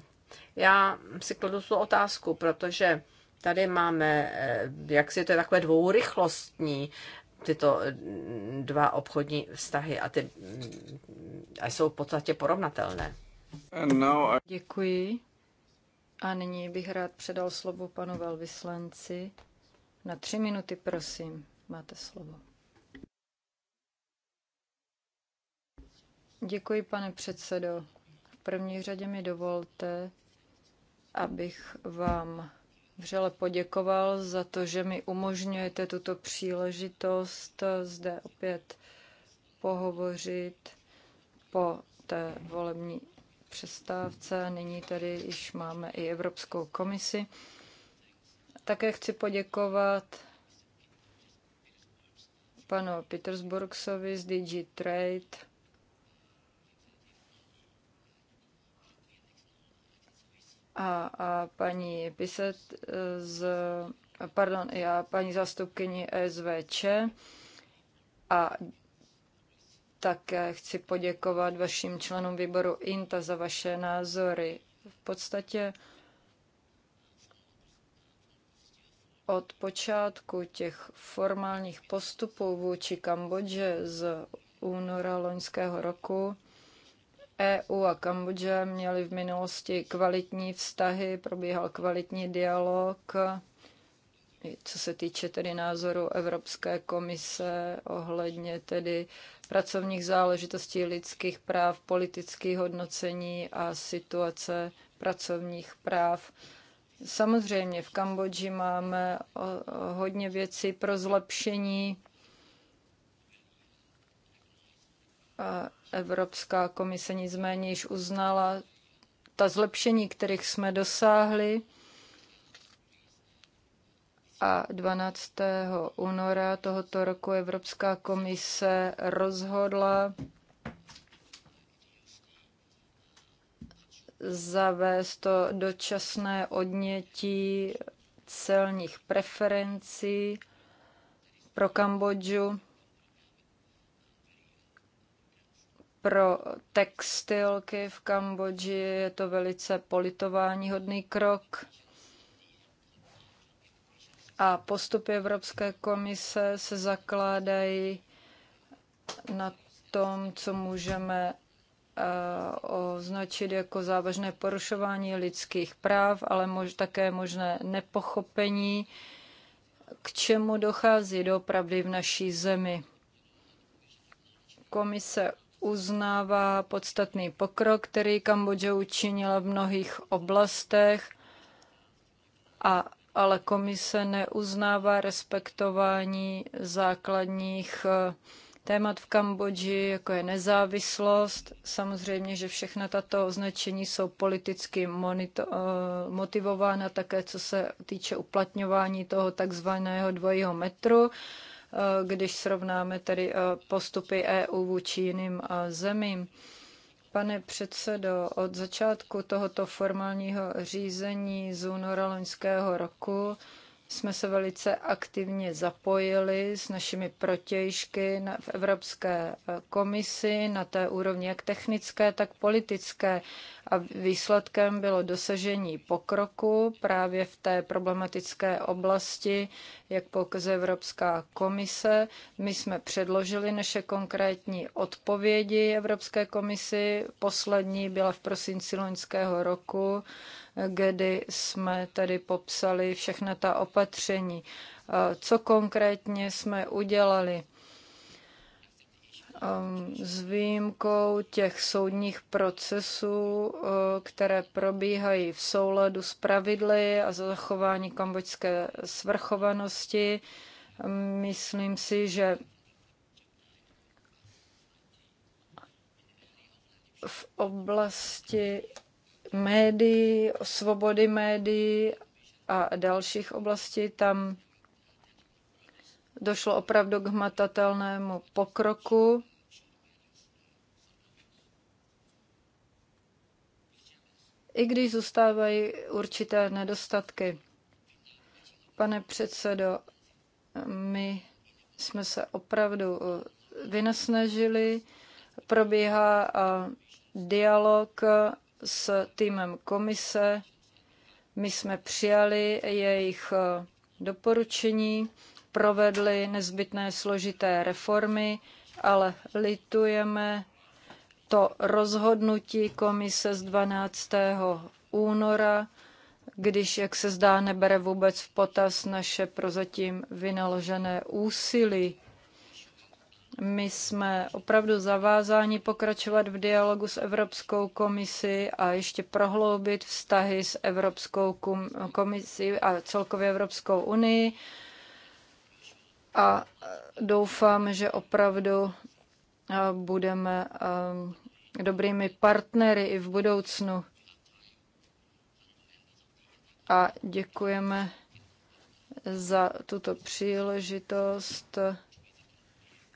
já si kladu tu otázku, protože tady máme, eh, jak si to je takové dvourychlostní, tyto mm, dva obchodní vztahy a, ty, mm, a jsou v podstatě porovnatelné. Děkuji. A nyní bych rád předal slovo panu velvyslanci na tři minuty, prosím, máte slovo. Děkuji, pane předsedo. V první řadě mi dovolte, abych vám vřele poděkoval za to, že mi umožňujete tuto příležitost zde opět pohovořit po té volební přestávce. Nyní tady již máme i Evropskou komisi. Také chci poděkovat panu Petersburgsovi z DG Trade. A, a paní Piset eh, z, pardon, já paní zástupkyni SVČ a také chci poděkovat vašim členům výboru INTA za vaše názory. V podstatě od počátku těch formálních postupů vůči Kambodži z února loňského roku EU a Kambodže měly v minulosti kvalitní vztahy, probíhal kvalitní dialog, co se týče tedy názoru Evropské komise ohledně tedy pracovních záležitostí lidských práv, politických hodnocení a situace pracovních práv Samozřejmě v Kambodži máme eh, hodně věcí pro zlepšení. Evropská komise nicméně již uznala ta zlepšení, kterých jsme dosáhli. A 12. února tohoto roku Evropská komise rozhodla zavést to dočasné odnětí celních preferencí pro Kambodžu, pro textilky v Kambodži je to velice politováníhodný krok. A postupy Evropské komise se zakládají na tom, co můžeme Eh, označit jako závažné porušování lidských práv, ale mož, také možné nepochopení, k čemu dochází dopravdy v naší zemi. Komise uznává podstatný pokrok, který Kambodža učinila v mnohých oblastech, a, ale komise neuznává respektování základních uh, témat v Kambodži, jako je nezávislost. Samozřejmě, že všechna tato označení jsou politicky monito- eh, motivována také, co se týče uplatňování toho takzvaného dvojího metru, eh, když srovnáme tedy eh, postupy EU vůči jiným zemím. Pane předsedo, od začátku tohoto formálního řízení z února loňského roku jsme se velice aktivně zapojili s našimi protějšky v Evropské eh, komisi na té úrovni jak technické, tak politické. A výsledkem bylo dosažení pokroku právě v té problematické oblasti, jak poukazuje Evropská komise. My jsme předložili naše konkrétní odpovědi Evropské komisi. Poslední byla v prosinci loňského roku kdy jsme tady popsali všechna ta opatření. Co konkrétně jsme udělali? Ehm, s výjimkou těch soudních procesů, eh, které probíhají v souladu s pravidly a za zachování kambočské svrchovanosti, myslím si, že v oblasti médií, svobody médií a dalších oblastí, tam došlo opravdu k hmatatelnému pokroku. I když zůstávají určité nedostatky. Pane předsedo, my jsme se opravdu vynasnažili, probíhá dialog s týmem komise. My jsme přijali jejich eh, doporučení, provedli nezbytné složité reformy, ale litujeme to rozhodnutí komise z 12. února, když, jak se zdá, nebere vůbec v potaz naše prozatím vynaložené úsilí. My jsme opravdu zavázáni pokračovat v dialogu s Evropskou komisí a ještě prohloubit vztahy s Evropskou komisí a celkově Evropskou unii. A doufám, že opravdu eh, budeme eh, dobrými partnery i v budoucnu. A děkujeme za tuto příležitost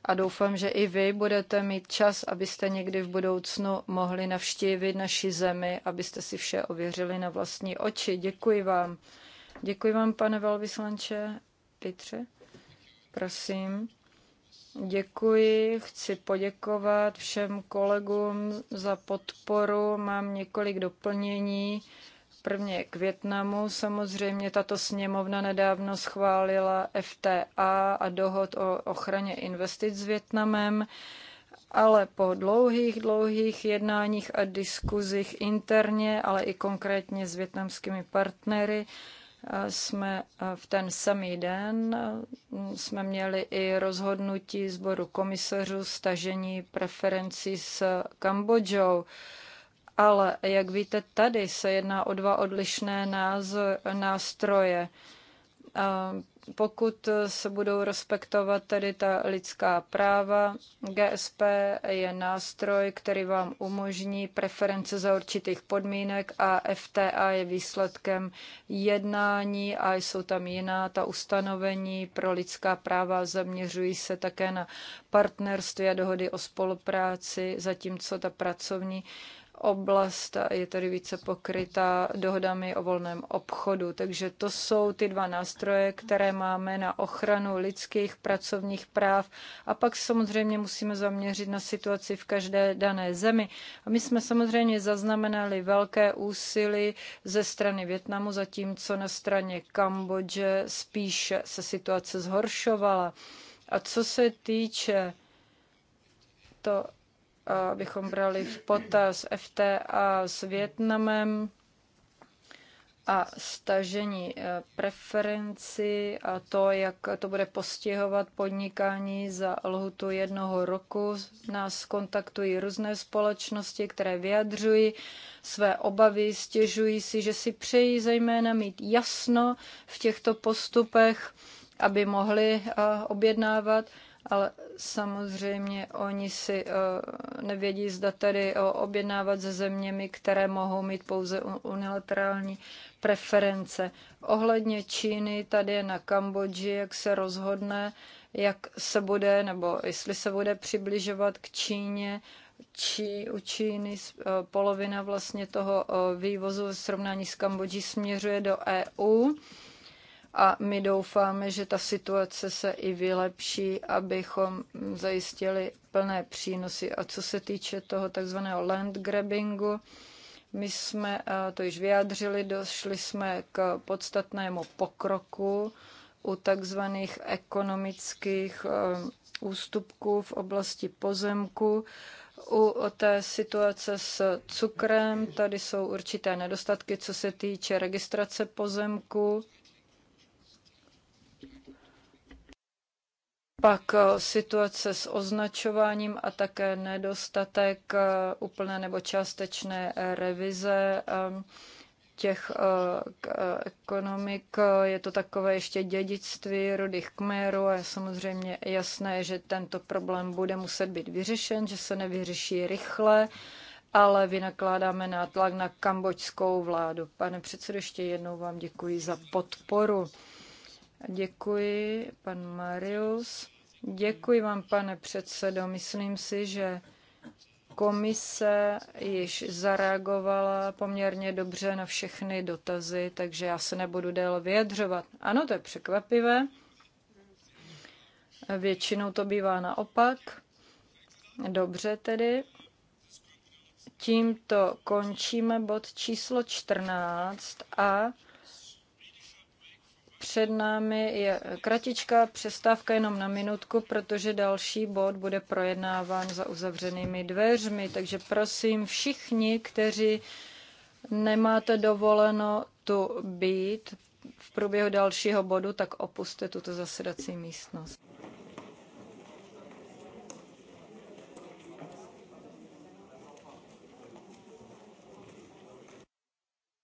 a doufám, že i vy budete mít čas, abyste někdy v budoucnu mohli navštívit naši zemi, abyste si vše ověřili na vlastní oči. Děkuji vám. Děkuji vám, pane velvyslanče Petře. Prosím. Děkuji, chci poděkovat všem kolegům za podporu. Mám několik doplnění. Prvně k Větnamu. Samozřejmě tato sněmovna nedávno schválila FTA a dohod o ochraně investic s Větnamem, ale po dlouhých, dlouhých jednáních a diskuzích interně, ale i konkrétně s větnamskými partnery, jsme v ten samý den jsme měli i rozhodnutí sboru komisařů stažení preferencí s Kambodžou. Ale jak víte, tady se jedná o dva odlišné nástroje. Pokud se budou respektovat tedy ta lidská práva, GSP je nástroj, který vám umožní preference za určitých podmínek a FTA je výsledkem jednání a jsou tam jiná ta ustanovení pro lidská práva. Zaměřují se také na partnerství a dohody o spolupráci, zatímco ta pracovní oblast je tady více pokryta dohodami o volném obchodu. Takže to jsou ty dva nástroje, které máme na ochranu lidských pracovních práv. A pak samozřejmě musíme zaměřit na situaci v každé dané zemi. A my jsme samozřejmě zaznamenali velké úsilí ze strany Větnamu, zatímco na straně Kambodže spíše se situace zhoršovala. A co se týče to abychom brali v potaz FTA s Větnamem a stažení eh, preferenci a to, jak to bude postihovat podnikání za lhutu jednoho roku. Nás kontaktují různé společnosti, které vyjadřují své obavy, stěžují si, že si přejí zejména mít jasno v těchto postupech, aby mohli eh, objednávat ale samozřejmě oni si eh, nevědí, zda tady eh, objednávat se zeměmi, které mohou mít pouze unilaterální preference. Ohledně Číny, tady je na Kambodži, jak se rozhodne, jak se bude, nebo jestli se bude přibližovat k Číně, Čí, u Číny eh, polovina vlastně toho vývozu v srovnání s Kambodží směřuje do EU a my doufáme, že ta situace se i vylepší, abychom zajistili plné přínosy. A co se týče toho takzvaného land grabbingu, my jsme to již vyjádřili, došli jsme k podstatnému pokroku u takzvaných ekonomických e, ústupků v oblasti pozemku. U té situace s cukrem, tady jsou určité nedostatky, co se týče registrace pozemku pak eh, situace s označováním a také nedostatek eh, úplné nebo částečné eh, revize ehm, těch ekonomik. Je to takové ještě dědictví rudých kmerů a je samozřejmě jasné, že tento problém bude muset být vyřešen, že se nevyřeší rychle, ale vynakládáme nátlak na kambočskou vládu. Pane předsedo, ještě jednou vám děkuji za podporu. Děkuji, pan Marius. Děkuji vám, pane předsedo. Myslím si, že komise již zareagovala poměrně dobře na všechny dotazy, takže já se nebudu déle vyjadřovat. Ano, to je překvapivé. Většinou to bývá naopak. Dobře tedy. Tímto končíme bod číslo 14 a před námi je kratičká přestávka jenom na minutku, protože další bod bude projednáván za uzavřenými dveřmi. Takže prosím všichni, kteří nemáte dovoleno tu být v průběhu dalšího bodu, tak opuste tuto zasedací místnost.